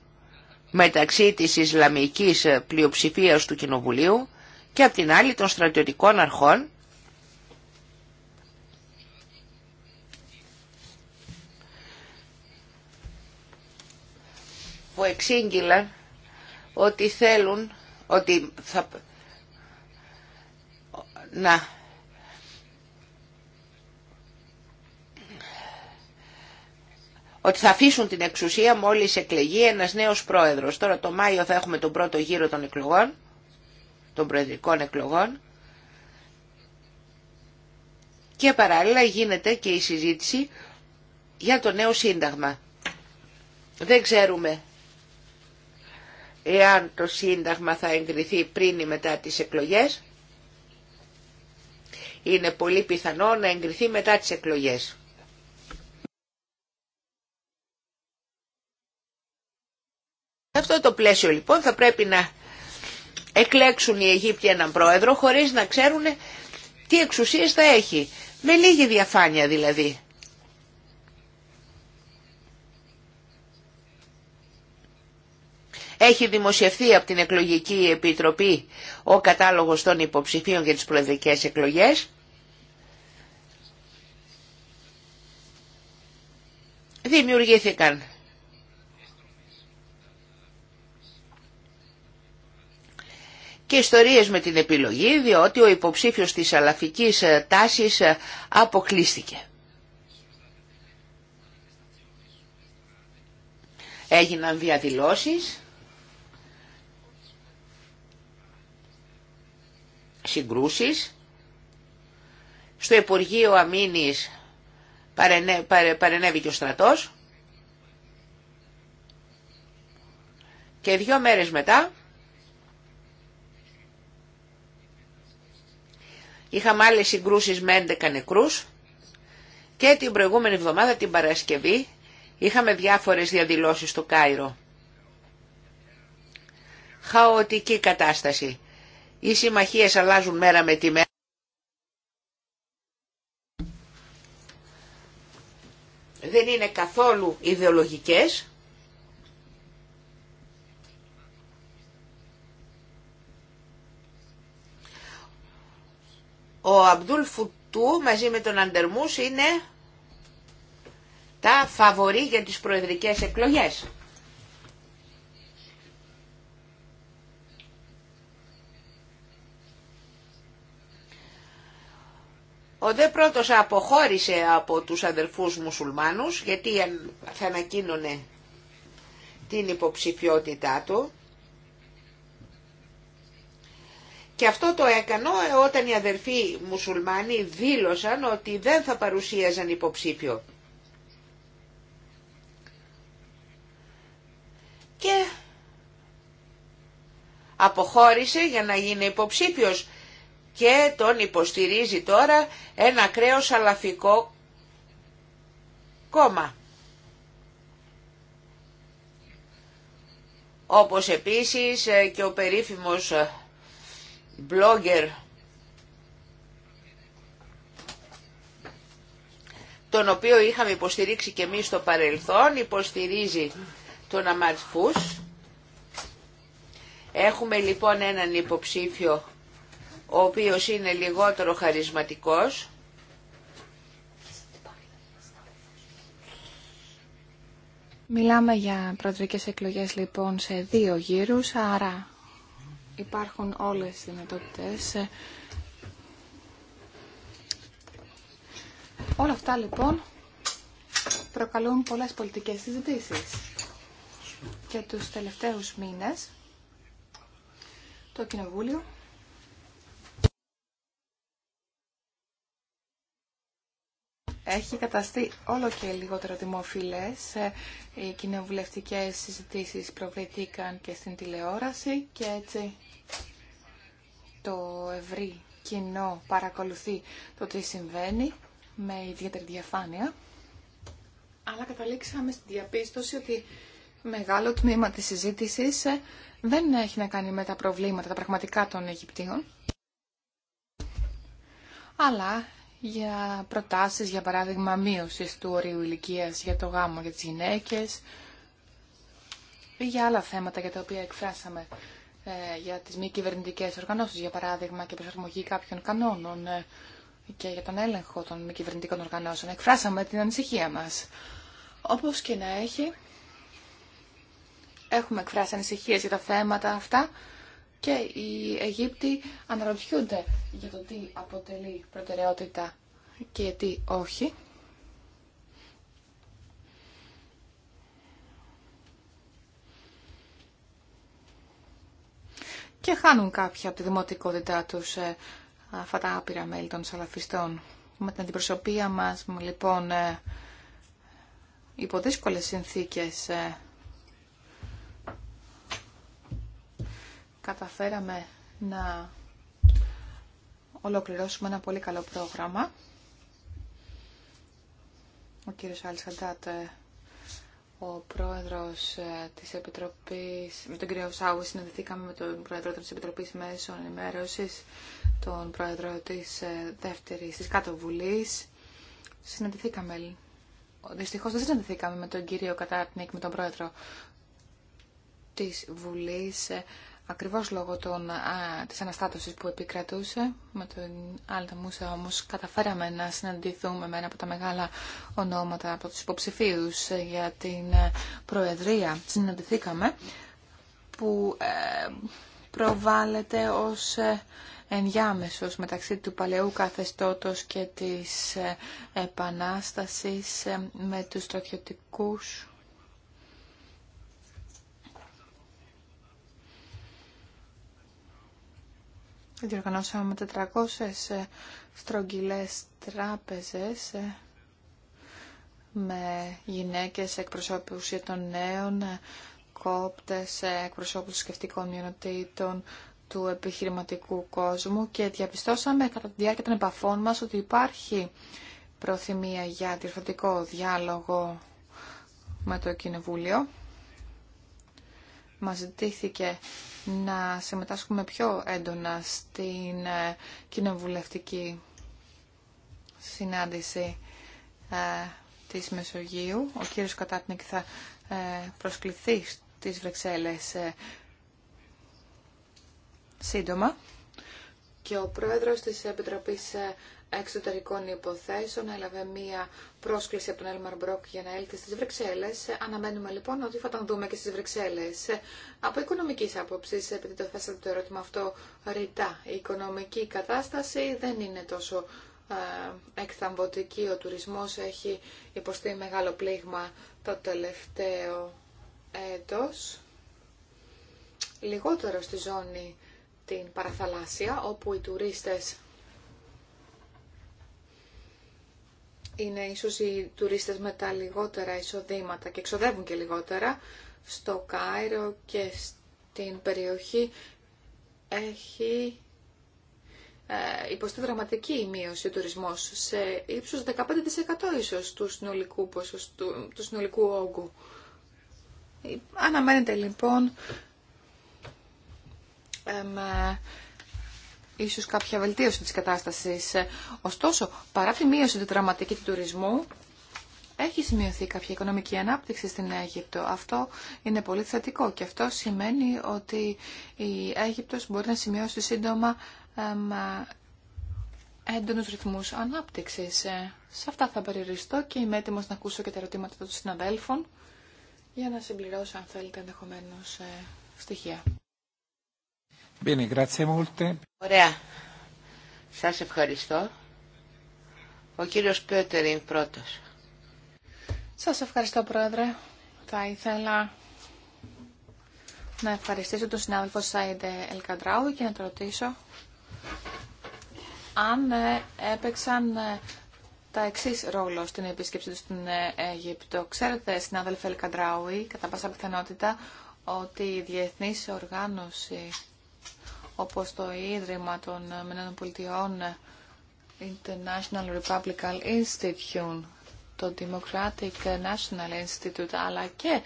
μεταξύ της Ισλαμικής πλειοψηφίας του Κοινοβουλίου και από την άλλη των στρατιωτικών αρχών που εξήγηλαν ότι θέλουν ότι θα, να ότι θα αφήσουν την εξουσία μόλις εκλεγεί ένας νέος πρόεδρος. Τώρα το Μάιο θα έχουμε τον πρώτο γύρο των εκλογών, των προεδρικών εκλογών. Και παράλληλα γίνεται και η συζήτηση για το νέο σύνταγμα. Δεν ξέρουμε εάν το σύνταγμα θα εγκριθεί πριν ή μετά τις εκλογές. Είναι πολύ πιθανό να εγκριθεί μετά τις εκλογές. αυτό το πλαίσιο λοιπόν θα πρέπει να εκλέξουν οι Αιγύπτιοι έναν πρόεδρο χωρίς να ξέρουν τι εξουσίες θα έχει. Με λίγη διαφάνεια δηλαδή. Έχει δημοσιευθεί από την Εκλογική Επιτροπή ο κατάλογος των υποψηφίων για τις προεδρικές εκλογές. Δημιουργήθηκαν και ιστορίες με την επιλογή διότι ο υποψήφιος της αλαφικής ε, τάσης ε, αποκλείστηκε. Έγιναν διαδηλώσεις, συγκρούσεις, στο Υπουργείο Αμήνης παρενέβηκε ο στρατός και δύο μέρες μετά Είχαμε άλλες συγκρούσεις με 11 νεκρούς και την προηγούμενη εβδομάδα την Παρασκευή είχαμε διάφορες διαδηλώσεις στο Κάιρο. Χαοτική κατάσταση. Οι συμμαχίες αλλάζουν μέρα με τη μέρα. Δεν είναι καθόλου ιδεολογικές. Ο Αμπτούλ Φουτού μαζί με τον Αντερμούς είναι τα φαβορή για τις προεδρικές εκλογές. Ο δε πρώτος αποχώρησε από τους αδερφούς μουσουλμάνους γιατί θα ανακοίνωνε την υποψηφιότητά του Και αυτό το έκανα όταν οι αδερφοί μουσουλμάνοι δήλωσαν ότι δεν θα παρουσίαζαν υποψήφιο. Και αποχώρησε για να γίνει υποψήφιος και τον υποστηρίζει τώρα ένα κρέος αλαφικό κόμμα. Όπως επίσης και ο περίφημος blogger τον οποίο είχαμε υποστηρίξει και εμείς στο παρελθόν, υποστηρίζει τον Αμάρτ Έχουμε λοιπόν έναν υποψήφιο ο οποίος είναι λιγότερο χαρισματικός. Μιλάμε για προεδρικές εκλογές λοιπόν σε δύο γύρους, άρα υπάρχουν όλες οι δυνατότητες. Όλα αυτά λοιπόν προκαλούν πολλές πολιτικές συζητήσεις. Και τους τελευταίους μήνες το Κοινοβούλιο έχει καταστεί όλο και λιγότερο δημοφιλές. Οι κοινοβουλευτικές συζητήσεις προβληθήκαν και στην τηλεόραση και έτσι το ευρύ κοινό παρακολουθεί το τι συμβαίνει με ιδιαίτερη διαφάνεια. Αλλά καταλήξαμε στην διαπίστωση ότι μεγάλο τμήμα της συζήτησης ε, δεν έχει να κάνει με τα προβλήματα, τα πραγματικά των Αιγυπτίων, αλλά για προτάσεις, για παράδειγμα, μείωση του ορίου ηλικία για το γάμο για τις γυναίκες, ή για άλλα θέματα για τα οποία εκφράσαμε ε, για τις μη κυβερνητικέ οργανώσεις, για παράδειγμα, και προσαρμογή κάποιων κανόνων ε, και για τον έλεγχο των μη κυβερνητικών οργανώσεων. Εκφράσαμε την ανησυχία μας. Όπως και να έχει, έχουμε εκφράσει ανησυχίες για τα θέματα αυτά και οι Αιγύπτιοι αναρωτιούνται για το τι αποτελεί προτεραιότητα και τι όχι. και χάνουν κάποια από τη δημοτικότητά τους ε, αυτά τα άπειρα μέλη των σαλαφιστών. Με την αντιπροσωπεία μας, λοιπόν, ε, υπό δύσκολες συνθήκες ε, καταφέραμε να ολοκληρώσουμε ένα πολύ καλό πρόγραμμα. Ο κύριος Αλσαντάτ ο πρόεδρος ε, της Επιτροπής, με τον κύριο Σάου, συναντηθήκαμε με τον πρόεδρο της Επιτροπής Μέσων Ενημέρωσης, τον πρόεδρο της ε, δεύτερης, της Κάτω Βουλής. Συναντηθήκαμε, δυστυχώς δεν συναντηθήκαμε με τον κύριο Κατάρτνικ, με τον πρόεδρο της Βουλής, ε, ακριβώς λόγω των, α, της αναστάτωσης που επικρατούσε. Με τον Άλτα Μούσα όμως καταφέραμε να συναντηθούμε με ένα από τα μεγάλα ονόματα από τους υποψηφίους ε, για την ε, Προεδρία. Συναντηθήκαμε που ε, προβάλλεται ως ε, ενδιάμεσος μεταξύ του παλαιού καθεστώτος και της επανάστασης με τους στρατιωτικούς διοργανώσαμε 400 ε, στρογγυλές τράπεζες ε, με γυναίκες εκπροσώπους για ε, των νέων, κόπτες, εκπροσώπους σκεφτικών μειονοτήτων, του επιχειρηματικού κόσμου και διαπιστώσαμε κατά τη διάρκεια των επαφών μας ότι υπάρχει προθυμία για διορθωτικό διάλογο με το Κοινοβούλιο μας ζητήθηκε να συμμετάσχουμε πιο έντονα στην ε, κοινοβουλευτική συνάντηση ε, της Μεσογείου. Ο κύριος Κατάτνικ θα ε, προσκληθεί στις Βρεξέλλες σύντομα και ο πρόεδρος της Επιτροπής Εξωτερικών Υποθέσεων έλαβε μία πρόσκληση από τον Έλμαρ Μπρόκ για να έλθει στις Βρυξέλλες. Αναμένουμε λοιπόν ότι θα τον δούμε και στις Βρυξέλλες. Από οικονομικής άποψης, επειδή το θέσατε το ερώτημα αυτό ρητά, η οικονομική κατάσταση δεν είναι τόσο ε, εκθαμβωτική. Ο τουρισμός έχει υποστεί μεγάλο πλήγμα το τελευταίο έτος. Λιγότερο στη ζώνη την παραθαλάσσια, όπου οι τουρίστες είναι ίσως οι τουρίστες με τα λιγότερα εισοδήματα και εξοδεύουν και λιγότερα στο Κάιρο και στην περιοχή έχει ε, υποστεί δραματική μείωση ο τουρισμός σε ύψος 15% ίσως του συνολικού, ποσοστού, του όγκου. Ε, αναμένεται λοιπόν με ίσως κάποια βελτίωση της κατάστασης. Ωστόσο, παρά τη μείωση του δραματική του τουρισμού, έχει σημειωθεί κάποια οικονομική ανάπτυξη στην Αίγυπτο. Αυτό είναι πολύ θετικό και αυτό σημαίνει ότι η Αίγυπτος μπορεί να σημειώσει σύντομα έντονους ρυθμούς ανάπτυξης. Ε, σε αυτά θα περιοριστώ και είμαι έτοιμος να ακούσω και τα ερωτήματα των συναδέλφων για να συμπληρώσω αν θέλετε ενδεχομένω ε, στοιχεία. Ωραία. Σας ευχαριστώ. Ο κύριος Πέτερ είναι πρώτος. Σας ευχαριστώ, Πρόεδρε. Θα ήθελα να ευχαριστήσω τον συνάδελφο Σάιντε Ελκαντράου και να το ρωτήσω αν ε, έπαιξαν ε, τα εξή ρόλο στην επίσκεψή του στην ε, Αίγυπτο. Ξέρετε, συνάδελφε Ελκαντράουι, κατά πάσα πιθανότητα, ότι η Διεθνής Οργάνωση όπως το Ίδρυμα των πολιτιών, Πολιτειών International Republican Institute, το Democratic National Institute, αλλά και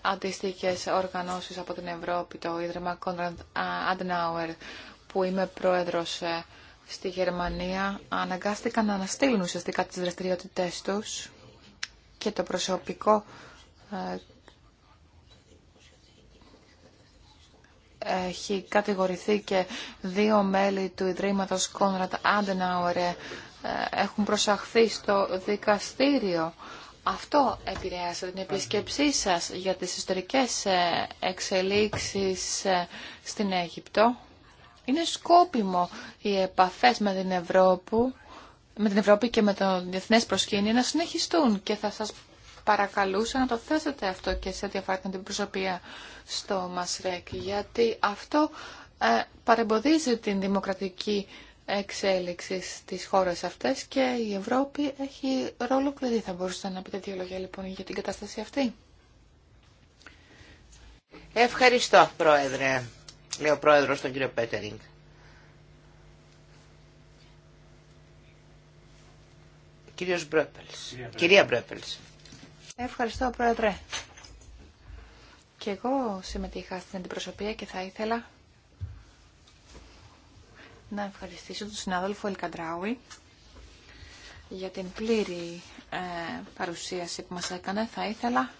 αντιστοιχέ οργανώσεις από την Ευρώπη, το Ίδρυμα Conrad Adenauer, που είμαι πρόεδρος ε, στη Γερμανία, αναγκάστηκαν να αναστείλουν ουσιαστικά τις δραστηριότητές τους και το προσωπικό ε, έχει κατηγορηθεί και δύο μέλη του Ιδρύματος Κόνραντ Άντεναουερ ε, έχουν προσαχθεί στο δικαστήριο. Αυτό επηρέασε την επισκεψή σας για τις ιστορικές ε, εξελίξεις ε, στην Αίγυπτο. Είναι σκόπιμο οι επαφές με την Ευρώπη, με την Ευρώπη και με το διεθνές προσκήνιο να συνεχιστούν και θα σας παρακαλούσα να το θέσετε αυτό και σε διαφάρτητα την προσωπία στο Μασρέκ, γιατί αυτό ε, παρεμποδίζει την δημοκρατική εξέλιξη στις χώρες αυτές και η Ευρώπη έχει ρόλο κλειδί. Θα μπορούσατε να πείτε δύο λόγια λοιπόν για την κατάσταση αυτή. Ευχαριστώ, Πρόεδρε. Λέω Πρόεδρος τον κύριο Πέτερινγκ. Κύριος Μπρέπελς. Κυρία Μπρέπελς. Ευχαριστώ, Πρόεδρε. Και εγώ συμμετείχα στην αντιπροσωπεία και θα ήθελα να ευχαριστήσω τον συνάδελφο Ελκαντράουι για την πλήρη ε, παρουσίαση που μας έκανε. Θα ήθελα,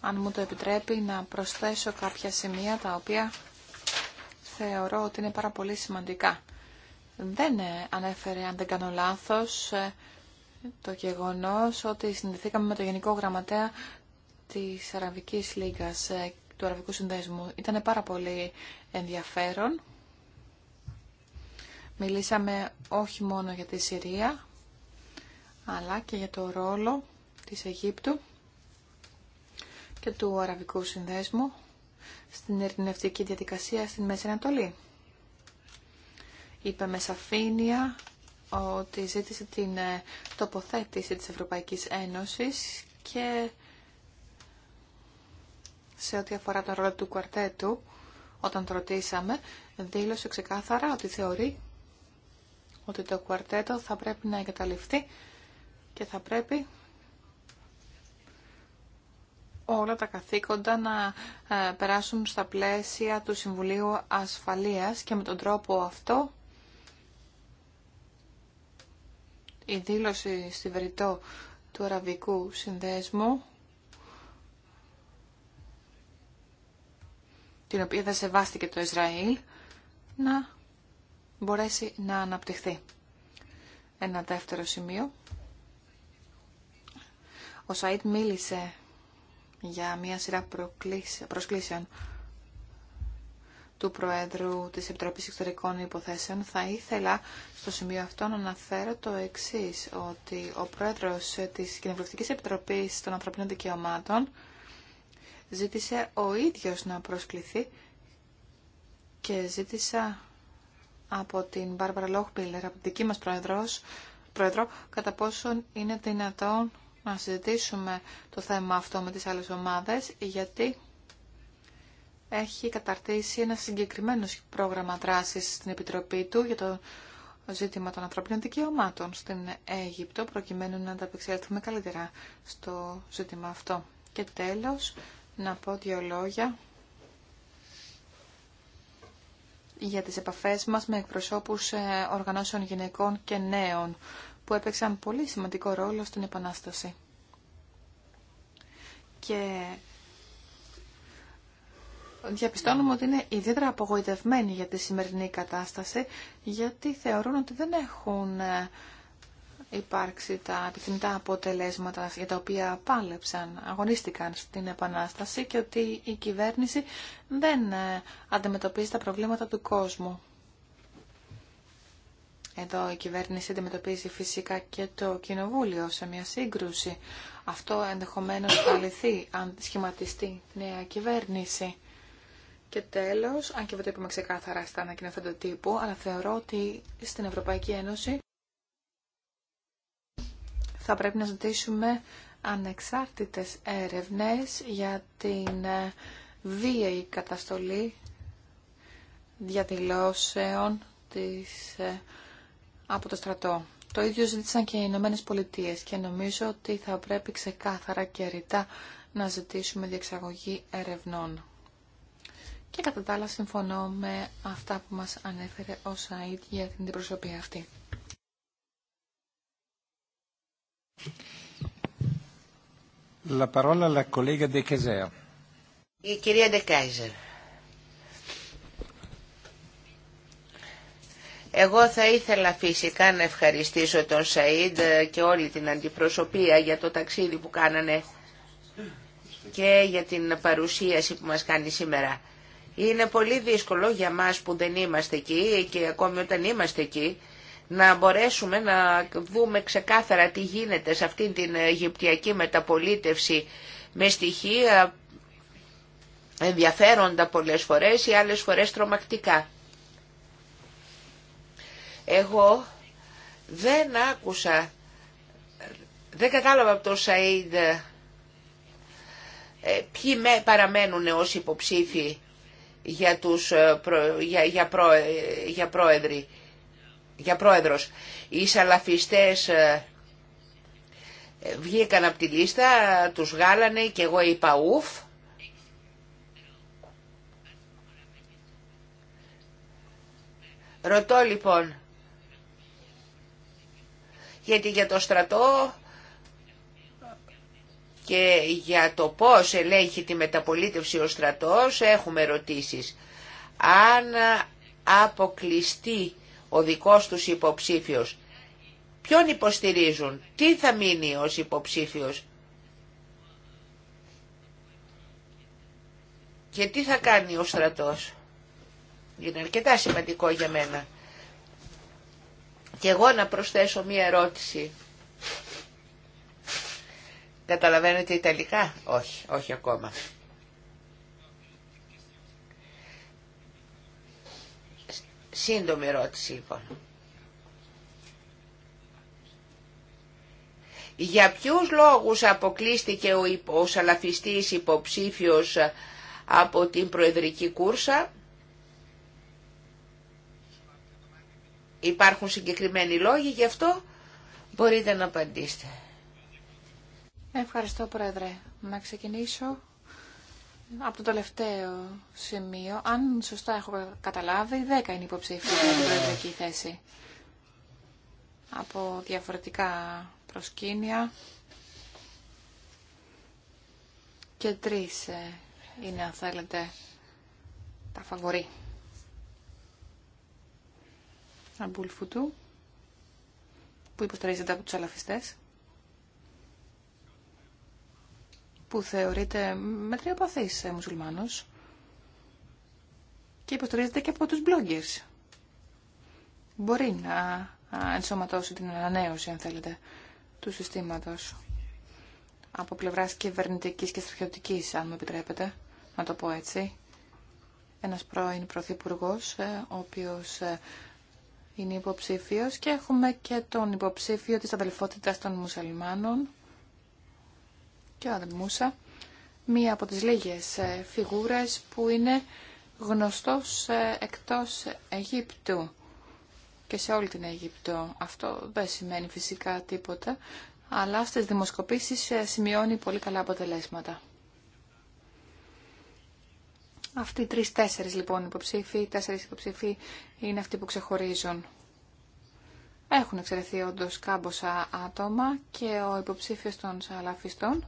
αν μου το επιτρέπει, να προσθέσω κάποια σημεία τα οποία θεωρώ ότι είναι πάρα πολύ σημαντικά. Δεν ε, ανέφερε, αν δεν κάνω λάθος, ε, το γεγονός ότι συνδεθήκαμε με το Γενικό Γραμματέα της Αραβικής Λίγας, ε, του Αραβικού Συνδέσμου. Ήταν πάρα πολύ ενδιαφέρον. Μιλήσαμε όχι μόνο για τη Συρία, αλλά και για το ρόλο της Αιγύπτου και του Αραβικού Συνδέσμου στην ειρηνευτική διαδικασία στην Μέση Ανατολή. Είπαμε σαφήνεια ότι ζήτησε την ε, τοποθέτηση της Ευρωπαϊκής Ένωσης και σε ό,τι αφορά τον ρόλο του κουαρτέτου, όταν το ρωτήσαμε, δήλωσε ξεκάθαρα ότι θεωρεί ότι το κουαρτέτο θα πρέπει να εγκαταλειφθεί και θα πρέπει όλα τα καθήκοντα να ε, περάσουν στα πλαίσια του Συμβουλίου Ασφαλείας και με τον τρόπο αυτό η δήλωση στη Βεριτό του Αραβικού Συνδέσμου, την οποία δεν σεβάστηκε το Ισραήλ, να μπορέσει να αναπτυχθεί. Ένα δεύτερο σημείο. Ο Σαΐτ μίλησε για μια σειρά προσκλήσεων του Προέδρου της Επιτροπής Εξωτερικών Υποθέσεων, θα ήθελα στο σημείο αυτό να αναφέρω το εξή ότι ο Πρόεδρος της Κοινοβουλευτικής Επιτροπής των Ανθρωπίνων Δικαιωμάτων ζήτησε ο ίδιος να προσκληθεί και ζήτησα από την Μπάρμπαρα Λόχμπιλερ, από την δική μας πρόεδρος, πρόεδρο, κατά πόσον είναι δυνατόν να συζητήσουμε το θέμα αυτό με τις άλλες ομάδες, γιατί έχει καταρτήσει ένα συγκεκριμένο πρόγραμμα δράσης στην Επιτροπή του για το ζήτημα των ανθρώπινων δικαιωμάτων στην Αίγυπτο, προκειμένου να ανταπεξέλθουμε καλύτερα στο ζήτημα αυτό. Και τέλος, να πω δύο λόγια για τις επαφές μας με εκπροσώπους ε, οργανώσεων γυναικών και νέων, που έπαιξαν πολύ σημαντικό ρόλο στην Επανάσταση. Και διαπιστώνουμε ότι είναι ιδιαίτερα απογοητευμένοι για τη σημερινή κατάσταση, γιατί θεωρούν ότι δεν έχουν ε, υπάρξει τα επιθυμητά αποτελέσματα για τα οποία πάλεψαν, αγωνίστηκαν στην Επανάσταση και ότι η κυβέρνηση δεν ε, αντιμετωπίζει τα προβλήματα του κόσμου. Εδώ η κυβέρνηση αντιμετωπίζει φυσικά και το κοινοβούλιο σε μια σύγκρουση. Αυτό ενδεχομένως θα λυθεί αν σχηματιστεί νέα κυβέρνηση. Και τέλο, αν και δεν το είπαμε ξεκάθαρα στα ανακοινωθέντα τύπου, αλλά θεωρώ ότι στην Ευρωπαϊκή Ένωση θα πρέπει να ζητήσουμε ανεξάρτητες έρευνες για την ε, βίαιη καταστολή διαδηλώσεων της, ε, από το στρατό. Το ίδιο ζήτησαν και οι Ηνωμένε Πολιτείε και νομίζω ότι θα πρέπει ξεκάθαρα και ρητά να ζητήσουμε διεξαγωγή ερευνών. Και κατά τα άλλα συμφωνώ με αυτά που μας ανέφερε ο Σαΐτ για την αντιπροσωπεία αυτή. La parola alla collega De Η κυρία De Εγώ θα ήθελα φυσικά να ευχαριστήσω τον Σαΐντ και όλη την αντιπροσωπεία για το ταξίδι που κάνανε και για την παρουσίαση που μας κάνει σήμερα. Είναι πολύ δύσκολο για μας που δεν είμαστε εκεί και ακόμη όταν είμαστε εκεί να μπορέσουμε να δούμε ξεκάθαρα τι γίνεται σε αυτήν την Αιγυπτιακή μεταπολίτευση με στοιχεία ενδιαφέροντα πολλές φορές ή άλλες φορές τρομακτικά. Εγώ δεν άκουσα, δεν κατάλαβα από το Σαΐντ ε, ποιοι παραμένουν ως υποψήφοι για, τους, ε, για, για, πρό, ε, για, για πρόεδρος. Οι σαλαφιστές ε, βγήκαν από τη λίστα, τους γάλανε και εγώ είπα ουφ. Ρωτώ λοιπόν, γιατί για το στρατό και για το πώς ελέγχει τη μεταπολίτευση ο στρατός έχουμε ερωτήσεις. Αν αποκλειστεί ο δικός τους υποψήφιος, ποιον υποστηρίζουν, τι θα μείνει ως υποψήφιος και τι θα κάνει ο στρατός. Είναι αρκετά σημαντικό για μένα. Και εγώ να προσθέσω μία ερώτηση. Καταλαβαίνετε Ιταλικά. Όχι, όχι ακόμα. Σύντομη ερώτηση λοιπόν. Για ποιους λόγους αποκλείστηκε ο, υπο, ο υποψήφιος ε, από την προεδρική κούρσα. Υπάρχουν συγκεκριμένοι λόγοι γι' αυτό. Μπορείτε να απαντήσετε. Ευχαριστώ, Πρόεδρε. Να ξεκινήσω από το τελευταίο σημείο. Αν σωστά έχω καταλάβει, δέκα είναι υποψήφια για την προεδρική θέση. Από διαφορετικά προσκήνια και τρεις ε, είναι, αν θέλετε, τα φαβορή. Φουτού, που υποστηρίζεται από τους αλαφιστές. που θεωρείται μετριοπαθής μουσουλμάνος και υποστηρίζεται και από τους bloggers. Μπορεί να ενσωματώσει την ανανέωση, αν θέλετε, του συστήματος από πλευράς κυβερνητικής και στρατιωτικής, αν μου επιτρέπετε να το πω έτσι. Ένας πρώην πρωθυπουργός, ε, ο οποίος ε, είναι υποψήφιος και έχουμε και τον υποψήφιο της αδελφότητας των μουσαλμάνων, και ο μία από τις λίγες ε, φιγούρες που είναι γνωστός ε, εκτός Αιγύπτου και σε όλη την Αιγύπτο. Αυτό δεν σημαίνει φυσικά τίποτα, αλλά στις δημοσκοπήσεις ε, σημειώνει πολύ καλά αποτελέσματα. Αυτοί οι τρεις-τέσσερις λοιπόν υποψήφοι, τέσσερις υποψήφοι είναι αυτοί που ξεχωρίζουν. Έχουν εξαιρεθεί όντω κάμποσα άτομα και ο υποψήφιος των σαλαφιστών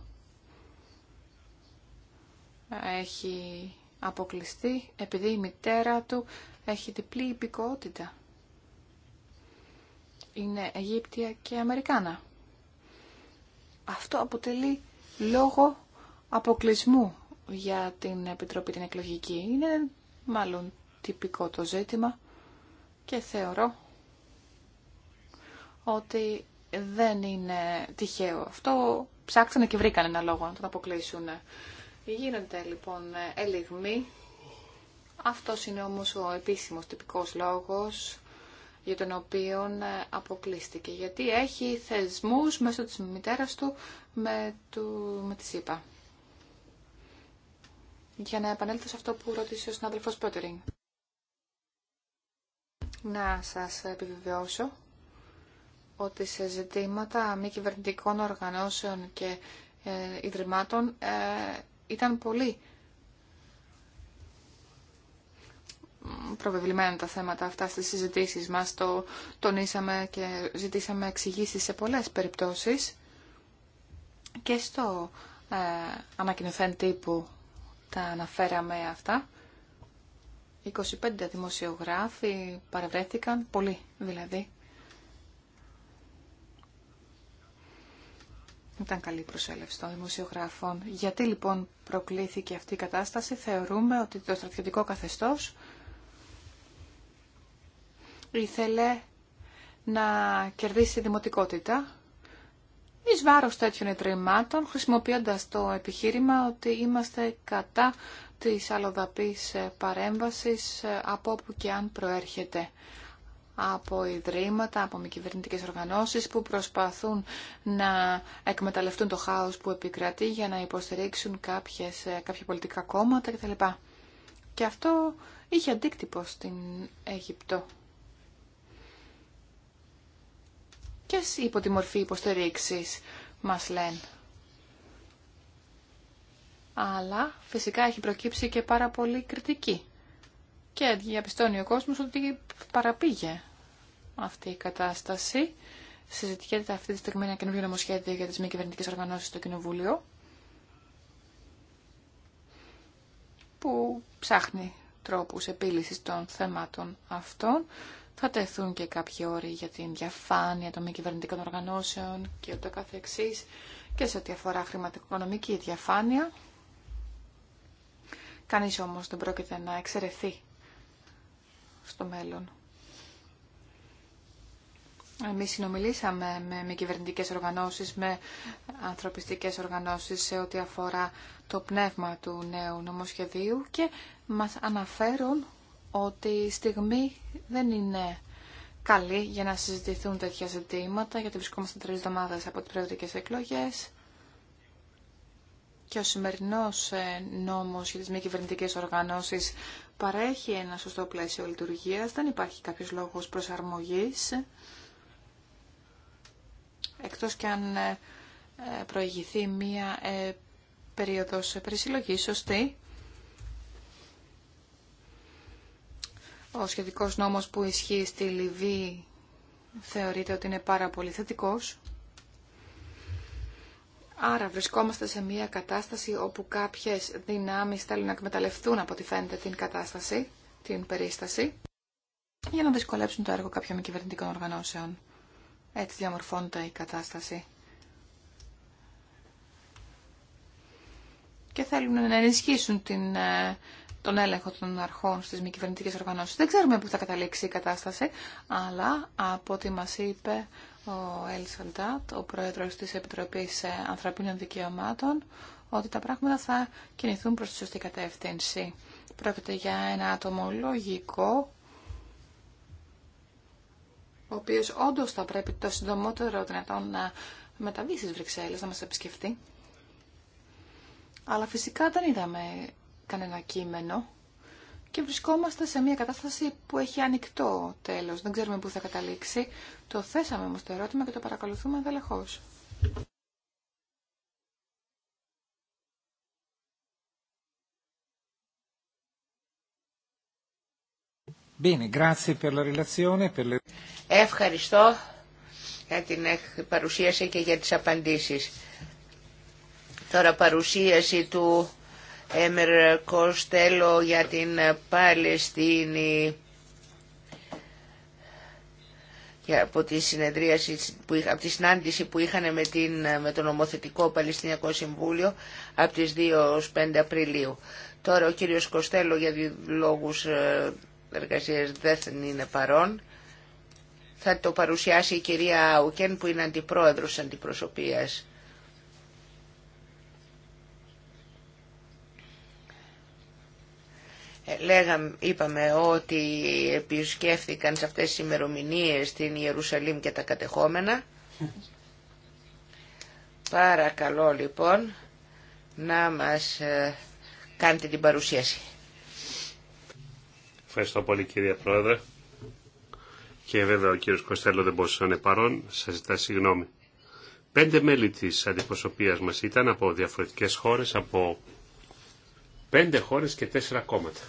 έχει αποκλειστεί επειδή η μητέρα του έχει διπλή υπηκότητα. Είναι Αιγύπτια και Αμερικάνα. Αυτό αποτελεί λόγο αποκλεισμού για την Επιτροπή την Εκλογική. Είναι μάλλον τυπικό το ζήτημα και θεωρώ ότι δεν είναι τυχαίο. Αυτό ψάξανε και βρήκανε ένα λόγο να το αποκλείσουν. Γίνονται λοιπόν ελιγμοί. Αυτός είναι όμως ο επίσημος τυπικός λόγος για τον οποίο ε, αποκλείστηκε. Γιατί έχει θεσμούς μέσω της μητέρας του με, του, με τη ΣΥΠΑ. Για να επανέλθω σε αυτό που ρώτησε ο συνάδελφος Πότερινγκ. Να σας επιβεβαιώσω ότι σε ζητήματα μη κυβερνητικών οργανώσεων και ε, ιδρυμάτων ε, ήταν πολύ προβεβλημένα τα θέματα αυτά στις συζητήσεις μας. Το τονίσαμε και ζητήσαμε εξηγήσει σε πολλές περιπτώσεις και στο ε, ανακοινωθέν τύπου τα αναφέραμε αυτά. 25 δημοσιογράφοι παρευρέθηκαν πολλοί δηλαδή, ήταν καλή προσέλευση των δημοσιογράφων. Γιατί λοιπόν προκλήθηκε αυτή η κατάσταση. Θεωρούμε ότι το στρατιωτικό καθεστώς ήθελε να κερδίσει δημοτικότητα εις βάρος τέτοιων ιδρυμάτων, χρησιμοποιώντας το επιχείρημα ότι είμαστε κατά της αλλοδαπής παρέμβασης ε, από όπου και αν προέρχεται από ιδρύματα, από μη κυβερνητικέ οργανώσεις που προσπαθούν να εκμεταλλευτούν το χάος που επικρατεί για να υποστηρίξουν κάποιες, ε, κάποια πολιτικά κόμματα κτλ. Και αυτό είχε αντίκτυπο στην Αίγυπτο. Και υπό τη μορφή υποστηρίξης μας λένε. Αλλά φυσικά έχει προκύψει και πάρα πολύ κριτική. Και διαπιστώνει ο κόσμος ότι παραπήγε αυτή η κατάσταση. Συζητιέται αυτή τη στιγμή ένα καινούργιο νομοσχέδιο για τις μη κυβερνητικές οργανώσεις στο Κοινοβούλιο που ψάχνει τρόπους επίλυσης των θεμάτων αυτών. Θα τεθούν και κάποιοι όροι για την διαφάνεια των μη κυβερνητικών οργανώσεων και ούτω καθεξής και σε ό,τι αφορά χρηματοοικονομική διαφάνεια. Κανείς όμως δεν πρόκειται να εξαιρεθεί στο μέλλον. Εμείς συνομιλήσαμε με μη κυβερνητικές οργανώσεις, με ανθρωπιστικές οργανώσεις σε ό,τι αφορά το πνεύμα του νέου νομοσχεδίου και μας αναφέρουν ότι η στιγμή δεν είναι καλή για να συζητηθούν τέτοια ζητήματα, γιατί βρισκόμαστε τρεις εβδομάδε από τις προεδρικές εκλογές και ο σημερινός ε, νόμος για τις μη κυβερνητικές οργανώσεις παρέχει ένα σωστό πλαίσιο λειτουργίας, δεν υπάρχει κάποιος λόγος προσαρμογής, εκτός κι αν ε, προηγηθεί μία ε, περίοδος περισυλλογής, σωστή. Ο σχετικός νόμος που ισχύει στη Λιβύη θεωρείται ότι είναι πάρα πολύ θετικός. Άρα βρισκόμαστε σε μια κατάσταση όπου κάποιες δυνάμεις θέλουν να εκμεταλλευτούν από ό,τι φαίνεται την κατάσταση, την περίσταση, για να δυσκολέψουν το έργο κάποιων μη κυβερνητικών οργανώσεων. Έτσι διαμορφώνεται η κατάσταση. Και θέλουν να ενισχύσουν την, ε, τον έλεγχο των αρχών στις μη κυβερνητικές οργανώσεις. Δεν ξέρουμε πού θα καταλήξει η κατάσταση, αλλά από ό,τι μας είπε ο Ελ Σαντάτ, ο πρόεδρος της Επιτροπής ε, Ανθρωπίνων Δικαιωμάτων, ότι τα πράγματα θα κινηθούν προς τη σωστή κατεύθυνση. Πρόκειται για ένα άτομο λογικό, ο οποίος όντως θα πρέπει το συντομότερο δυνατόν να μεταβεί στις Βρυξέλλες, να μας επισκεφτεί. Αλλά φυσικά δεν είδαμε κανένα κείμενο και βρισκόμαστε σε μια κατάσταση που έχει ανοιχτό τέλος. Δεν ξέρουμε πού θα καταλήξει. Το θέσαμε όμως το ερώτημα και το παρακολουθούμε δελεχώς. Ευχαριστώ για την παρουσίαση και για τις απαντήσεις. Τώρα παρουσίαση του Έμερ Κοστέλο για την Παλαιστίνη και από τη, συνεδρίαση που είχα, από τη συνάντηση που είχαν με, την, με το νομοθετικό Παλαιστινιακό Συμβούλιο από τις 2 ως 5 Απριλίου. Τώρα ο κύριος Κοστέλο για λόγους ε, εργασίας δεν είναι παρόν. Θα το παρουσιάσει η κυρία Αουκέν που είναι αντιπρόεδρος αντιπροσωπείας. Λέγαμε, είπαμε ότι επισκέφθηκαν σε αυτές τις ημερομηνίες την Ιερουσαλήμ και τα κατεχόμενα. Παρακαλώ λοιπόν να μας ε, κάνετε την παρουσίαση. Ευχαριστώ πολύ κύριε Πρόεδρε. Και βέβαια ο κύριος Κοστέλο δεν μπορούσε να είναι παρόν. Σας ζητά συγγνώμη. Πέντε μέλη της αντιπροσωπείας μας ήταν από διαφορετικές χώρες, από Πέντε χώρες και τέσσερα κόμματα.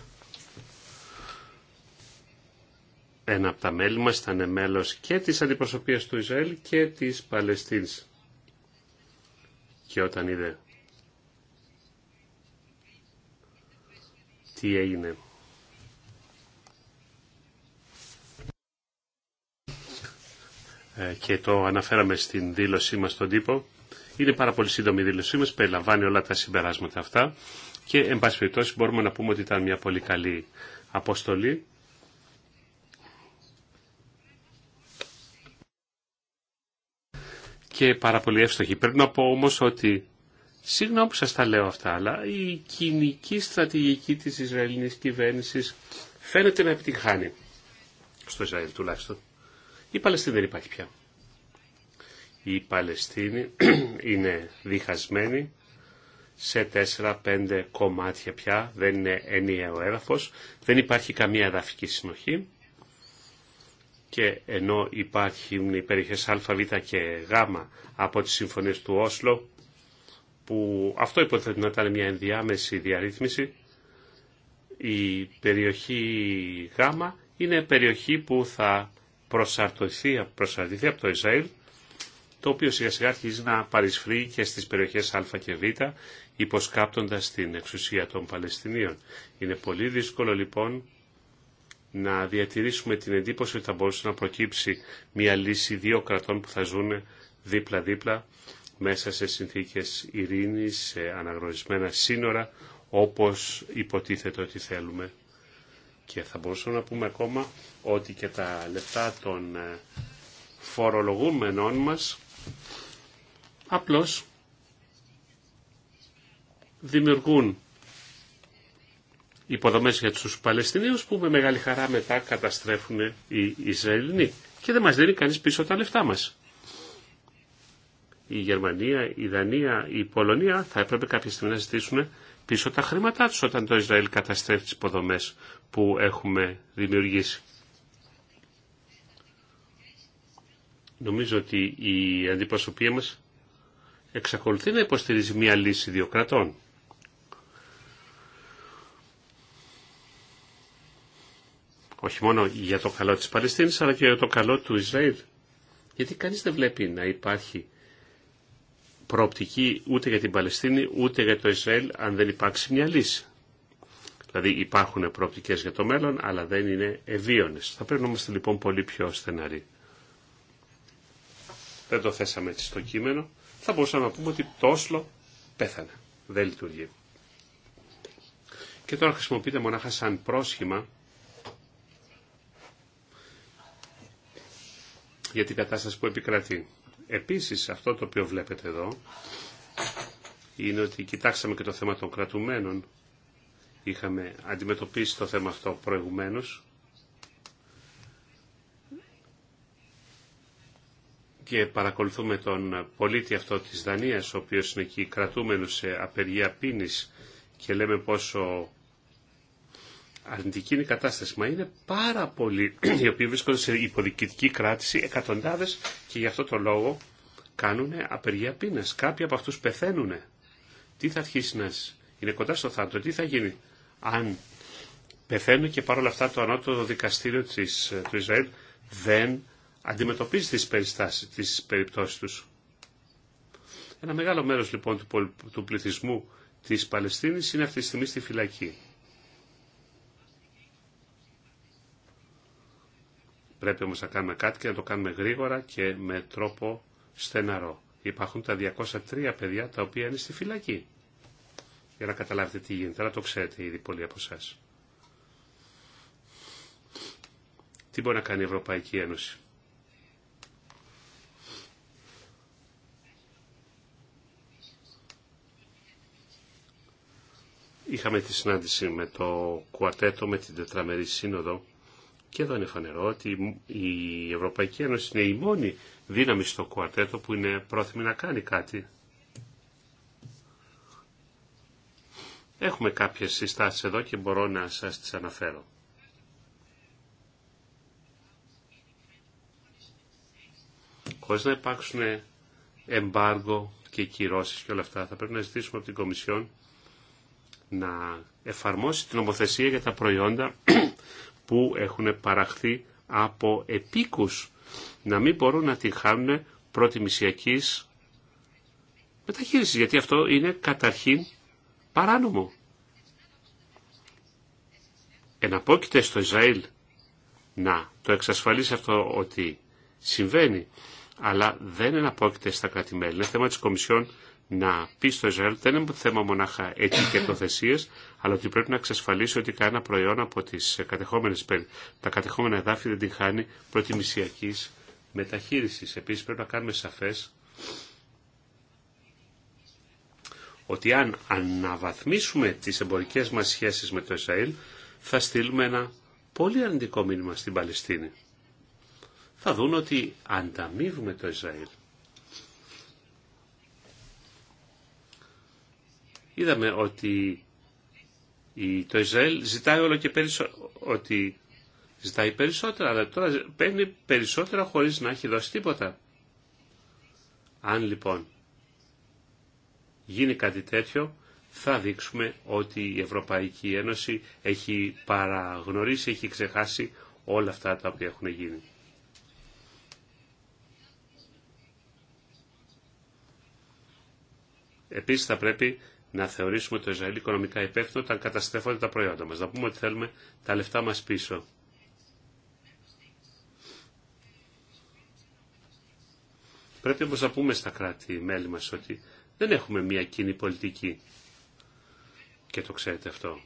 Ένα από τα μέλη μας ήταν μέλος και της αντιπροσωπείας του Ισραήλ και της Παλαιστίνης. Και όταν είδε τι έγινε ε, και το αναφέραμε στην δήλωσή μας στον τύπο. Είναι πάρα πολύ σύντομη η δήλωσή μας, περιλαμβάνει όλα τα συμπεράσματα αυτά και εν πάση περιπτώσει μπορούμε να πούμε ότι ήταν μια πολύ καλή αποστολή. Και πάρα πολύ εύστοχη. Πρέπει να πω όμως ότι, συγγνώμη που σας τα λέω αυτά, αλλά η κοινική στρατηγική της Ισραηλινής κυβέρνησης φαίνεται να επιτυγχάνει. Στο Ισραήλ τουλάχιστον. Η Παλαιστίνη δεν υπάρχει πια. Η Παλαιστίνη είναι διχασμένη σε 4-5 κομμάτια πια, δεν είναι ενιαίο έδαφο. δεν υπάρχει καμία εδαφική συνοχή και ενώ υπάρχουν οι περιοχέ α, β και γ από τις συμφωνίες του Όσλο, που αυτό υποθέτει να ήταν μια ενδιάμεση διαρρύθμιση, η περιοχή Γ είναι περιοχή που θα προσαρτηθεί, προσαρτηθεί από το Ισραήλ, το οποίο σιγά σιγά αρχίζει να παρισφρεί και στις περιοχές Α και Β υποσκάπτοντας την εξουσία των Παλαιστινίων. Είναι πολύ δύσκολο λοιπόν να διατηρήσουμε την εντύπωση ότι θα μπορούσε να προκύψει μια λύση δύο κρατών που θα ζουν δίπλα-δίπλα μέσα σε συνθήκες ειρήνης, σε αναγνωρισμένα σύνορα, όπως υποτίθεται ότι θέλουμε. Και θα μπορούσαμε να πούμε ακόμα ότι και τα λεφτά των ε, φορολογούμενών μας απλώς δημιουργούν υποδομές για τους Παλαιστινίους που με μεγάλη χαρά μετά καταστρέφουν οι Ισραηλινοί και δεν μας δίνει κανείς πίσω τα λεφτά μας. Η Γερμανία, η Δανία, η Πολωνία θα έπρεπε κάποια στιγμή να ζητήσουν πίσω τα χρήματά τους όταν το Ισραήλ καταστρέφει τις υποδομές που έχουμε δημιουργήσει. Νομίζω ότι η αντιπροσωπεία μας εξακολουθεί να υποστηρίζει μια λύση δύο κρατών. όχι μόνο για το καλό της Παλαιστίνης αλλά και για το καλό του Ισραήλ. Γιατί κανείς δεν βλέπει να υπάρχει προοπτική ούτε για την Παλαιστίνη ούτε για το Ισραήλ αν δεν υπάρξει μια λύση. Δηλαδή υπάρχουν προοπτικές για το μέλλον αλλά δεν είναι ευίωνες. Θα πρέπει να είμαστε λοιπόν πολύ πιο στεναροί. Δεν το θέσαμε έτσι στο κείμενο. Θα μπορούσαμε να πούμε ότι το Όσλο πέθανε. Δεν λειτουργεί. Και τώρα χρησιμοποιείται μονάχα σαν πρόσχημα για την κατάσταση που επικρατεί. Επίσης αυτό το οποίο βλέπετε εδώ είναι ότι κοιτάξαμε και το θέμα των κρατουμένων. Είχαμε αντιμετωπίσει το θέμα αυτό προηγουμένως και παρακολουθούμε τον πολίτη αυτό της Δανίας, ο οποίος είναι εκεί κρατούμενος σε απεργία πίνης και λέμε πόσο αρνητική είναι η κατάσταση. Μα είναι πάρα πολλοί οι οποίοι βρίσκονται σε υποδικητική κράτηση, εκατοντάδε και γι' αυτό το λόγο κάνουν απεργία πείνα. Κάποιοι από αυτού πεθαίνουν. Τι θα αρχίσει να είναι κοντά στο θάνατο, τι θα γίνει αν πεθαίνουν και παρόλα αυτά το ανώτατο δικαστήριο της, του Ισραήλ δεν αντιμετωπίζει τις περιστάσεις, τις περιπτώσεις τους. Ένα μεγάλο μέρος λοιπόν του, του πληθυσμού της Παλαιστίνης είναι αυτή τη στιγμή στη φυλακή. Πρέπει όμως να κάνουμε κάτι και να το κάνουμε γρήγορα και με τρόπο στεναρό. Υπάρχουν τα 203 παιδιά τα οποία είναι στη φυλακή. Για να καταλάβετε τι γίνεται, αλλά το ξέρετε ήδη πολλοί από εσά. Τι μπορεί να κάνει η Ευρωπαϊκή Ένωση. Είχαμε τη συνάντηση με το κουαρτέτο, με την τετραμερή σύνοδο και εδώ είναι φανερό ότι η Ευρωπαϊκή Ένωση είναι η μόνη δύναμη στο κουαρτέτο που είναι πρόθυμη να κάνει κάτι. Έχουμε κάποιες συστάσεις εδώ και μπορώ να σας τις αναφέρω. Χωρίς να υπάρξουν εμπάργο και κυρώσεις και όλα αυτά, θα πρέπει να ζητήσουμε από την Κομισιόν να εφαρμόσει την νομοθεσία για τα προϊόντα που έχουν παραχθεί από επίκους να μην μπορούν να την χάνουν προτιμησιακής μεταχείρισης, γιατί αυτό είναι καταρχήν παράνομο. Εναπόκειται στο Ισραήλ να το εξασφαλίσει αυτό ότι συμβαίνει, αλλά δεν εναπόκειται στα κράτη-μέλη. Είναι θέμα της Κομισιόν να πει στο Ισραήλ δεν είναι θέμα μονάχα τοθεσίε, αλλά ότι πρέπει να εξασφαλίσει ότι κανένα προϊόν από τις κατεχόμενες, τα κατεχόμενα εδάφη δεν την χάνει προτιμησιακή μεταχείριση. Επίση πρέπει να κάνουμε σαφέ ότι αν αναβαθμίσουμε τις εμπορικές μας σχέσεις με το Ισραήλ, θα στείλουμε ένα πολύ αρνητικό μήνυμα στην Παλαιστίνη. Θα δουν ότι ανταμείβουμε το Ισραήλ. είδαμε ότι το Ισραήλ ζητάει όλο και περισσότερο, ότι ζητάει περισσότερα, αλλά τώρα παίρνει περισσότερα χωρίς να έχει δώσει τίποτα. Αν λοιπόν γίνει κάτι τέτοιο, θα δείξουμε ότι η Ευρωπαϊκή Ένωση έχει παραγνωρίσει, έχει ξεχάσει όλα αυτά τα οποία έχουν γίνει. Επίσης θα πρέπει να θεωρήσουμε το Ισραήλ οικονομικά υπεύθυνο όταν καταστρέφονται τα προϊόντα μας. Να πούμε ότι θέλουμε τα λεφτά μας πίσω. Πρέπει όμως να πούμε στα κράτη-μέλη μας ότι δεν έχουμε μια κοινή πολιτική. Και το ξέρετε αυτό.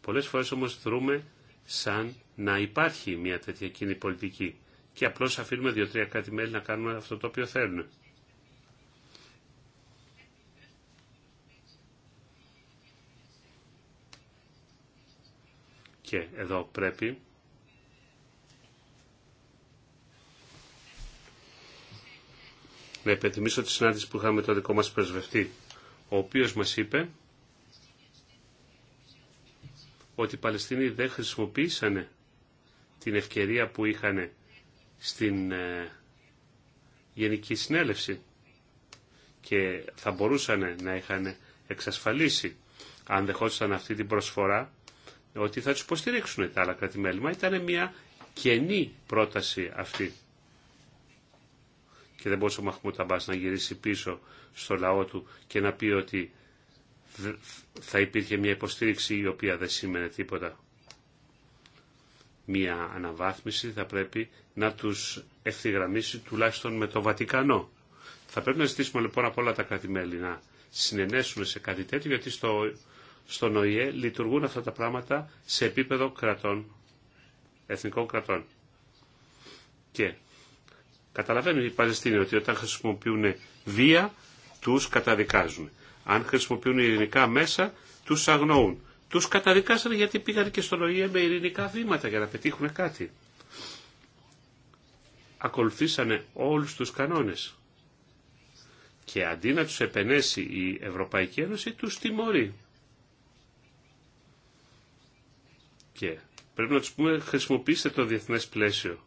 Πολλές φορές όμως δρούμε σαν να υπάρχει μια τέτοια κοινή πολιτική και απλώς αφήνουμε δύο-τρία κράτη μέλη να κάνουν αυτό το οποίο θέλουν. και εδώ πρέπει να υπενθυμίσω τη συνάντηση που είχαμε με τον δικό μας πρεσβευτή, ο οποίος μας είπε ότι οι Παλαιστινοί δεν χρησιμοποίησαν την ευκαιρία που είχαν στην ε, Γενική Συνέλευση και θα μπορούσαν να είχαν εξασφαλίσει αν δεχόντουσαν αυτή την προσφορά ότι θα τους υποστηρίξουν τα άλλα κρατημέλη. Μα ήταν μια κενή πρόταση αυτή. Και δεν μπορούσε ο Μαχμού να γυρίσει πίσω στο λαό του και να πει ότι θα υπήρχε μια υποστήριξη η οποία δεν σήμαινε τίποτα. Μια αναβάθμιση θα πρέπει να τους ευθυγραμμίσει τουλάχιστον με το Βατικανό. Θα πρέπει να ζητήσουμε λοιπόν από όλα τα κρατημέλη να συνενέσουν σε κάτι τέτοιο, γιατί στο στον ΟΗΕ λειτουργούν αυτά τα πράγματα σε επίπεδο κρατών, εθνικών κρατών. Και καταλαβαίνουν οι Παλαιστίνοι ότι όταν χρησιμοποιούν βία, τους καταδικάζουν. Αν χρησιμοποιούν ειρηνικά μέσα, τους αγνοούν. Τους καταδικάσαν γιατί πήγαν και στον ΟΗΕ με ειρηνικά βήματα για να πετύχουν κάτι. Ακολουθήσανε όλους τους κανόνες. Και αντί να τους επενέσει η Ευρωπαϊκή Ένωση, τους τιμωρεί. Και πρέπει να τους πούμε χρησιμοποιήστε το διεθνές πλαίσιο.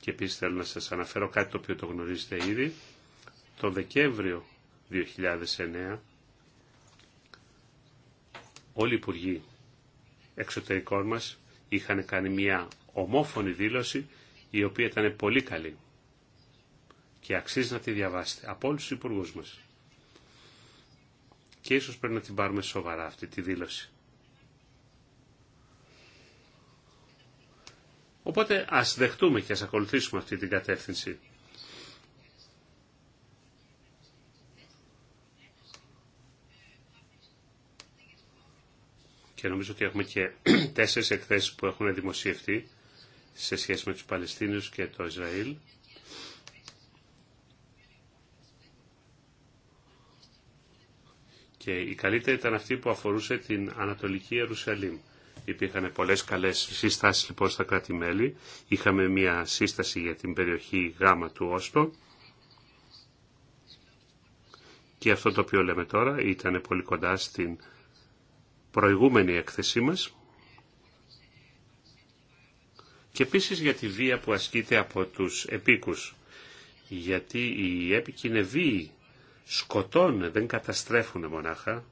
Και επίσης θέλω να σας αναφέρω κάτι το οποίο το γνωρίζετε ήδη. Το Δεκέμβριο 2009 όλοι οι υπουργοί εξωτερικών μας είχαν κάνει μια ομόφωνη δήλωση η οποία ήταν πολύ καλή και αξίζει να τη διαβάσετε από όλου του υπουργού μα. Και ίσως πρέπει να την πάρουμε σοβαρά αυτή τη δήλωση. Οπότε ας δεχτούμε και ας ακολουθήσουμε αυτή την κατεύθυνση. Και νομίζω ότι έχουμε και τέσσερις εκθέσεις που έχουν δημοσιευτεί σε σχέση με τους Παλαιστίνιους και το Ισραήλ. Και η καλύτερη ήταν αυτή που αφορούσε την Ανατολική Ιερουσαλήμ. Υπήρχαν πολλές καλές συστάσεις λοιπόν στα κράτη-μέλη. Είχαμε μια σύσταση για την περιοχή Γάμα του Όστο. Και αυτό το οποίο λέμε τώρα ήταν πολύ κοντά στην προηγούμενη έκθεσή μας. Και επίσης για τη βία που ασκείται από τους επίκους. Γιατί οι έπικοι είναι σκοτώνουν, δεν καταστρέφουν μονάχα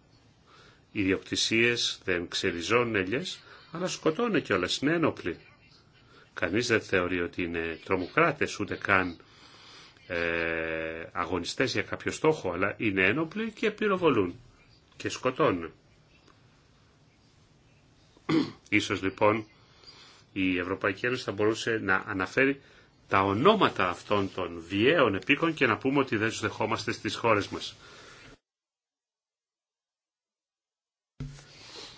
ιδιοκτησίες, δεν ξεριζώνουν ελιές, αλλά σκοτώνουν κιόλας, είναι ένοπλοι. Κανείς δεν θεωρεί ότι είναι τρομοκράτες, ούτε καν ε, αγωνιστές για κάποιο στόχο, αλλά είναι ένοπλοι και πυροβολούν και σκοτώνουν. Ίσως λοιπόν η Ευρωπαϊκή Ένωση θα μπορούσε να αναφέρει τα ονόματα αυτών των βιαίων επίκων και να πούμε ότι δεν τους δεχόμαστε στις χώρες μας.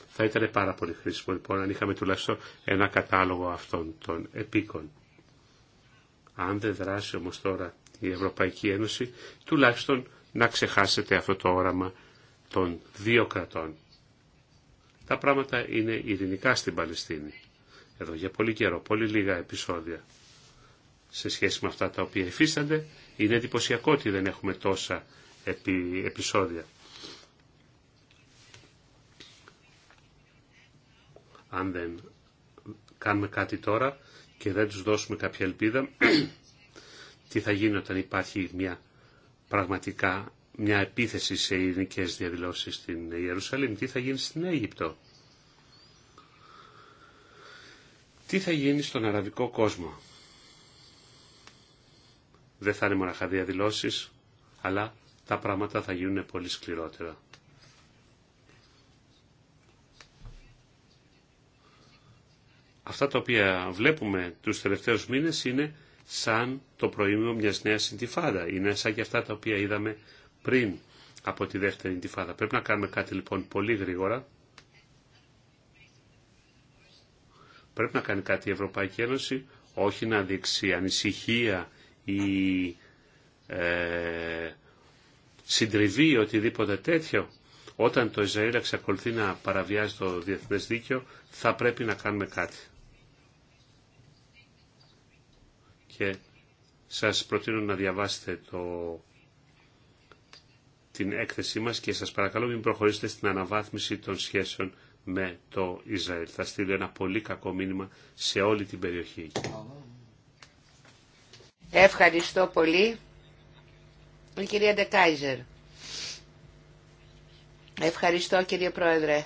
Θα ήταν πάρα πολύ χρήσιμο λοιπόν αν είχαμε τουλάχιστον ένα κατάλογο αυτών των επίκων. Αν δεν δράσει όμως τώρα η Ευρωπαϊκή Ένωση, τουλάχιστον να ξεχάσετε αυτό το όραμα των δύο κρατών. Τα πράγματα είναι ειρηνικά στην Παλαιστίνη. Εδώ για πολύ καιρό, πολύ λίγα επεισόδια σε σχέση με αυτά τα οποία υφίστανται. Είναι εντυπωσιακό ότι δεν έχουμε τόσα επει, επεισόδια. Αν δεν κάνουμε κάτι τώρα και δεν τους δώσουμε κάποια ελπίδα, τι θα γίνει όταν υπάρχει μια πραγματικά μια επίθεση σε ειρηνικέ διαδηλώσεις στην Ιερουσαλήμ, τι θα γίνει στην Αίγυπτο. Τι θα γίνει στον αραβικό κόσμο δεν θα είναι μοναχα διαδηλώσεις, αλλά τα πράγματα θα γίνουν πολύ σκληρότερα. Αυτά τα οποία βλέπουμε τους τελευταίους μήνες είναι σαν το προήμιο μιας νέας συντηφάδα. Είναι σαν και αυτά τα οποία είδαμε πριν από τη δεύτερη εντιφάδα. Πρέπει να κάνουμε κάτι λοιπόν πολύ γρήγορα. Πρέπει να κάνει κάτι η Ευρωπαϊκή Ένωση, όχι να δείξει ανησυχία η ε, συντριβή ή οτιδήποτε τέτοιο, όταν το Ισραήλ εξακολουθεί να παραβιάζει το διεθνές δίκαιο, θα πρέπει να κάνουμε κάτι. Και σας προτείνω να διαβάσετε το, την έκθεσή μας και σας παρακαλώ μην προχωρήσετε στην αναβάθμιση των σχέσεων με το Ισραήλ. Θα στείλει ένα πολύ κακό μήνυμα σε όλη την περιοχή. Ευχαριστώ πολύ. Η κυρία Ντεκάιζερ. Ευχαριστώ κύριε Πρόεδρε.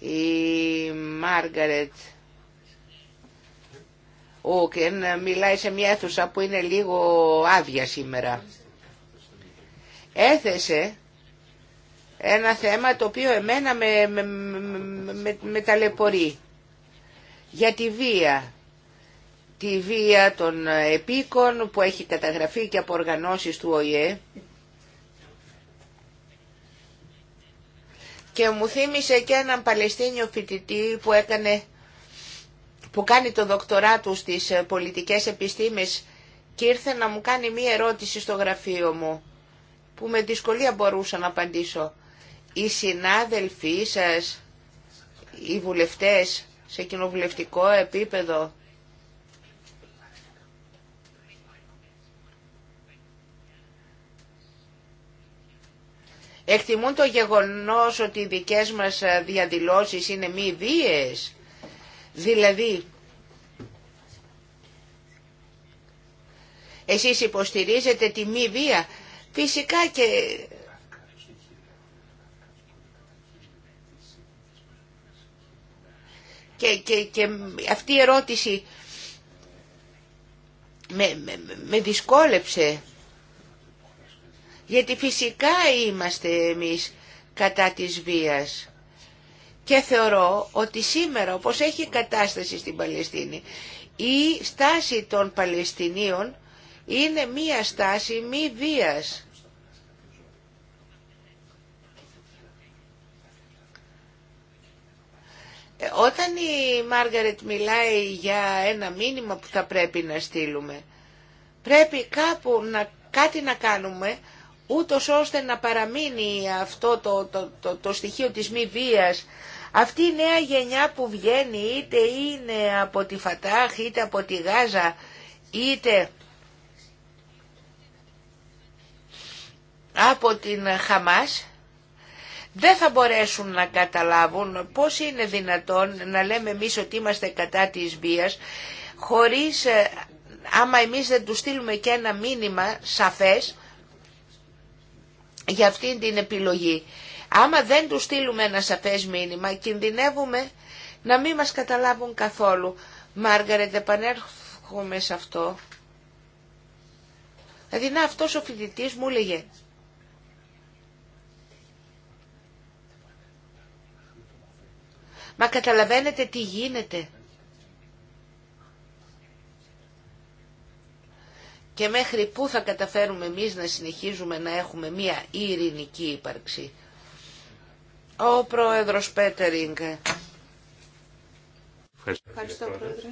Η Μάργαρετ Όκεν μιλάει σε μια αίθουσα που είναι λίγο άδεια σήμερα. Έθεσε ένα θέμα το οποίο εμένα με, με, με, με ταλαιπωρεί. Για τη βία τη βία των επίκων που έχει καταγραφεί και από οργανώσεις του ΟΗΕ και μου θύμισε και έναν Παλαιστίνιο φοιτητή που έκανε που κάνει το δοκτορά του στις πολιτικές επιστήμες και ήρθε να μου κάνει μία ερώτηση στο γραφείο μου που με δυσκολία μπορούσα να απαντήσω. Οι συνάδελφοί σας, οι βουλευτές σε κοινοβουλευτικό επίπεδο εκτιμούν το γεγονός ότι οι δικές μας ε, διαδηλώσεις είναι μη Δηλαδή, εσείς υποστηρίζετε τη μη βία. Φυσικά και Και, αυτή η ερώτηση με, με, με δυσκόλεψε. Γιατί φυσικά είμαστε εμείς κατά της βίας. Και θεωρώ ότι σήμερα όπως έχει κατάσταση στην Παλαιστίνη η στάση των Παλαιστινίων είναι μία στάση μη βίας. Ε, όταν η Μάργαρετ μιλάει για ένα μήνυμα που θα πρέπει να στείλουμε, πρέπει κάπου να, κάτι να κάνουμε ούτως ώστε να παραμείνει αυτό το, το, το, το στοιχείο της μη βίας. Αυτή η νέα γενιά που βγαίνει είτε είναι από τη Φατάχ, είτε από τη Γάζα, είτε από την Χαμάς, δεν θα μπορέσουν να καταλάβουν πώς είναι δυνατόν να λέμε εμείς ότι είμαστε κατά της βίας, χωρίς, ε, άμα εμείς δεν τους στείλουμε και ένα μήνυμα σαφές, για αυτή την επιλογή. Άμα δεν του στείλουμε ένα σαφές μήνυμα, κινδυνεύουμε να μην μας καταλάβουν καθόλου. Μάργαρετ, επανέρχομαι σε αυτό. Δηλαδή, να, αυτός ο φοιτητή μου έλεγε, Μα καταλαβαίνετε τι γίνεται. και μέχρι πού θα καταφέρουμε εμείς να συνεχίζουμε να έχουμε μία ειρηνική ύπαρξη. Ο Πρόεδρος Πέτερινγκ. Ευχαριστώ, Ευχαριστώ πρόεδρε.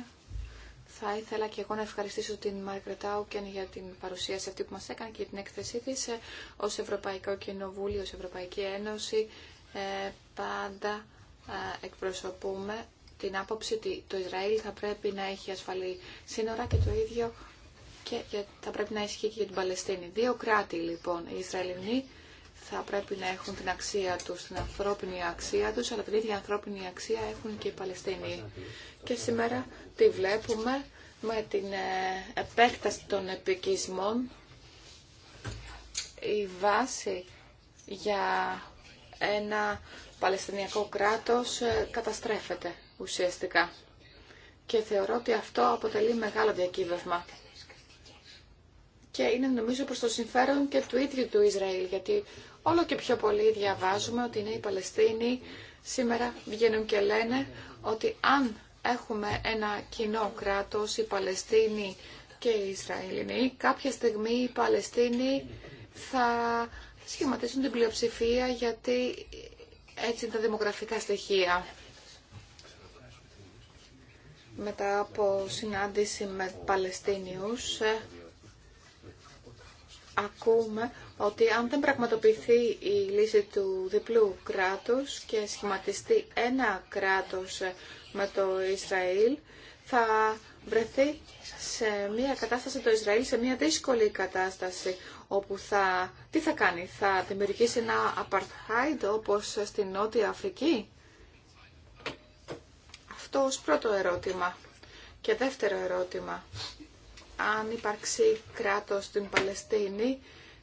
Θα ήθελα και εγώ να ευχαριστήσω την Μάρκρετ Άουκεν για την παρουσίαση αυτή που μας έκανε και την έκθεσή της ως Ευρωπαϊκό Κοινοβούλιο, ως Ευρωπαϊκή Ένωση. Ε, πάντα ε, εκπροσωπούμε την άποψη ότι το Ισραήλ θα πρέπει να έχει ασφαλή σύνορα και το ίδιο και για, θα πρέπει να ισχύει και για την Παλαιστίνη. Δύο κράτη λοιπόν, οι Ισραηλινοί θα πρέπει να έχουν την αξία τους, την ανθρώπινη αξία τους, αλλά την ίδια ανθρώπινη αξία έχουν και οι Παλαιστίνοι. Και σήμερα τη βλέπουμε με την ε, επέκταση των επικισμών. Η βάση για ένα Παλαιστινιακό κράτος ε, καταστρέφεται ουσιαστικά. Και θεωρώ ότι αυτό αποτελεί μεγάλο διακύβευμα και είναι νομίζω προς το συμφέρον και του ίδιου του Ισραήλ, γιατί όλο και πιο πολύ διαβάζουμε ότι είναι οι Παλαιστίνοι σήμερα βγαίνουν και λένε ότι αν έχουμε ένα κοινό κράτος, οι Παλαιστίνοι και οι Ισραηλινοί, κάποια στιγμή οι Παλαιστίνοι θα σχηματίσουν την πλειοψηφία γιατί έτσι είναι τα δημογραφικά στοιχεία. Μετά από συνάντηση με Παλαιστίνιους, ακούμε ότι αν δεν πραγματοποιηθεί η λύση του διπλού κράτους και σχηματιστεί ένα κράτος με το Ισραήλ, θα βρεθεί σε μια κατάσταση το Ισραήλ, σε μια δύσκολη κατάσταση, όπου θα, τι θα κάνει, θα δημιουργήσει ένα apartheid όπως στην Νότια Αφρική. Αυτό ως πρώτο ερώτημα. Και δεύτερο ερώτημα αν υπάρξει κράτος στην Παλαιστίνη,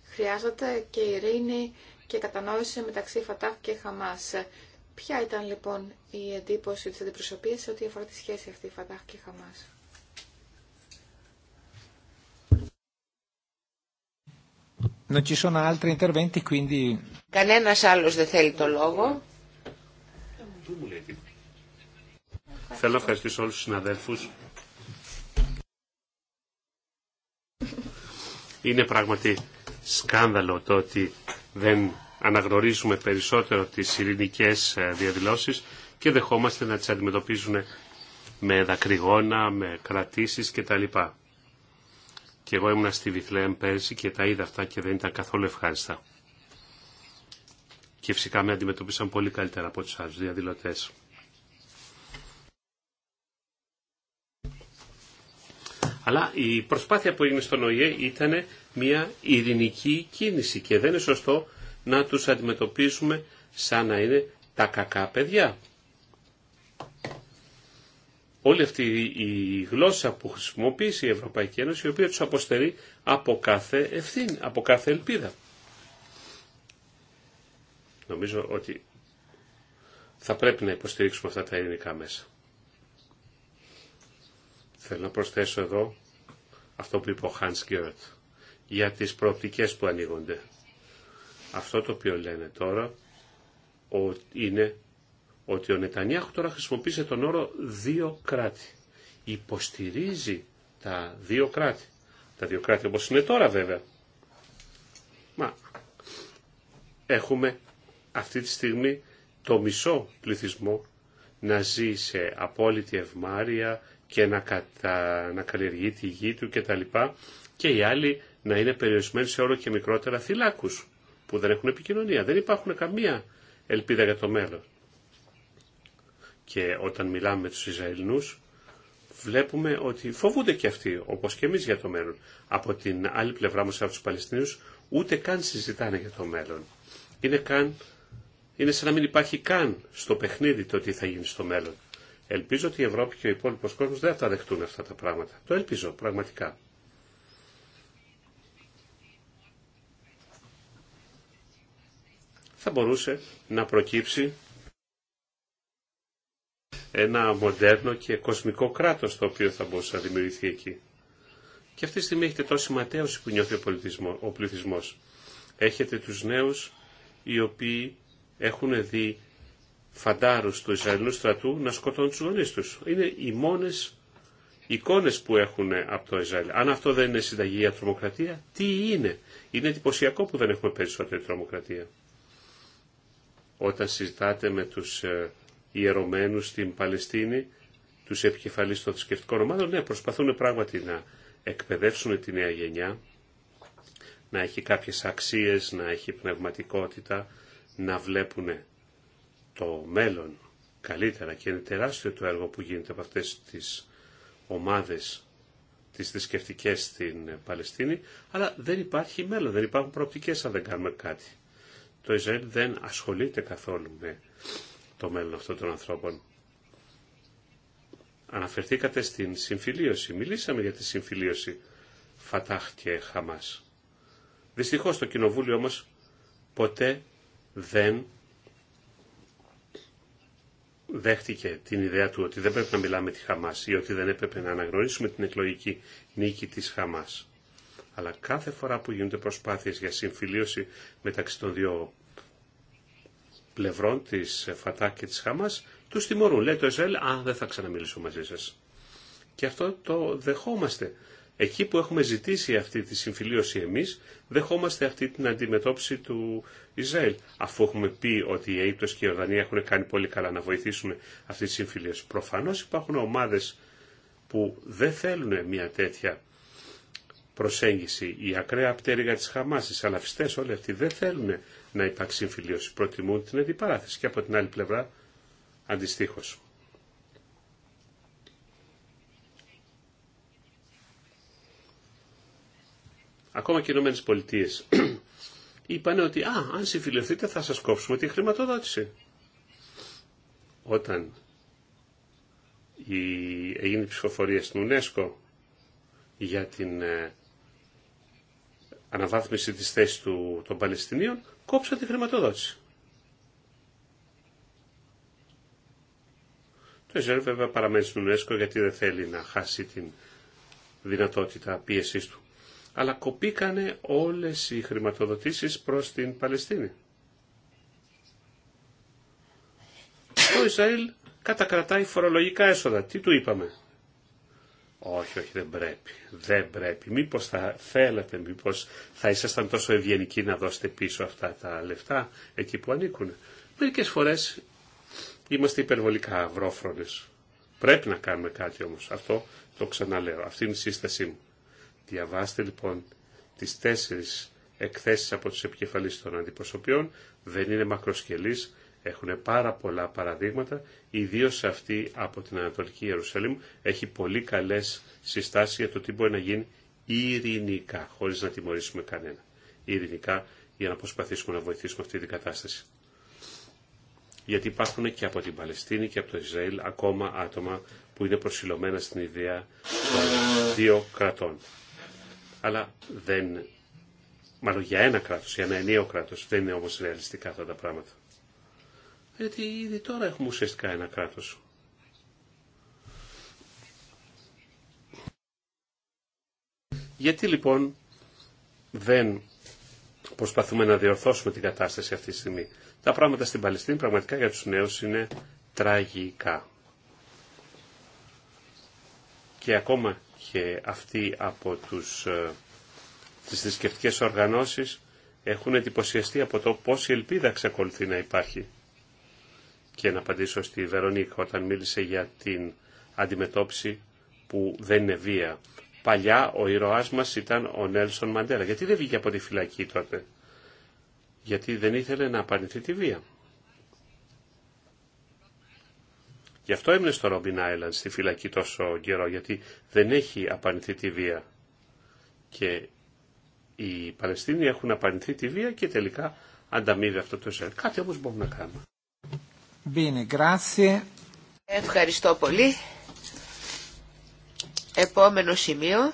χρειάζεται και ειρήνη και κατανόηση μεταξύ Φατάχ και Χαμάς. Ποια ήταν λοιπόν η εντύπωση της αντιπροσωπείας σε ό,τι αφορά τη σχέση αυτή Φατάχ και Χαμάς. Κανένας άλλος δεν θέλει το λόγο. Θέλω να ευχαριστήσω όλους τους συναδέλφους Είναι πράγματι σκάνδαλο το ότι δεν αναγνωρίζουμε περισσότερο τις ειρηνικέ ε, διαδηλώσεις και δεχόμαστε να τις αντιμετωπίζουν με δακρυγόνα, με κρατήσεις κτλ. Και εγώ ήμουνα στη Βιθλέμ πέρσι και τα είδα αυτά και δεν ήταν καθόλου ευχάριστα. Και φυσικά με αντιμετωπίσαν πολύ καλύτερα από τους άλλους διαδηλωτές. Αλλά η προσπάθεια που έγινε στον ΟΗΕ ήταν μια ειρηνική κίνηση και δεν είναι σωστό να τους αντιμετωπίσουμε σαν να είναι τα κακά παιδιά. Όλη αυτή η γλώσσα που χρησιμοποιήσει η Ευρωπαϊκή Ένωση, η οποία τους αποστερεί από κάθε ευθύνη, από κάθε ελπίδα. Νομίζω ότι θα πρέπει να υποστηρίξουμε αυτά τα ελληνικά μέσα. Θέλω να προσθέσω εδώ αυτό που είπε ο Hans για τις προοπτικές που ανοίγονται. Αυτό το οποίο λένε τώρα είναι ότι ο Νετανιάχου τώρα χρησιμοποίησε τον όρο δύο κράτη. Υποστηρίζει τα δύο κράτη. Τα δύο κράτη όπως είναι τώρα βέβαια. Μα έχουμε αυτή τη στιγμή το μισό πληθυσμό να ζει σε απόλυτη ευμάρεια, και να, κατα... να καλλιεργεί τη γη του κτλ. Και οι άλλοι να είναι περιορισμένοι σε όλο και μικρότερα θυλάκου που δεν έχουν επικοινωνία. Δεν υπάρχουν καμία ελπίδα για το μέλλον. Και όταν μιλάμε με τους Ισραηλινούς βλέπουμε ότι φοβούνται και αυτοί όπως και εμείς για το μέλλον. Από την άλλη πλευρά μας από τους Παλαιστινίους ούτε καν συζητάνε για το μέλλον. Είναι, καν, είναι σαν να μην υπάρχει καν στο παιχνίδι το τι θα γίνει στο μέλλον. Ελπίζω ότι η Ευρώπη και ο υπόλοιπο κόσμο δεν θα δεχτούν αυτά τα πράγματα. Το ελπίζω πραγματικά. Θα μπορούσε να προκύψει ένα μοντέρνο και κοσμικό κράτος το οποίο θα μπορούσε να δημιουργηθεί εκεί. Και αυτή τη στιγμή έχετε τόση ματέωση που νιώθει ο, πολιτισμό, ο Έχετε τους νέους οι οποίοι έχουν δει φαντάρους του Ισραηλινού στρατού να σκοτώνουν τους γονείς τους. Είναι οι μόνες εικόνες που έχουν από το Ισραήλ. Αν αυτό δεν είναι συνταγή για τρομοκρατία, τι είναι. Είναι εντυπωσιακό που δεν έχουμε περισσότερη τρομοκρατία. Όταν συζητάτε με τους ε, ιερωμένους στην Παλαιστίνη, τους επικεφαλείς των θρησκευτικών ομάδων, ναι, προσπαθούν πράγματι να εκπαιδεύσουν τη νέα γενιά, να έχει κάποιες αξίες, να έχει πνευματικότητα, να βλέπουν το μέλλον καλύτερα και είναι τεράστιο το έργο που γίνεται από αυτές τις ομάδες τις θρησκευτικέ στην Παλαιστίνη, αλλά δεν υπάρχει μέλλον, δεν υπάρχουν προοπτικές αν δεν κάνουμε κάτι. Το Ισραήλ δεν ασχολείται καθόλου με το μέλλον αυτών των ανθρώπων. Αναφερθήκατε στην συμφιλίωση, μιλήσαμε για τη συμφιλίωση Φατάχ και Χαμάς. Δυστυχώς το Κοινοβούλιο όμως ποτέ δεν δέχτηκε την ιδέα του ότι δεν πρέπει να μιλάμε τη Χαμάς ή ότι δεν έπρεπε να αναγνωρίσουμε την εκλογική νίκη της Χαμάς. Αλλά κάθε φορά που γίνονται προσπάθειες για συμφιλίωση μεταξύ των δύο πλευρών της Φατά και της Χαμάς, τους τιμωρούν. Λέει το Ισραήλ, α, δεν θα ξαναμιλήσω μαζί σας. Και αυτό το δεχόμαστε. Εκεί που έχουμε ζητήσει αυτή τη συμφιλίωση εμείς, δεχόμαστε αυτή την αντιμετώπιση του Ισραήλ. Αφού έχουμε πει ότι η Αίγυπτος και η Ορδανία έχουν κάνει πολύ καλά να βοηθήσουν αυτή τη συμφιλίωση. Προφανώς υπάρχουν ομάδες που δεν θέλουν μια τέτοια προσέγγιση. Η ακραία πτέρυγα της Χαμάς, οι σαλαφιστές όλοι αυτοί δεν θέλουν να υπάρξει συμφιλίωση. Προτιμούν την αντιπαράθεση και από την άλλη πλευρά αντιστοίχως. ακόμα και οι Ηνωμένες Πολιτείες, είπαν ότι «Α, αν συμφιλειωθείτε θα σας κόψουμε τη χρηματοδότηση». Όταν η, έγινε η ψηφοφορία στην UNESCO για την ε, αναβάθμιση της θέσης του, των Παλαιστινίων, κόψαν τη χρηματοδότηση. Το Ισραήλ βέβαια παραμένει στην UNESCO γιατί δεν θέλει να χάσει την δυνατότητα πίεσης του αλλά κοπήκανε όλες οι χρηματοδοτήσεις προς την Παλαιστίνη. Το Ισραήλ κατακρατάει φορολογικά έσοδα. Τι του είπαμε. Όχι, όχι, δεν πρέπει. Δεν πρέπει. Μήπως θα θέλατε, μήπως θα ήσασταν τόσο ευγενικοί να δώσετε πίσω αυτά τα λεφτά εκεί που ανήκουν. Μερικές φορές είμαστε υπερβολικά αυρόφρονες. Πρέπει να κάνουμε κάτι όμως. Αυτό το ξαναλέω. Αυτή είναι η σύστασή μου. Διαβάστε λοιπόν τις τέσσερις εκθέσεις από τους επικεφαλείς των αντιπροσωπιών. Δεν είναι μακροσκελής, έχουν πάρα πολλά παραδείγματα, ιδίως αυτή από την Ανατολική Ιερουσαλήμ έχει πολύ καλές συστάσεις για το τι μπορεί να γίνει ειρηνικά, χωρίς να τιμωρήσουμε κανένα. Ειρηνικά για να προσπαθήσουμε να βοηθήσουμε αυτή την κατάσταση. Γιατί υπάρχουν και από την Παλαιστίνη και από το Ισραήλ ακόμα άτομα που είναι προσιλωμένα στην ιδέα των δύο κρατών αλλά δεν, μάλλον για ένα κράτος, για ένα ενίο κράτος, δεν είναι όμως ρεαλιστικά αυτά τα πράγματα. Γιατί ήδη τώρα έχουμε ουσιαστικά ένα κράτος. Γιατί λοιπόν δεν προσπαθούμε να διορθώσουμε την κατάσταση αυτή τη στιγμή. Τα πράγματα στην Παλαιστίνη πραγματικά για τους νέους είναι τραγικά. Και ακόμα και αυτοί από τους, ε, τις θρησκευτικέ οργανώσεις έχουν εντυπωσιαστεί από το πόση ελπίδα ξεκολουθεί να υπάρχει. Και να απαντήσω στη Βερονίκα όταν μίλησε για την αντιμετώπιση που δεν είναι βία. Παλιά ο ηρωάς μας ήταν ο Νέλσον Μαντέρα. Γιατί δεν βγήκε από τη φυλακή τότε. Γιατί δεν ήθελε να απαρνηθεί τη βία. Γι' αυτό έμεινε στο Ρόμπιν Άιλαντ στη φυλακή τόσο καιρό, γιατί δεν έχει απαρνηθεί τη βία. Και οι Παλαιστίνοι έχουν απαρνηθεί τη βία και τελικά ανταμείβει αυτό το Ισραήλ. Κάτι όμως μπορούμε να κάνουμε. Ευχαριστώ πολύ. Επόμενο σημείο.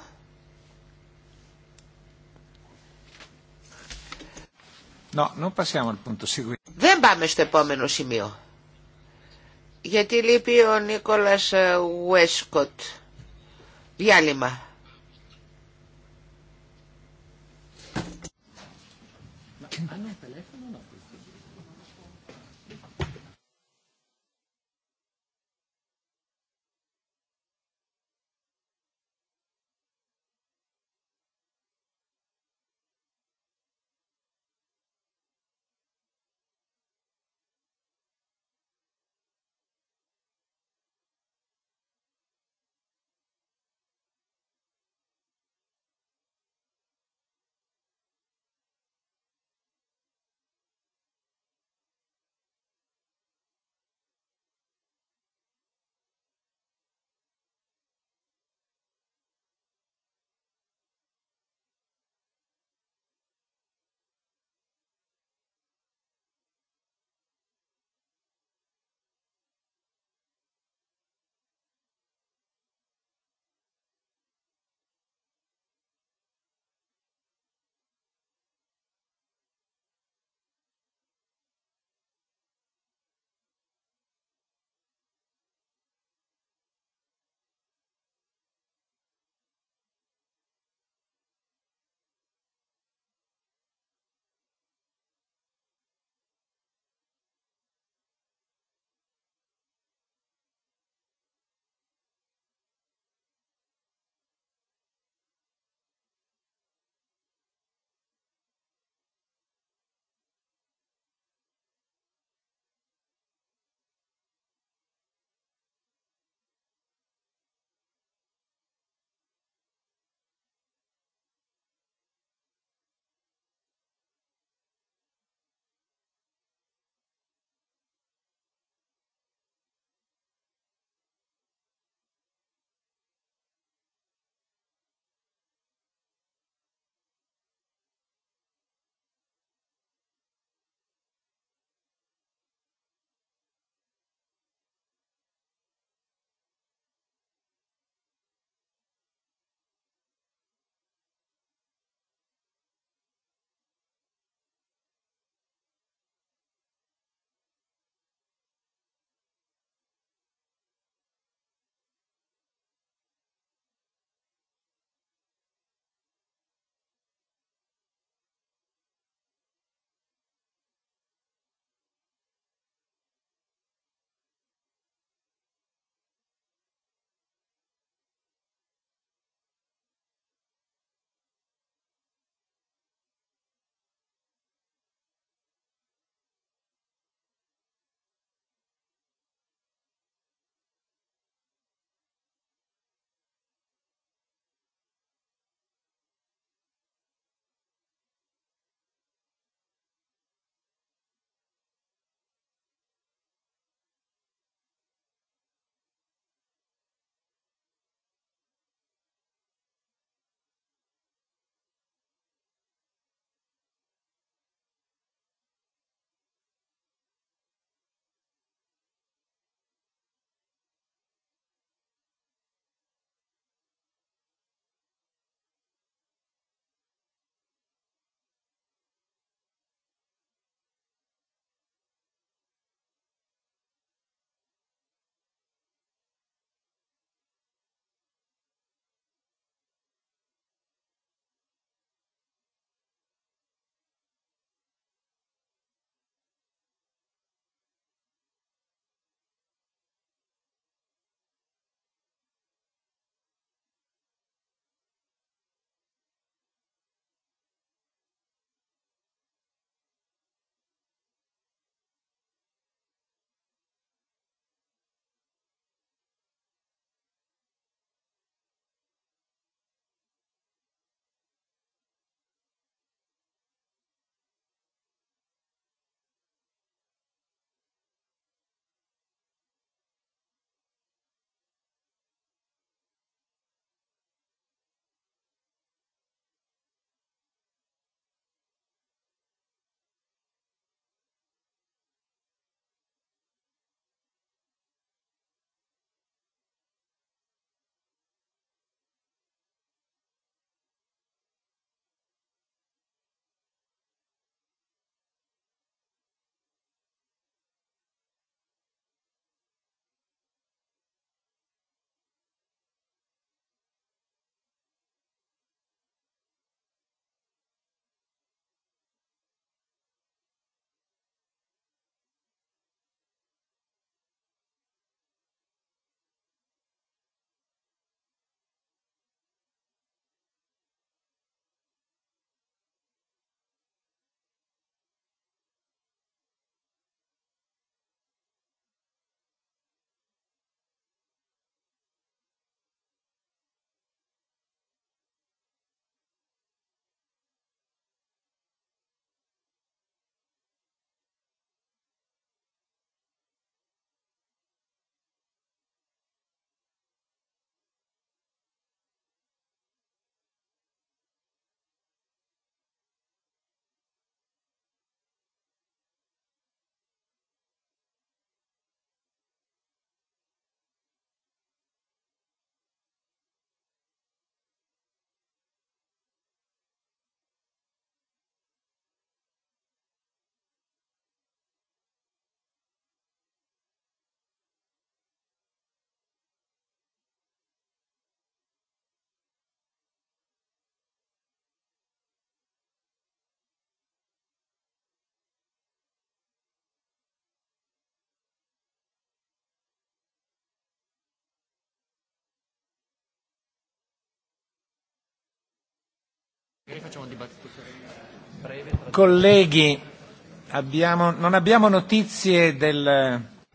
No, al punto. Δεν πάμε στο επόμενο σημείο. Γιατί λείπει ο Νίκολας Βέσκοτ. Ε, Διάλειμμα.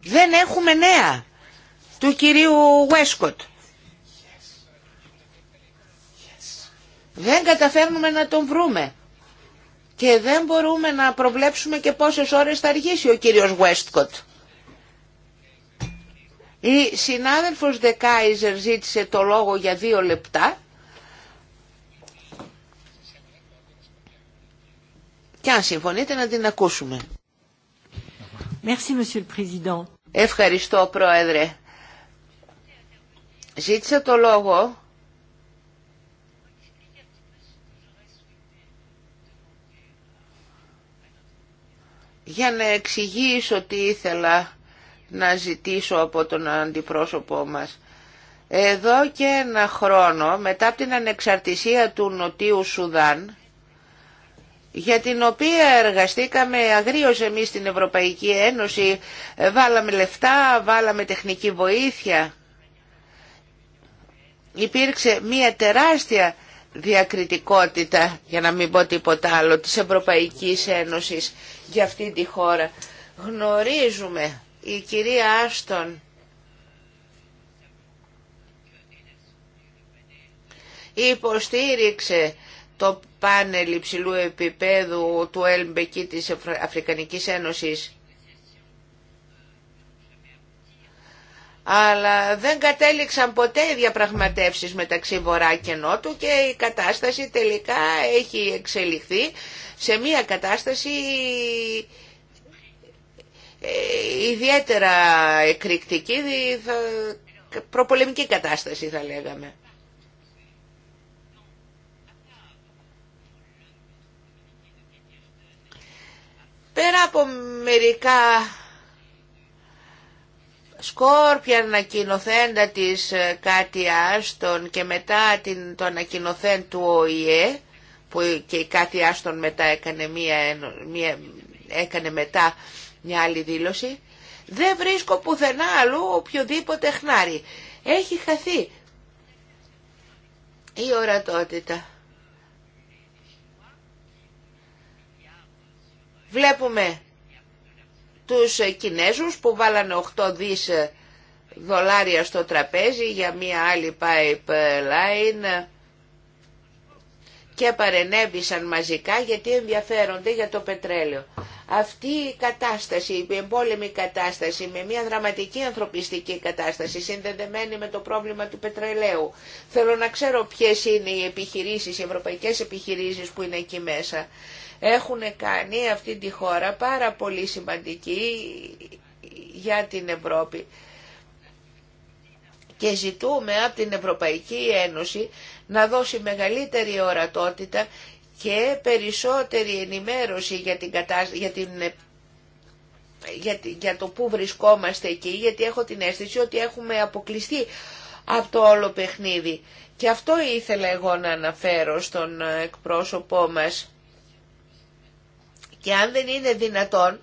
Δεν έχουμε νέα του κυρίου Βέσκοτ. Δεν καταφέρνουμε να τον βρούμε. Και δεν μπορούμε να προβλέψουμε και πόσες ώρες θα αργήσει ο κύριος Βέσκοτ. Η συνάδελφος Δεκάιζερ ζήτησε το λόγο για δύο λεπτά Και αν συμφωνείτε να την ακούσουμε. Ευχαριστώ Πρόεδρε. Ζήτησα το λόγο για να εξηγήσω τι ήθελα να ζητήσω από τον αντιπρόσωπό μας. Εδώ και ένα χρόνο μετά από την ανεξαρτησία του Νοτίου Σουδάν για την οποία εργαστήκαμε αγρίως εμείς στην Ευρωπαϊκή Ένωση, ε, βάλαμε λεφτά, βάλαμε τεχνική βοήθεια. Υπήρξε μια τεράστια διακριτικότητα, για να μην πω τίποτα άλλο, της Ευρωπαϊκής Ένωσης για αυτή τη χώρα. Γνωρίζουμε, η κυρία Άστον, υποστήριξε το πάνελ υψηλού επίπεδου του ΕΛΜΠΕΚΙ της Αφρικανικής Ένωσης. Αλλά δεν κατέληξαν ποτέ οι διαπραγματεύσεις μεταξύ Βορρά και Νότου και η κατάσταση τελικά έχει εξελιχθεί σε μια κατάσταση ε, ιδιαίτερα εκρηκτική, προπολεμική κατάσταση θα λέγαμε. Πέρα από μερικά σκόρπια ανακοινοθέντα της ε, κάτι άστον και μετά την, το ανακοινοθέν του ΟΗΕ που και η κάτι άστον μετά έκανε, μία, μία, έκανε μετά μια άλλη δήλωση δεν βρίσκω πουθενά αλλού οποιοδήποτε χνάρι. Έχει χαθεί η ορατότητα. Βλέπουμε τους Κινέζους που βάλανε 8 δις δολάρια στο τραπέζι για μια άλλη pipeline και παρενέβησαν μαζικά γιατί ενδιαφέρονται για το πετρέλαιο. Αυτή η κατάσταση, η εμπόλεμη κατάσταση με μια δραματική ανθρωπιστική κατάσταση συνδεδεμένη με το πρόβλημα του πετρελαίου. Θέλω να ξέρω ποιες είναι οι επιχειρήσεις, οι ευρωπαϊκές επιχειρήσεις που είναι εκεί μέσα έχουν κάνει αυτή τη χώρα πάρα πολύ σημαντική για την Ευρώπη. Και ζητούμε από την Ευρωπαϊκή Ένωση να δώσει μεγαλύτερη ορατότητα και περισσότερη ενημέρωση για, για, το που βρισκόμαστε εκεί, γιατί έχω την αίσθηση ότι έχουμε αποκλειστεί από το όλο παιχνίδι. Και αυτό ήθελα εγώ να αναφέρω στον εκπρόσωπό μας. Και αν δεν είναι δυνατόν,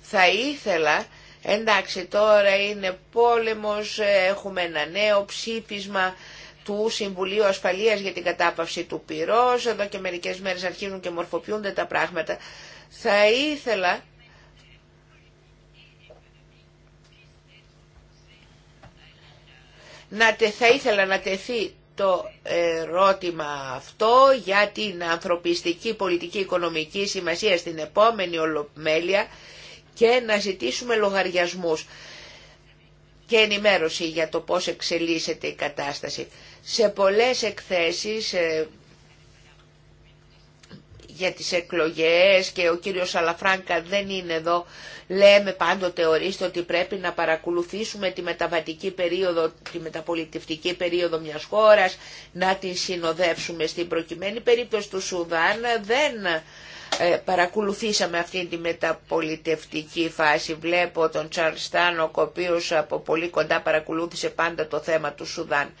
θα ήθελα, εντάξει τώρα είναι πόλεμος, ε, έχουμε ένα νέο ψήφισμα του Συμβουλίου Ασφαλείας για την κατάπαυση του πυρός, εδώ και μερικές μέρες αρχίζουν και μορφοποιούνται τα πράγματα. Θα ήθελα να θα ήθελα να τεθεί το ερώτημα αυτό για την ανθρωπιστική πολιτική οικονομική σημασία στην επόμενη ολομέλεια και να ζητήσουμε λογαριασμούς και ενημέρωση για το πώς εξελίσσεται η κατάσταση. Σε πολλές εκθέσεις ε, για τις εκλογές και ο κύριος Αλαφράνκα δεν είναι εδώ. Λέμε πάντοτε ορίστε ότι πρέπει να παρακολουθήσουμε τη μεταβατική περίοδο, τη μεταπολιτευτική περίοδο μιας χώρας, να την συνοδεύσουμε στην προκειμένη περίπτωση του Σουδάν. Δεν ε, παρακολουθήσαμε αυτή τη μεταπολιτευτική φάση. Βλέπω τον Τσαρστάνο, ο οποίος από πολύ κοντά παρακολούθησε πάντα το θέμα του Σουδάν.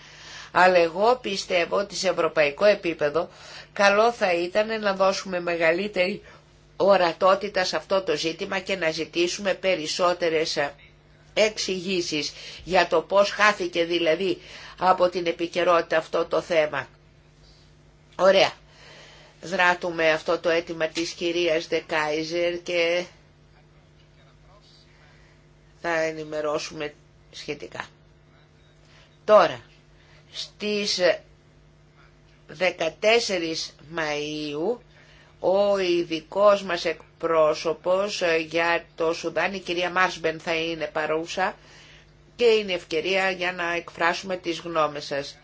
Αλλά εγώ πιστεύω ότι σε ευρωπαϊκό επίπεδο καλό θα ήταν να δώσουμε μεγαλύτερη ορατότητα σε αυτό το ζήτημα και να ζητήσουμε περισσότερες εξηγήσει για το πώς χάθηκε δηλαδή από την επικαιρότητα αυτό το θέμα. Ωραία. Δράτουμε αυτό το αίτημα της κυρίας Δεκάιζερ και θα ενημερώσουμε σχετικά. Τώρα, στις 14 Μαΐου ο ειδικό μας εκπρόσωπος για το Σουδάν, η κυρία Μάρσμπεν θα είναι παρούσα και είναι ευκαιρία για να εκφράσουμε τις γνώμες σας.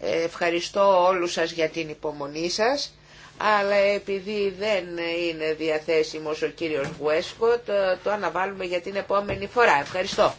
Ε, ευχαριστώ όλους σας για την υπομονή σας, αλλά επειδή δεν είναι διαθέσιμος ο κύριος Γουέσκοτ, ε, το αναβάλουμε για την επόμενη φορά. Ευχαριστώ.